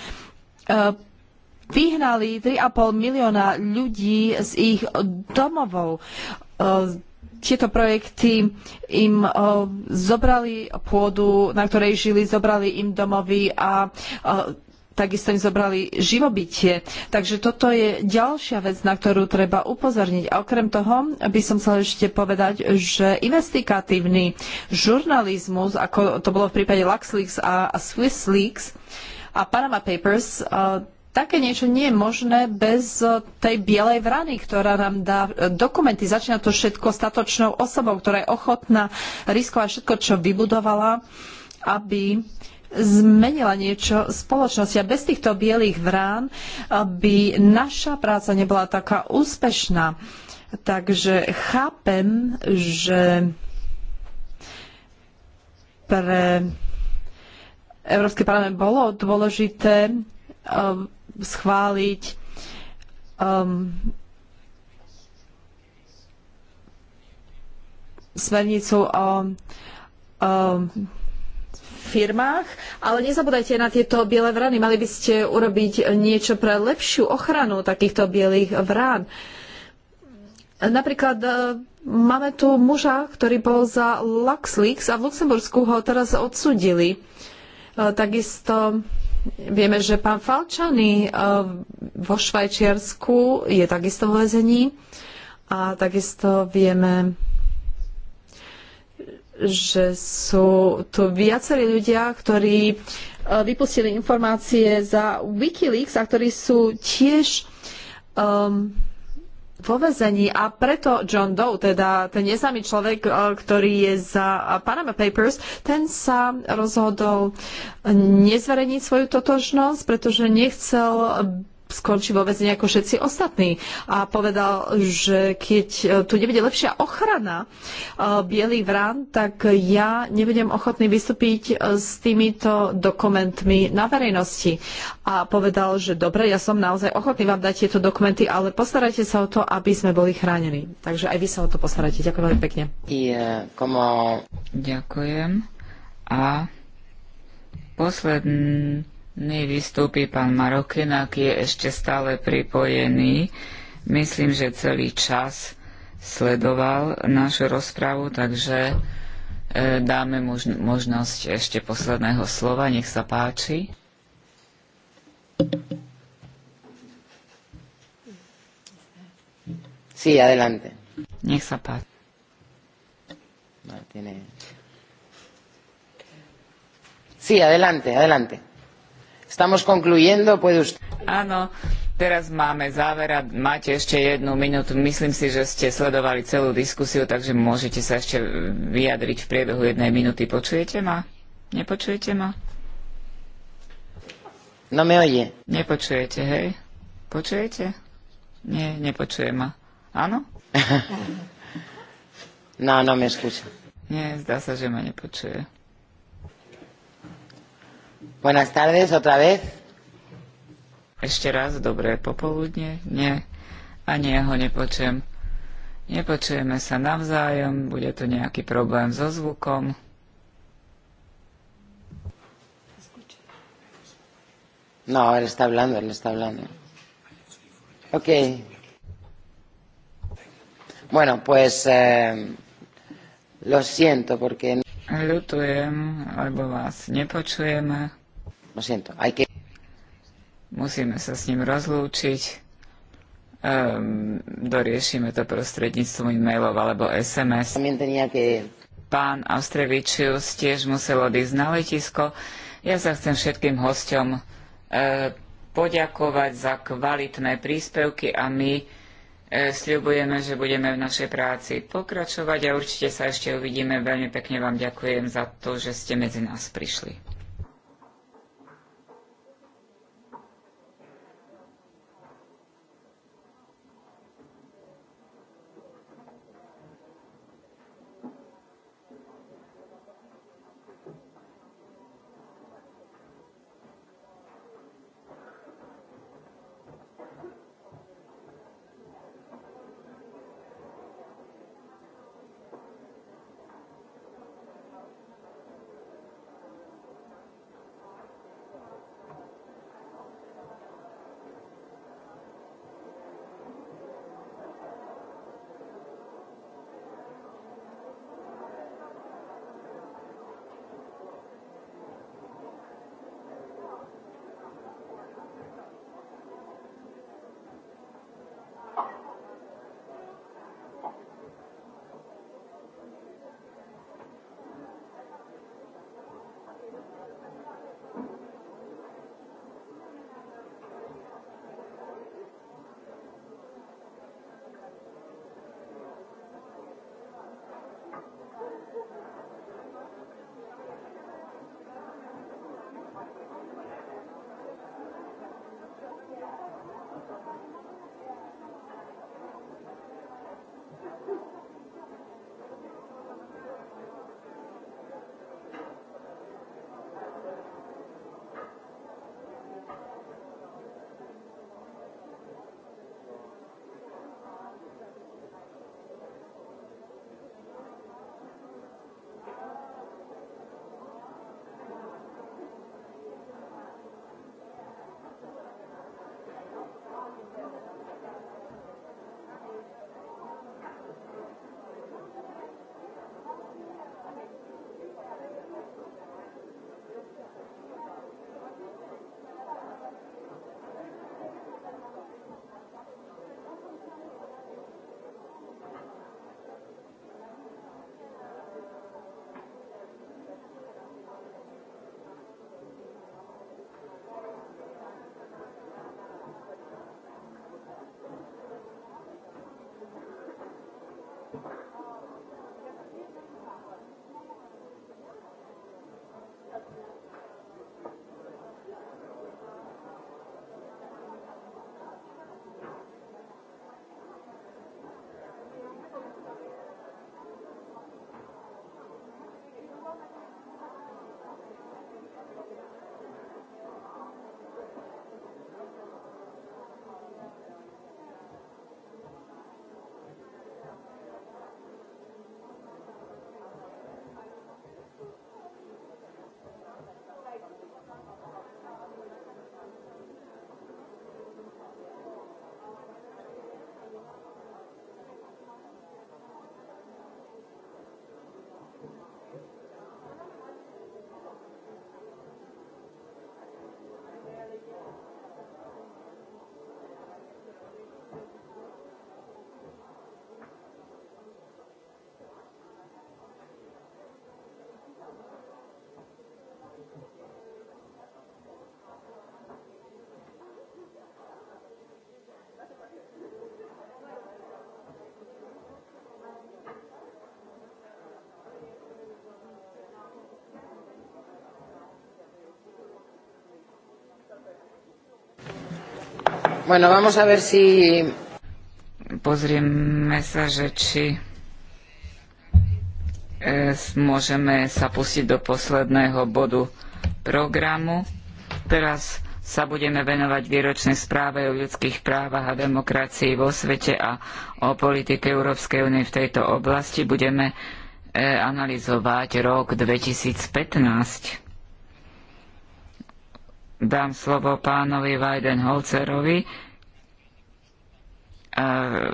vyhnali 3,5 milióna ľudí z ich domovov. E, tieto projekty im zobrali pôdu, na ktorej žili, zobrali im domovy a takisto im zobrali živobytie. Takže toto je ďalšia vec, na ktorú treba upozorniť. A okrem toho by som chcel ešte povedať, že investigatívny žurnalizmus, ako to bolo v prípade LuxLeaks a SwissLeaks a Panama Papers, e, také niečo nie je možné bez tej bielej vrany, ktorá nám dá dokumenty. Začína to všetko statočnou osobou, ktorá je ochotná riskovať všetko, čo vybudovala, aby uh, zmenila niečo v spoločnosti. A bez týchto bielých vrán eh, by naša práca nebola taká úspešná. Takže chápem, že pre Európsky parlament bolo dôležité eh, schváliť ehm, smernicu o ehm, firmách, ale nezabúdajte na tieto biele vrany. Mali by ste urobiť niečo pre lepšiu ochranu takýchto bielých vrán. Napríklad e, máme tu muža, ktorý bol za LuxLeaks a v Luxembursku ho teraz odsudili. E, takisto vieme, že pán Falčany e, vo Švajčiarsku je takisto v lezení a takisto vieme, že sú tu viacerí ľudia, ktorí e, vypustili informácie za Wikileaks a ktorí sú tiež um, vo vezení a preto John Doe, teda ten neznámy človek, e, ktorý je za Panama Papers, ten sa rozhodol nezverejniť svoju totožnosť, pretože nechcel skončí vo väzni ako všetci ostatní. A povedal, že keď e, tu nebude lepšia ochrana e, Bielý vrán, tak ja nebudem ochotný vystúpiť e, s týmito dokumentmi na verejnosti. A povedal, že dobre, ja som naozaj ochotný vám dať tieto dokumenty, ale postarajte sa o to, aby sme boli chránení. Takže aj vy sa o to postarajte. Ďakujem veľmi pekne. Ďakujem. A posledný Ny vystúpi pán Marokin, ak je ešte stále pripojený. Myslím, že celý čas sledoval našu rozpravu, takže e, dáme možn možnosť ešte posledného slova. Nech sa páči. Sí, adelante. Nech sa páči. No, sí, adelante, adelante. Estamos concluyendo, puede usted... Áno, teraz máme záver a máte ešte jednu minútu. Myslím si, že ste sledovali celú diskusiu, takže môžete sa ešte vyjadriť v priebehu jednej minúty. Počujete ma? Nepočujete ma? No me oye. Nepočujete, hej? Počujete? Nie, nepočuje ma. Áno? <laughs> no, no me escucha. Nie, zdá sa, že ma nepočuje. Buenas tardes, otra vez. Ešte raz, dobré popoludne. Nie, ani ja ho nepočujem. Nepočujeme sa navzájom, bude tu nejaký problém so zvukom. No, él está hablando, él está hablando. Ok. Bueno, pues eh, lo siento porque... No- Lutujem, alebo vás nepočujeme. Musíme sa s ním rozlúčiť. Um, doriešime to prostredníctvom e-mailov alebo SMS. Pán Austrevičius tiež musel odísť na letisko. Ja sa chcem všetkým hosťom uh, poďakovať za kvalitné príspevky a my uh, sľubujeme, že budeme v našej práci pokračovať a určite sa ešte uvidíme. Veľmi pekne vám ďakujem za to, že ste medzi nás prišli. Bueno, vamos a ver si... Pozrieme sa, že či e, môžeme sa pustiť do posledného bodu programu. Teraz sa budeme venovať výročnej správe o ľudských právach a demokracii vo svete a o politike Európskej únie v tejto oblasti. Budeme e, analyzovať rok 2015 dám slovo pánovi Weidenholzerovi.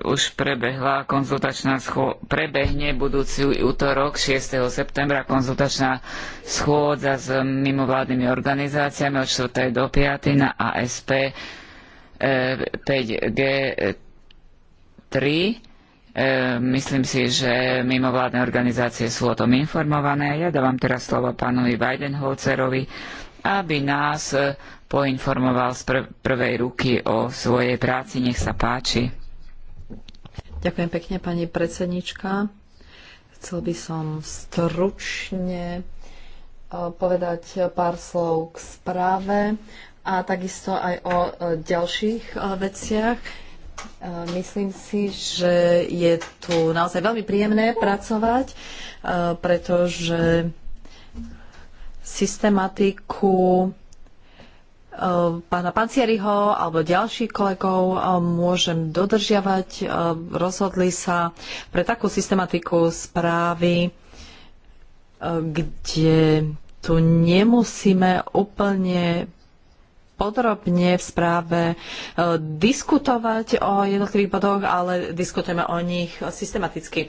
Už prebehla konzultačná schô... prebehne budúci útorok 6. septembra konzultačná schôdza s mimovládnymi organizáciami od 4. do 5. na ASP 5G3. E, e, myslím si, že mimovládne organizácie sú o tom informované. Ja dávam teraz slovo pánovi Weidenholzerovi, aby nás e, poinformoval z pr- prvej ruky o svojej práci. Nech sa páči. Ďakujem pekne, pani predsednička. Chcel by som stručne e, povedať pár slov k správe a takisto aj o e, ďalších veciach. Myslím si, že je tu naozaj veľmi príjemné pracovať, pretože systematiku eh, pána panciariho alebo ďalších kolegov eh, môžem dodržiavať. Eh, rozhodli sa pre takú systematiku správy, kde tu nemusíme úplne podrobne v správe e, diskutovať o jednotlivých bodoch, ale diskutujeme o nich systematicky. E,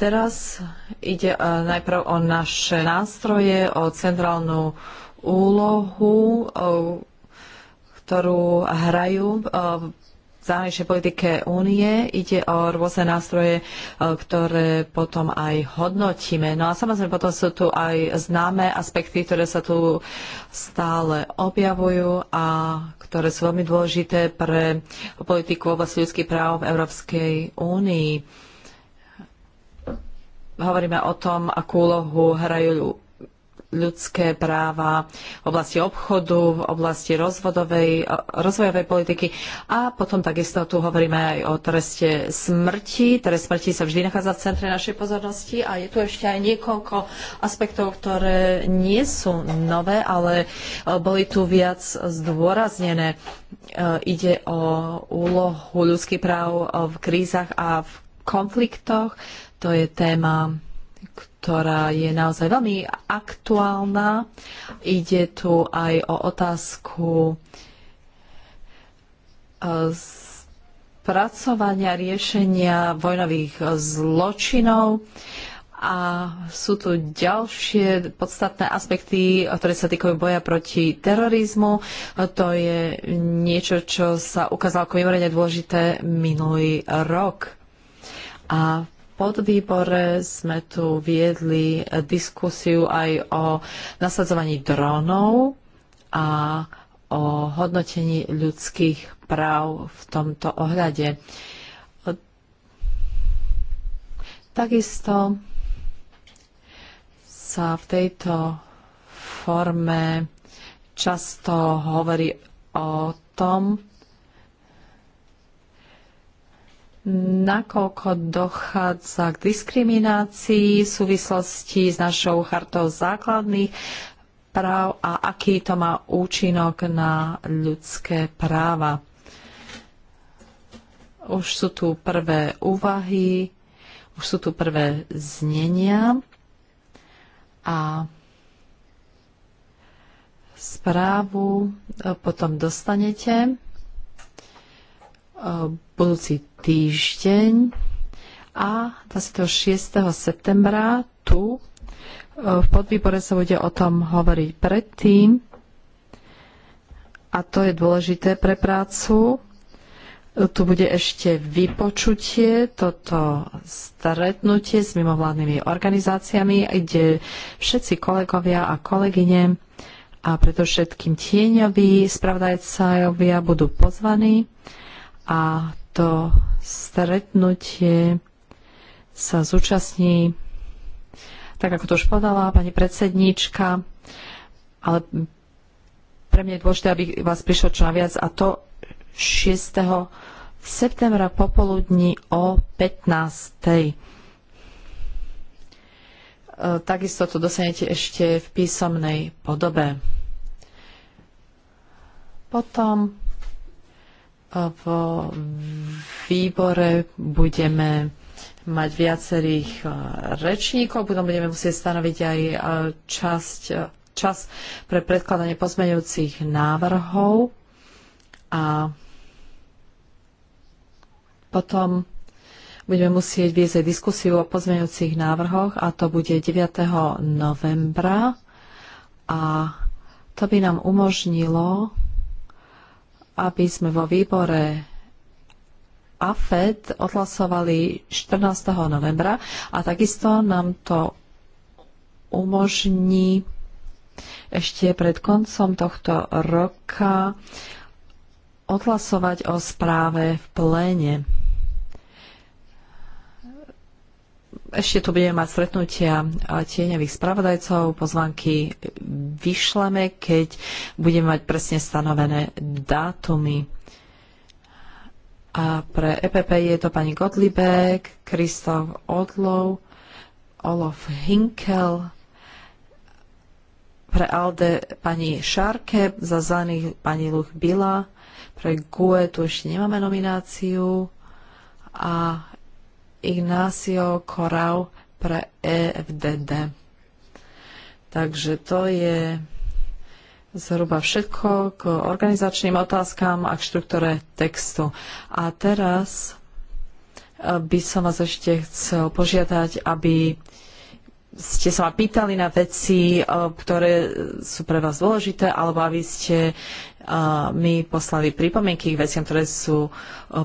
teraz ide e, najprv o naše nástroje, o centrálnu úlohu, ktorú hrajú zahraničnej politike únie. Ide o rôzne nástroje, e, ktoré potom aj hodnotíme. No a samozrejme potom sú tu aj známe aspekty, ktoré sa tu stále objavujú a ktoré sú veľmi dôležité pre politiku v oblasti ľudských práv v Európskej únii. Hovoríme o tom, akú úlohu hrajú ľudské práva, v oblasti obchodu, v oblasti rozvodovej, rozvojovej politiky a potom takisto tu hovoríme aj o treste smrti. Trest smrti sa vždy nachádza v centre našej pozornosti a je tu ešte aj niekoľko aspektov, ktoré nie sú nové, ale e, boli tu viac zdôraznené. E, ide o úlohu ľudských práv e, v krízach a v konfliktoch. To je téma ktorá je naozaj veľmi aktuálna. Ide tu aj o otázku e, spracovania riešenia vojnových zločinov a sú tu ďalšie podstatné aspekty, ktoré sa týkajú boja proti terorizmu. To je niečo, čo sa ukázalo ako mimoriadne dôležité minulý rok. A podvýbore sme tu viedli diskusiu aj o nasadzovaní drónov a o hodnotení ľudských práv v tomto ohľade. Takisto sa v tejto forme často hovorí o tom, nakoľko dochádza k diskriminácii v súvislosti s našou chartou základných práv a aký to má účinok na ľudské práva. Už sú tu prvé úvahy, už sú tu prvé znenia a správu potom dostanete. E, budúci týždeň a 26. septembra tu e, v podvýbore sa bude o tom hovoriť predtým a to je dôležité pre prácu. Tu bude ešte vypočutie, toto stretnutie s mimovládnymi organizáciami, kde všetci kolegovia a kolegyne a preto všetkým tieňoví spravodajcovia budú pozvaní a to stretnutie sa zúčastní, tak ako to už povedala pani predsedníčka, ale pre mňa je dôležité, aby vás prišlo čo najviac a to 6. septembra popoludní o 15. E, takisto to dostanete ešte v písomnej podobe. Potom vo výbore budeme mať viacerých e, rečníkov, potom budeme musieť stanoviť aj e, časť, e, čas pre predkladanie pozmeňujúcich návrhov a potom budeme musieť viesť aj diskusiu o pozmeňujúcich návrhoch a to bude 9. novembra a to by nám umožnilo aby sme vo výbore AFED odhlasovali 14. novembra a takisto nám to umožní ešte pred koncom tohto roka odhlasovať o správe v pléne. Ešte tu budeme mať stretnutia eh, tieňových spravodajcov, pozvanky vyšleme, keď budeme mať presne stanovené dátumy. A pre EPP je to pani Gotlibek, Kristof Odlov, Olof Hinkel, pre Alde pani Šarke, za zelených pani Luch Bila, pre GUE tu ešte nemáme nomináciu a Ignacio Corau pre EFDD. Takže to je zhruba všetko k organizačným otázkam a k štruktúre textu. A teraz e, by som vás ešte chcel požiadať, aby ste sa ma pýtali na veci, e, ktoré sú pre vás dôležité, alebo aby ste mi poslali pripomienky k veciam, ktoré sú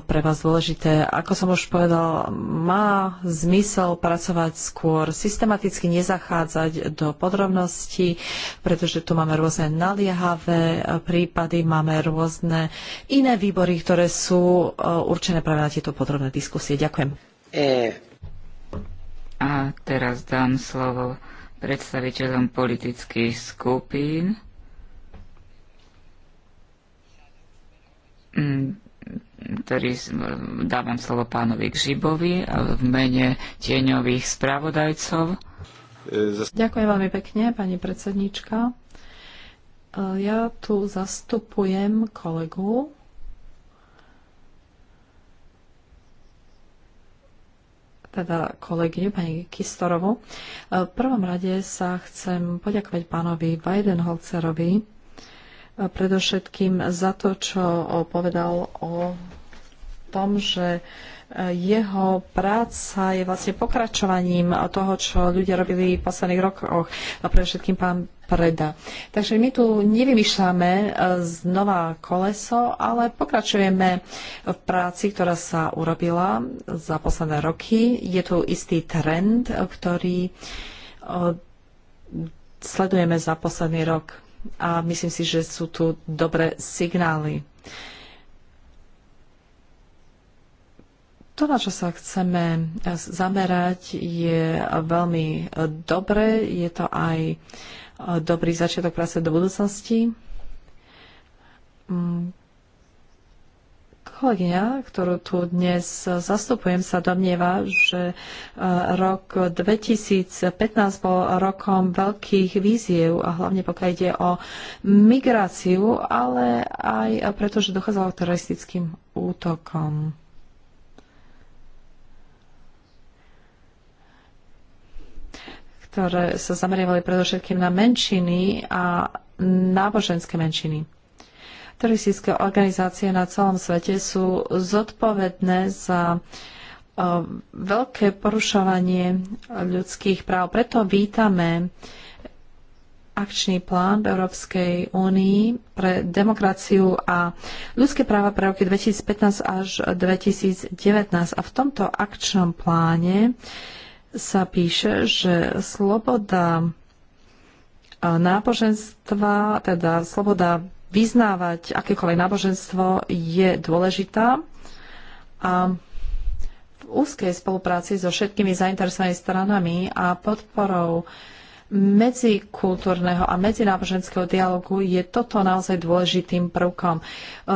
pre vás dôležité. Ako som už povedal, má zmysel pracovať skôr systematicky, nezachádzať do podrobností, pretože tu máme rôzne naliehavé e, prípady, máme rôzne iné výbory, ktoré sú e, určené práve na tieto podrobné diskusie. Ďakujem. E. A teraz dám slovo predstaviteľom politických skupín. ktorý dávam slovo pánovi Gžibovi e, v mene tieňových spravodajcov. Ďakujem veľmi pekne, pani predsednička. E, ja tu zastupujem kolegu, teda kolegyňu pani Kistorovu. E, v prvom rade sa chcem poďakovať pánovi Weidenholzerovi predovšetkým za to, čo povedal o tom, že e, jeho práca je vlastne pokračovaním toho, čo ľudia robili v posledných rokoch, a pre všetkým pán Preda. Takže my tu nevymýšľame e, znova koleso, ale pokračujeme v práci, ktorá sa urobila za posledné roky. Je tu istý trend, ktorý sledujeme za posledný rok a myslím si, že sú tu dobré signály. To, na čo sa chceme zamerať, je veľmi dobré. Je to aj dobrý začiatok práce do budúcnosti. Mm, Kolegyňa, ktorú tu dnes zastupujem, sa domnieva, že e, rok 2015 bol rokom veľkých víziev, a hlavne pokiaľ ide o migráciu, ale aj preto, že dochádzalo k teroristickým útokom. ktoré sa zameriavali predovšetkým na menšiny a náboženské menšiny teroristické organizácie na celom svete sú zodpovedné za veľké porušovanie ľudských práv. Preto vítame akčný plán v Európskej únii pre demokraciu a ľudské práva pre roky 2015 až 2019. A v tomto akčnom pláne sa píše, že sloboda náboženstva, teda sloboda vyznávať akékoľvek náboženstvo je dôležitá a v úzkej spolupráci so všetkými zainteresovanými stranami a podporou medzikultúrneho a medzináboženského dialogu je toto naozaj dôležitým prvkom. E,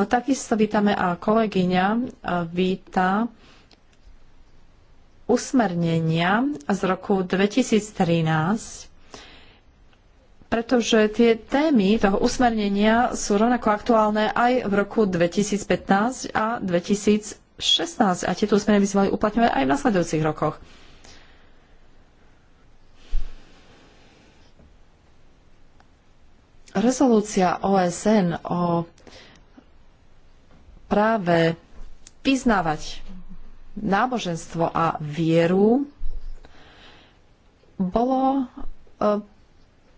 takisto vítame a kolegyňa e, víta usmernenia z roku 2013 pretože tie témy toho usmernenia sú rovnako aktuálne aj v roku 2015 a 2016 a tieto usmernenia by sa mali uplatňovať aj v nasledujúcich rokoch. Rezolúcia OSN o práve vyznávať náboženstvo a vieru bolo e,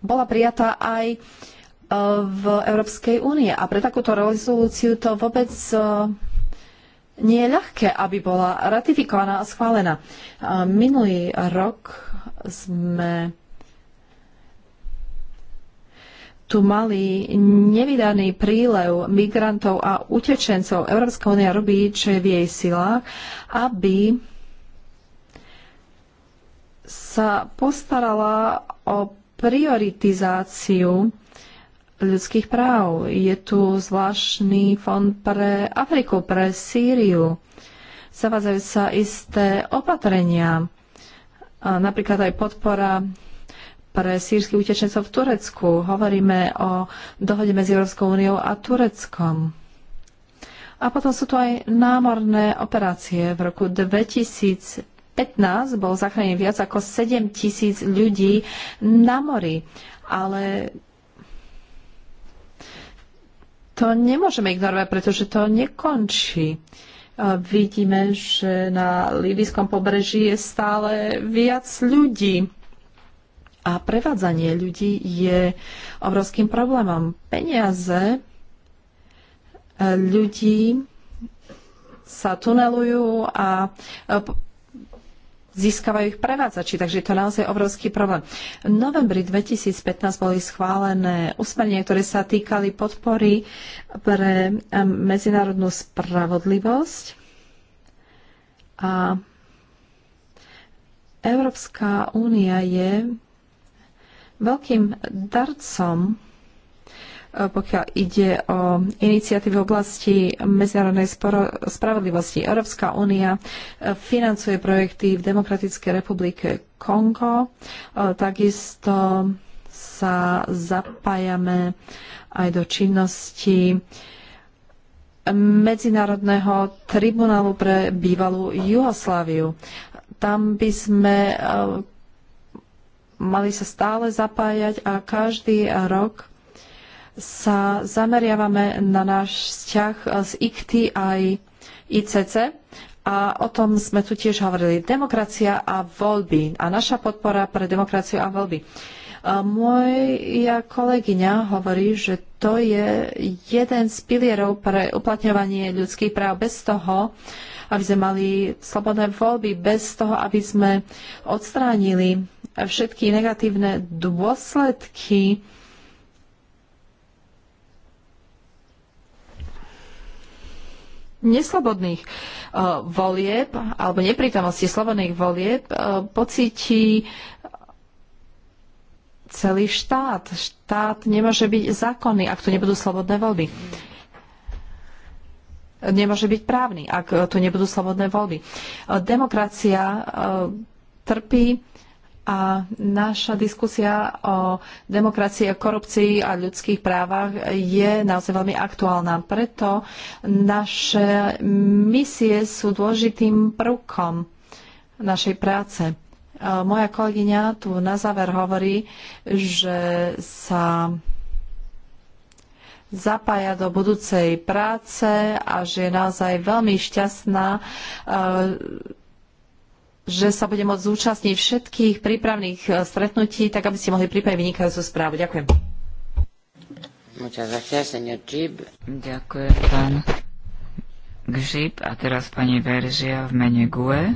bola prijatá aj e, v Európskej únie. A pre takúto rezolúciu to vôbec e, nie je ľahké, aby bola ratifikovaná a schválená. E, minulý rok sme tu mali nevydaný prílev migrantov a utečencov. Európska únia robí, čo je v jej silách, aby sa postarala o prioritizáciu ľudských práv. Je tu zvláštny fond pre Afriku, pre Sýriu. Zavádzajú sa isté opatrenia, napríklad aj podpora pre sírskych utečencov v Turecku. Hovoríme o dohode medzi Európskou úniou a Tureckom. A potom sú tu aj námorné operácie. V roku 2000 2015 bol zachránený viac ako 7 tisíc ľudí na mori. Ale to nemôžeme ignorovať, pretože to nekončí. Vidíme, že na Libyskom pobreží je stále viac ľudí a prevádzanie ľudí je obrovským problémom. Peniaze e, ľudí sa tunelujú a e, získavajú ich prevádzači, takže je to naozaj obrovský problém. V novembri 2015 boli schválené usmernenia, ktoré sa týkali podpory pre medzinárodnú spravodlivosť a Európska únia je veľkým darcom Eh, pokiaľ ide o iniciatívy v oblasti medzinárodnej spravodlivosti. Európska únia eh, financuje projekty v Demokratickej republike Kongo, eh, takisto sa zapájame aj do činnosti Medzinárodného tribunálu pre bývalú Jugosláviu. Tam by sme mali sa stále zapájať a každý rok sa zameriavame na náš vzťah s ICTY aj ICC. A o tom sme tu tiež hovorili. Demokracia a voľby a naša podpora pre demokraciu a voľby. Moja kolegyňa hovorí, že to je jeden z pilierov pre uplatňovanie ľudských práv bez toho, aby sme mali slobodné voľby, bez toho, aby sme odstránili všetky negatívne dôsledky neslobodných eh, volieb alebo neprítomnosti slobodných volieb eh, pocíti celý štát. Štát nemôže byť zákonný, ak tu nebudú slobodné voľby. Nemôže byť právny, ak tu nebudú slobodné voľby. Eh, demokracia trpí a naša diskusia o demokracii a korupcii a ľudských právach je naozaj veľmi aktuálna. Preto naše misie sú dôležitým prvkom našej práce. E, moja kolegyňa tu na záver hovorí, že sa zapája do budúcej práce a že je naozaj veľmi šťastná e, že sa bude môcť zúčastniť všetkých prípravných e, stretnutí, tak aby ste mohli pripraviť vynikajúcu správu. Ďakujem. Ďakujem, pán Gžip. A teraz pani Veržia v mene GUE.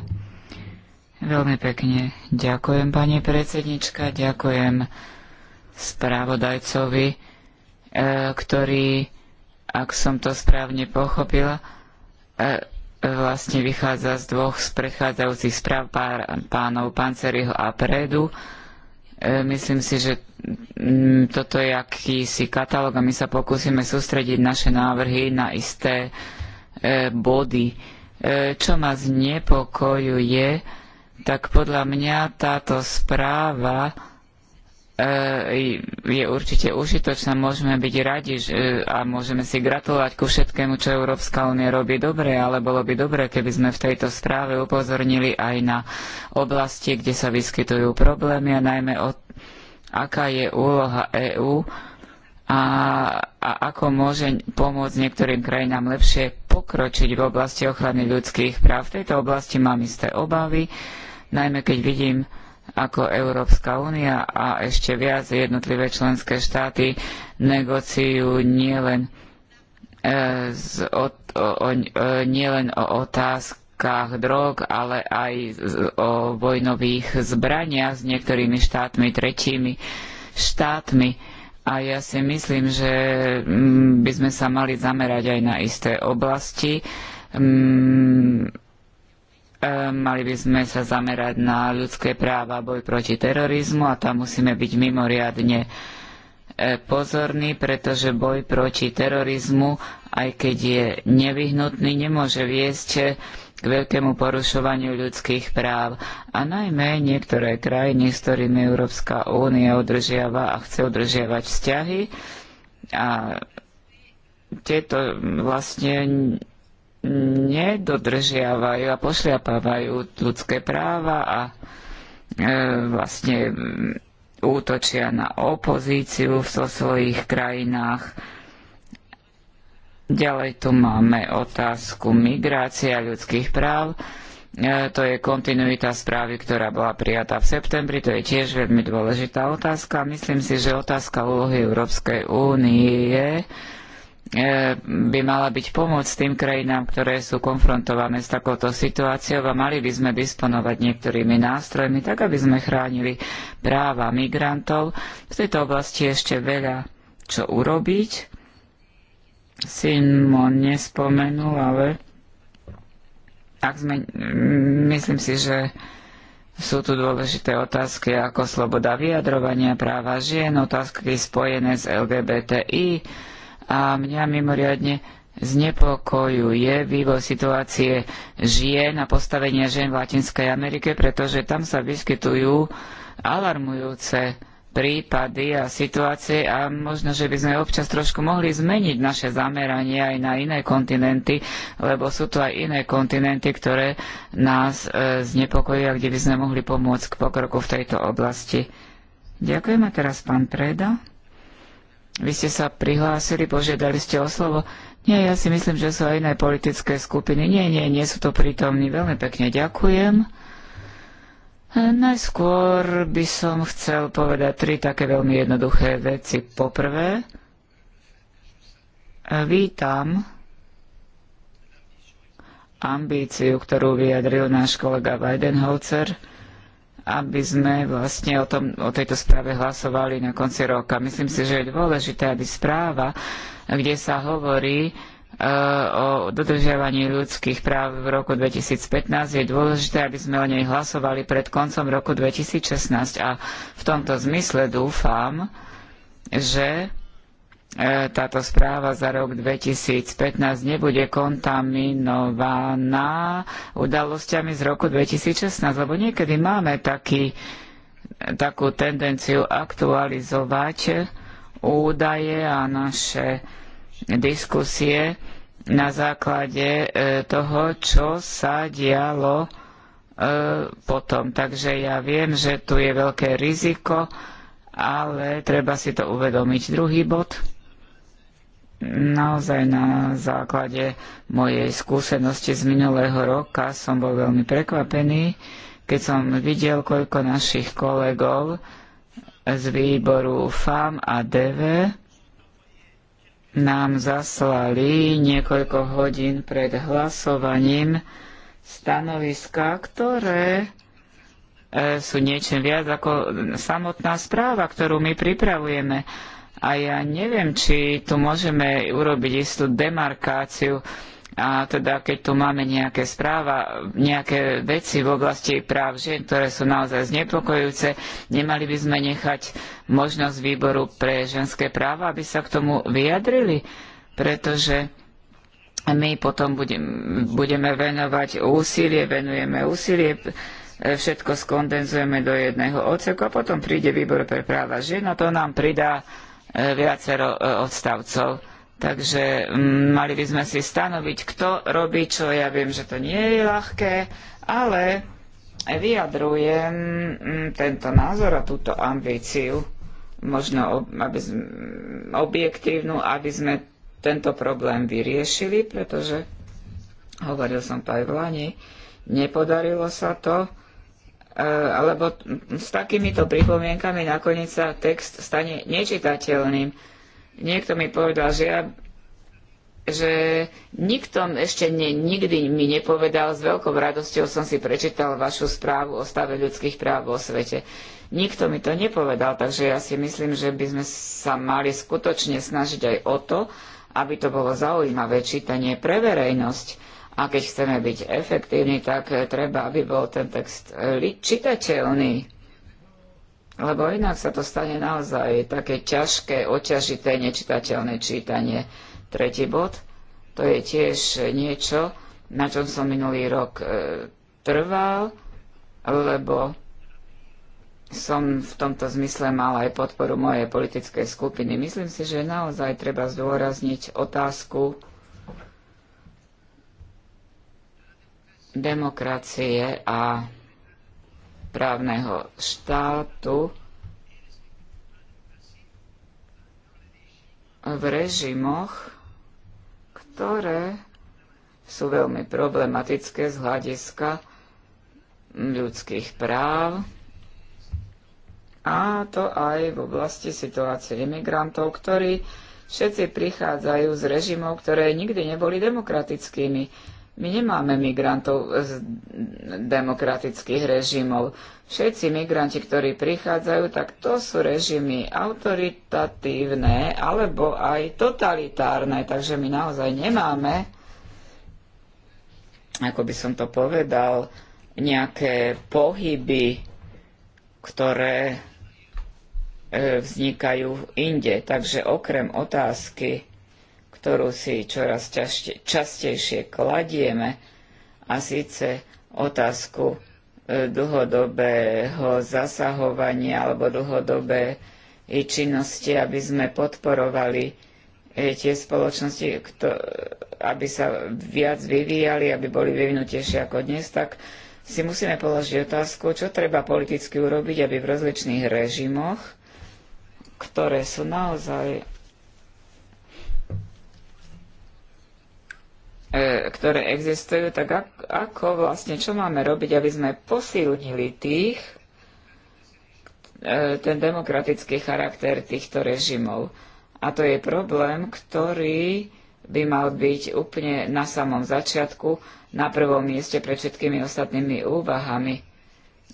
Veľmi pekne ďakujem, pani predsednička, ďakujem správodajcovi, e, ktorý, ak som to správne pochopila, e, vlastne vychádza z dvoch z predchádzajúcich správ pánov Panceriho a Predu. E, myslím si, že mm, toto je akýsi katalóg a my sa pokúsime sústrediť naše návrhy na isté e, body. E, čo ma znepokojuje, tak podľa mňa táto správa Eh, je určite užitočná. Môžeme byť radi eh, a môžeme si gratulovať ku všetkému, čo Európska únia robí dobre, ale bolo by dobre, keby sme v tejto správe upozornili aj na oblasti, kde sa vyskytujú problémy a najmä o aká je úloha EÚ a, a ako môže pomôcť niektorým krajinám lepšie pokročiť v oblasti ochrany ľudských práv. V tejto oblasti mám isté obavy, najmä keď vidím ako Európska únia a ešte viac jednotlivé členské štáty negociujú nielen e, z, o, o, o, e, nielen o otázkach drog, ale aj z, o vojnových zbraniach s niektorými štátmi, tretími štátmi. A ja si myslím, že mm, by sme sa mali zamerať aj na isté oblasti. Mm, Ehm, mali by sme sa zamerať na ľudské práva, boj proti terorizmu a tam musíme byť mimoriadne e, pozorní, pretože boj proti terorizmu, aj keď je nevyhnutný, nemôže viesť e, k veľkému porušovaniu ľudských práv. A najmä niektoré krajiny, s ktorými Európska únia udržiava a chce udržiavať vzťahy, a tieto vlastne nedodržiavajú a pošliapávajú ľudské práva a e, vlastne útočia na opozíciu so svojich krajinách. Ďalej tu máme otázku migrácia ľudských práv. E, to je kontinuita správy, ktorá bola prijatá v septembri. To je tiež veľmi dôležitá otázka. Myslím si, že otázka úlohy Európskej únie je E, by mala byť pomoc tým krajinám, ktoré sú konfrontované s takouto situáciou a mali by sme disponovať niektorými nástrojmi, tak aby sme chránili práva migrantov. V tejto oblasti je ešte veľa čo urobiť. Simon nespomenul, ale ak sme, myslím si, že sú tu dôležité otázky ako sloboda vyjadrovania práva žien, otázky spojené s LGBTI, a mňa mimoriadne znepokojuje vývoj situácie žien a postavenia žien v Latinskej Amerike, pretože tam sa vyskytujú alarmujúce prípady a situácie a možno, že by sme občas trošku mohli zmeniť naše zameranie aj na iné kontinenty, lebo sú tu aj iné kontinenty, ktoré nás e, znepokojia, kde by sme mohli pomôcť k pokroku v tejto oblasti. Ďakujem a teraz pán Preda. Vy ste sa prihlásili, požiadali ste o slovo. Nie, ja si myslím, že sú aj iné politické skupiny. Nie, nie, nie sú to prítomní. Veľmi pekne ďakujem. Najskôr by som chcel povedať tri také veľmi jednoduché veci. Poprvé, vítam ambíciu, ktorú vyjadril náš kolega Weidenholzer aby sme vlastne o, tom, o tejto správe hlasovali na konci roka. Myslím si, že je dôležité, aby správa, kde sa hovorí e, o dodržiavaní ľudských práv v roku 2015, je dôležité, aby sme o nej hlasovali pred koncom roku 2016. A v tomto zmysle dúfam, že E, táto správa za rok 2015 nebude kontaminovaná udalosťami z roku 2016, lebo niekedy máme taký, takú tendenciu aktualizovať údaje a naše diskusie na základe e, toho, čo sa dialo e, potom. Takže ja viem, že tu je veľké riziko, ale treba si to uvedomiť. Druhý bod naozaj na základe mojej skúsenosti z minulého roka som bol veľmi prekvapený, keď som videl, koľko našich kolegov z výboru FAM a DV nám zaslali niekoľko hodín pred hlasovaním stanoviska, ktoré e, sú niečím viac ako samotná správa, ktorú my pripravujeme. A ja neviem, či tu môžeme urobiť istú demarkáciu, a teda keď tu máme nejaké správa, nejaké veci v oblasti práv žien, ktoré sú naozaj znepokojujúce, nemali by sme nechať možnosť výboru pre ženské práva, aby sa k tomu vyjadrili, pretože my potom budem, budeme venovať úsilie, venujeme úsilie, všetko skondenzujeme do jedného odseku a potom príde výbor pre práva žien a to nám pridá E, viacero e, odstavcov. Takže mali by sme si stanoviť, kto robí čo. Ja viem, že to nie je ľahké, ale vyjadrujem tento názor a túto ambíciu, možno aby sme, objektívnu, aby sme tento problém vyriešili, pretože hovoril som to aj v Lani, nepodarilo sa to E, alebo s takýmito pripomienkami nakoniec sa text stane nečitateľným. Niekto mi povedal, že ja že nikto ešte ne, nikdy mi nepovedal, s veľkou radosťou som si prečítal vašu správu o stave ľudských práv vo svete. Nikto mi to nepovedal, takže ja si myslím, že by sme sa mali skutočne snažiť aj o to, aby to bolo zaujímavé čítanie pre verejnosť a keď chceme byť efektívni, tak eh, treba, aby bol ten text eh, čitateľný. Lebo inak sa to stane naozaj také ťažké, oťažité, nečitateľné čítanie. Tretí bod, to je tiež eh, niečo, na čom som minulý rok trval, lebo som v tomto zmysle mal aj podporu mojej politickej skupiny. Myslím si, že naozaj treba zdôrazniť otázku demokracie a právneho štátu v režimoch, ktoré sú veľmi problematické z hľadiska ľudských práv a to aj v oblasti situácie imigrantov, ktorí všetci prichádzajú z režimov, ktoré nikdy neboli demokratickými my nemáme migrantov z demokratických režimov. Všetci migranti, ktorí prichádzajú, tak to sú režimy autoritatívne alebo aj totalitárne. Takže my naozaj nemáme, ako by som to povedal, nejaké pohyby, ktoré e, vznikajú inde. Takže okrem otázky ktorú si čoraz častejšie kladieme, a síce otázku e, dlhodobého zasahovania alebo dlhodobé činnosti, aby sme podporovali e, tie spoločnosti, aby sa viac vyvíjali, aby boli vyvinutejšie ako dnes, tak si musíme položiť otázku, čo treba politicky urobiť, aby v rozličných režimoch, ktoré sú naozaj E, ktoré existujú, tak ako vlastne, čo máme robiť, aby sme posilnili tých, e, ten demokratický charakter týchto režimov. A to je problém, ktorý by mal byť úplne na samom začiatku, na prvom mieste pred všetkými ostatnými úvahami.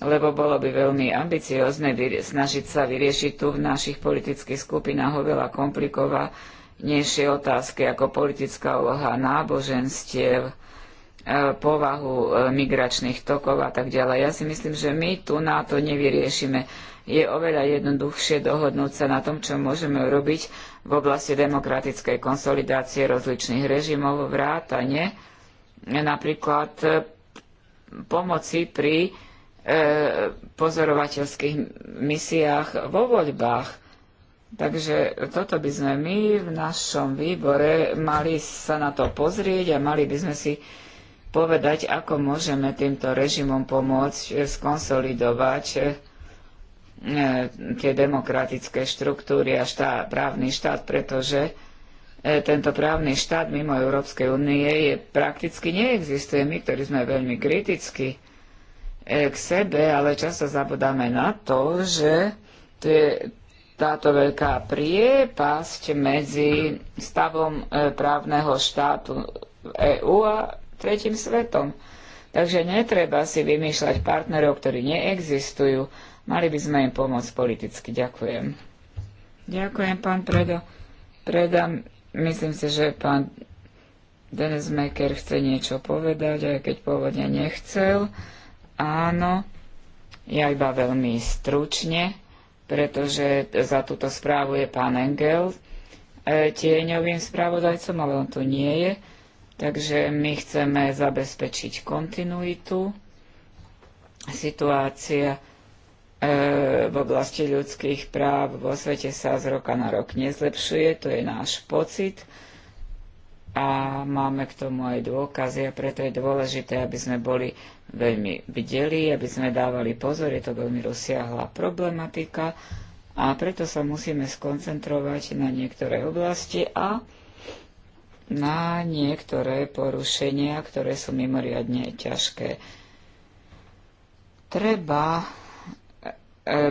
Lebo bolo by veľmi ambiciozne snažiť sa vyriešiť tu v našich politických skupinách oveľa komplikovať nejšie otázky ako politická úloha náboženstiev, e, povahu e, migračných tokov a tak ďalej. Ja si myslím, že my tu na to nevyriešime. Je oveľa jednoduchšie dohodnúť sa na tom, čo môžeme urobiť v oblasti demokratickej konsolidácie rozličných režimov, vrátane napríklad e, pomoci pri pozorovateľských misiách vo voľbách Takže toto by sme my v našom výbore mali sa na to pozrieť a mali by sme si povedať, ako môžeme týmto režimom pomôcť skonsolidovať eh, tie demokratické štruktúry a štát, právny štát, pretože eh, tento právny štát mimo Európskej únie je, prakticky neexistuje. My, ktorí sme veľmi kriticky eh, k sebe, ale často zabudáme na to, že tu je táto veľká priepasť medzi stavom e, právneho štátu EÚ a tretím svetom. Takže netreba si vymýšľať partnerov, ktorí neexistujú. Mali by sme im pomôcť politicky. Ďakujem. Ďakujem, pán Predo. Preda, myslím si, že pán Denis Maker chce niečo povedať, aj keď pôvodne nechcel. Áno, ja iba veľmi stručne pretože za túto správu je pán Engel e, tieňovým spravodajcom, ale on tu nie je. Takže my chceme zabezpečiť kontinuitu. Situácia e, v oblasti ľudských práv vo svete sa z roka na rok nezlepšuje, to je náš pocit a máme k tomu aj dôkazy a preto je dôležité, aby sme boli veľmi bdeli, aby sme dávali pozor, je to veľmi rozsiahla problematika a preto sa musíme skoncentrovať na niektoré oblasti a na niektoré porušenia, ktoré sú mimoriadne ťažké. Treba e, e,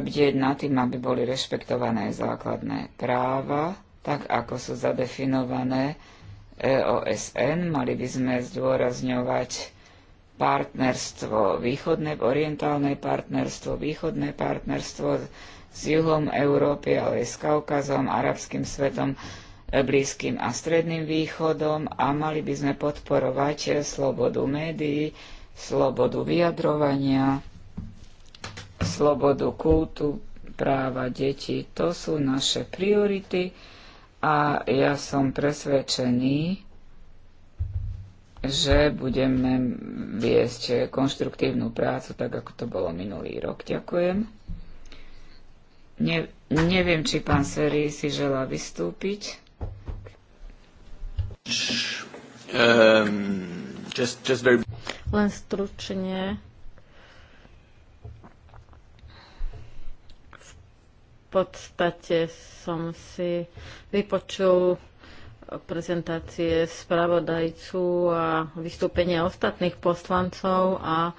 bdieť nad tým, aby boli rešpektované základné práva, tak ako sú zadefinované EOSN Mali by sme zdôrazňovať partnerstvo východné, orientálne partnerstvo, východné partnerstvo s juhom Európy, ale aj s Kaukazom, arabským svetom, Blízkym a Stredným východom a mali by sme podporovať slobodu médií, slobodu vyjadrovania, slobodu kultu, práva detí. To sú naše priority a ja som presvedčený, že budeme viesť konštruktívnu prácu, tak ako to bolo minulý rok. Ďakujem. Ne, neviem, či pán Seri si želá vystúpiť. Um, just, just very... Len stručne podstate som si vypočul prezentácie spravodajcu a vystúpenia ostatných poslancov a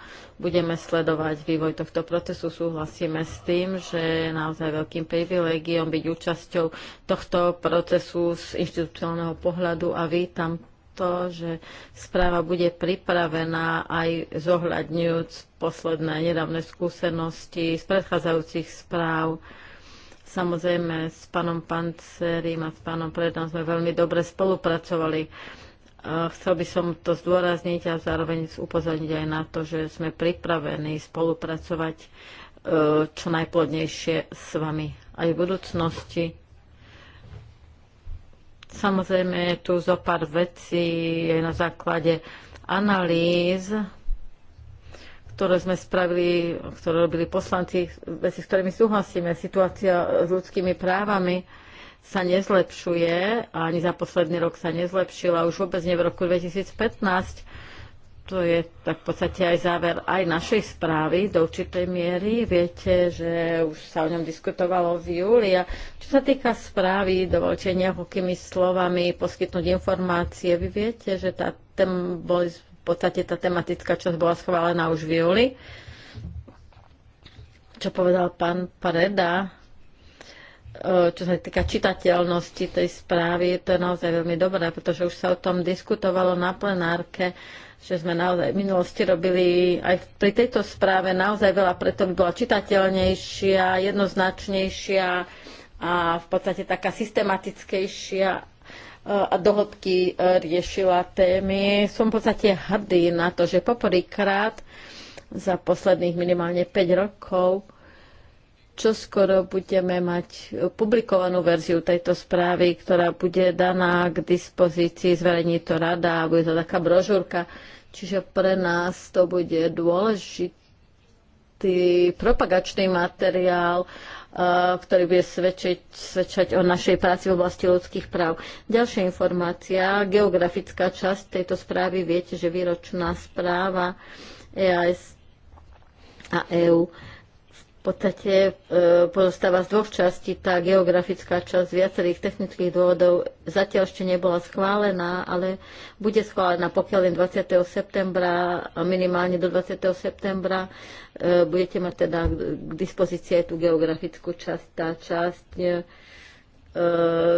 budeme sledovať vývoj tohto procesu. Súhlasíme s tým, že je naozaj veľkým privilégiom byť účasťou tohto procesu z inštitucionálneho pohľadu a vítam to, že správa bude pripravená aj zohľadňujúc posledné nedávne skúsenosti z predchádzajúcich správ Samozrejme, s pánom pancerím a s pánom Predom sme veľmi dobre spolupracovali. Chcel by som to zdôrazniť a zároveň upozorniť aj na to, že sme pripravení spolupracovať e, čo najplodnejšie s vami aj v budúcnosti. Samozrejme, je tu zo pár vecí je na základe analýz ktoré sme spravili, ktoré robili poslanci, veci, s ktorými súhlasíme. Situácia s ľudskými právami sa nezlepšuje, ani za posledný rok sa nezlepšila, už vôbec nie v roku 2015. To je tak v podstate aj záver aj našej správy do určitej miery. Viete, že už sa o ňom diskutovalo v júli. A čo sa týka správy, dovolte nejakými slovami poskytnúť informácie. Vy viete, že tá, ten boli podstate tá tematická časť bola schválená už v júli. Čo povedal pán Preda, e, čo sa týka čitateľnosti tej správy, to je naozaj veľmi dobré, pretože už sa o tom diskutovalo na plenárke, že sme naozaj v minulosti robili aj pri tejto správe naozaj veľa, preto by bola čitateľnejšia, jednoznačnejšia a v podstate taká systematickejšia a dohodky e, riešila témy. Som v podstate hrdý na to, že poprvýkrát za posledných minimálne 5 rokov čo skoro budeme mať publikovanú verziu tejto správy, ktorá bude daná k dispozícii, zverejní to rada a bude to taká brožúrka. Čiže pre nás to bude dôležitý propagačný materiál Eh, ktorý bude svedčiť, svedčať o našej práci v oblasti ľudských práv. Ďalšia informácia, geografická časť tejto správy, viete, že výročná správa EAS a EU podstate e, pozostáva z dvoch častí. Tá geografická časť z viacerých technických dôvodov zatiaľ ešte nebola schválená, ale bude schválená pokiaľ len 20. septembra, minimálne do 20. septembra. E, budete mať teda k dispozícii aj tú geografickú časť, tá časť e,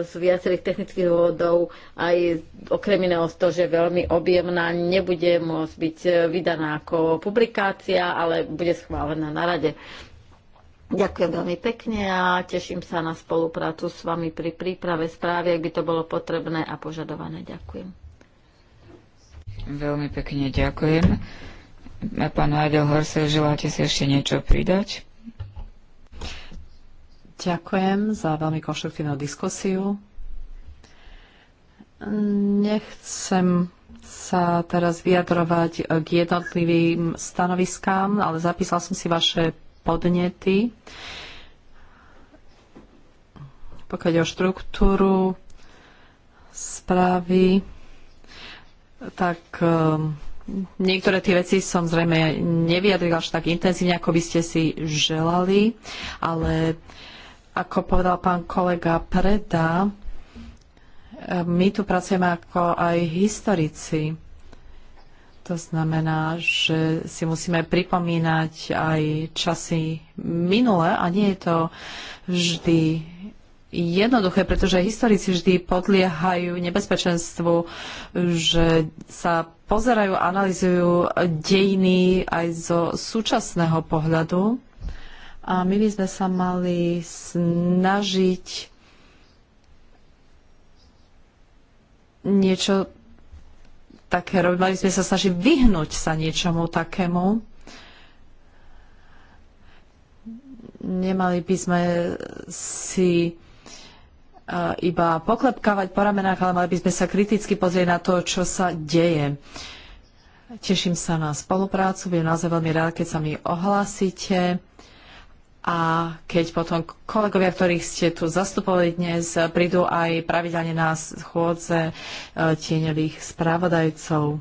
z viacerých technických dôvodov, aj okrem iného z toho, že je veľmi objemná, nebude môcť byť vydaná ako publikácia, ale bude schválená na rade. Ďakujem veľmi pekne a teším sa na spoluprácu s vami pri príprave správy, ak by to bolo potrebné a požadované. Ďakujem. Veľmi pekne ďakujem. Pán Ajdel Horsel, želáte si ešte niečo pridať? Ďakujem za veľmi konštruktívnu diskusiu. Nechcem sa teraz vyjadrovať k jednotlivým stanoviskám, ale zapísal som si vaše podnety. Pokiaľ je o štruktúru správy, tak ehm, niektoré tie veci som zrejme nevyjadrila až tak intenzívne, ako by ste si želali, ale ako povedal pán kolega Preda, ehm, my tu pracujeme ako aj historici to znamená, že si musíme pripomínať aj časy minulé a nie je to vždy jednoduché, pretože historici vždy podliehajú nebezpečenstvu, že sa pozerajú, analizujú dejiny aj zo súčasného pohľadu. A my by sme sa mali snažiť niečo také Mali sme sa snažiť vyhnúť sa niečomu takému. Nemali by sme si e, iba poklepkávať po ramenách, ale mali by sme sa kriticky pozrieť na to, čo sa deje. Teším sa na spoluprácu, budem naozaj veľmi rád, keď sa mi ohlásite a keď potom kolegovia, ktorých ste tu zastupovali dnes, prídu aj pravidelne na schôdze e, tieňových správodajcov.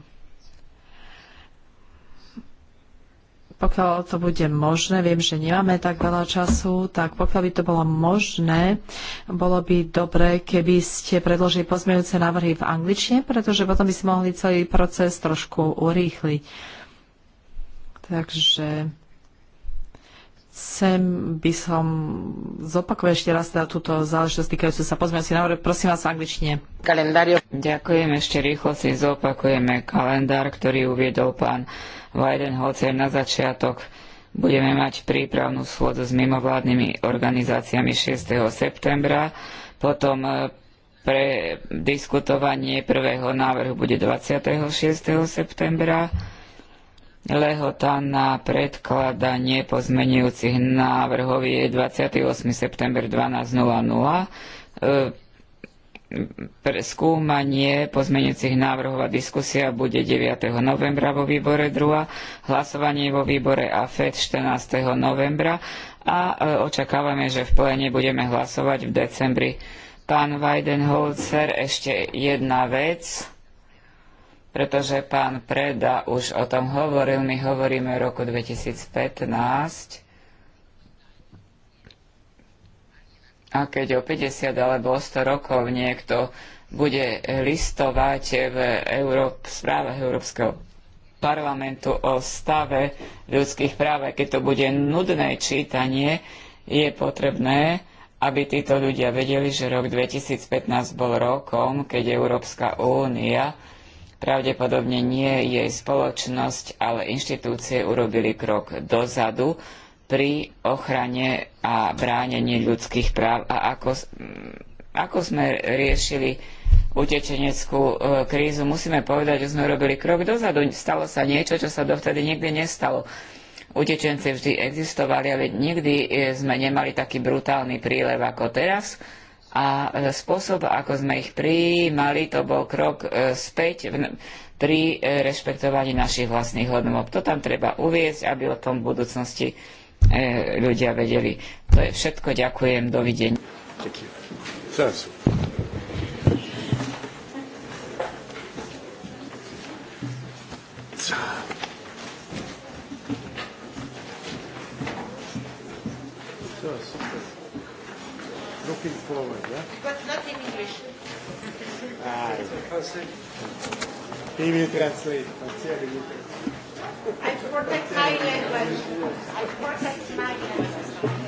Pokiaľ to bude možné, viem, že nemáme tak veľa času, tak pokiaľ by to bolo možné, bolo by dobre, keby ste predložili pozmeňujúce návrhy v angličtine, pretože potom by sme mohli celý proces trošku urýchliť. Takže Sem by som zopakoval ešte raz teda túto záležitosť týkajúcu sa si návrh. Prosím vás v angličtine. Kalendário. Ďakujem, ešte rýchlo si zopakujeme kalendár, ktorý uviedol pán Hocer na začiatok. Budeme mať prípravnú schôdzu s mimovládnymi organizáciami 6. septembra, potom e, pre diskutovanie prvého návrhu bude 26. septembra Lehota na predkladanie pozmenujúcich návrhov je 28. september 12.00. E, pre skúmanie pozmenujúcich návrhov a diskusia bude 9. novembra vo výbore 2, hlasovanie vo výbore AFED 14. novembra a e, očakávame, že v pléne budeme hlasovať v decembri. Pán Weidenholzer, ešte jedna vec pretože pán Preda už o tom hovoril, my hovoríme o roku 2015, a keď o 50 alebo o 100 rokov niekto bude listovať v Európ, správach Európskeho parlamentu o stave ľudských práv, keď to bude nudné čítanie, je potrebné, aby títo ľudia vedeli, že rok 2015 bol rokom, keď Európska únia Pravdepodobne nie jej spoločnosť, ale inštitúcie urobili krok dozadu pri ochrane a bránení ľudských práv a ako, mm, ako sme riešili utečeneckú e, krízu, musíme povedať, že sme urobili krok dozadu. Stalo sa niečo, čo sa dovtedy nikdy nestalo. Utečenci vždy existovali, ale nikdy e, sme nemali taký brutálny prílev ako teraz a e, spôsob, ako sme ich prijímali, to bol krok e, späť pri e, rešpektovaní našich vlastných hodnot. To tam treba uvieť, aby o tom v budúcnosti ľudia vedeli. To je všetko. Ďakujem. Dovidenia. Ďakujem. looking forward, yeah? Because not in English. Ah, yeah. he will translate. I protect my language. I protect my language.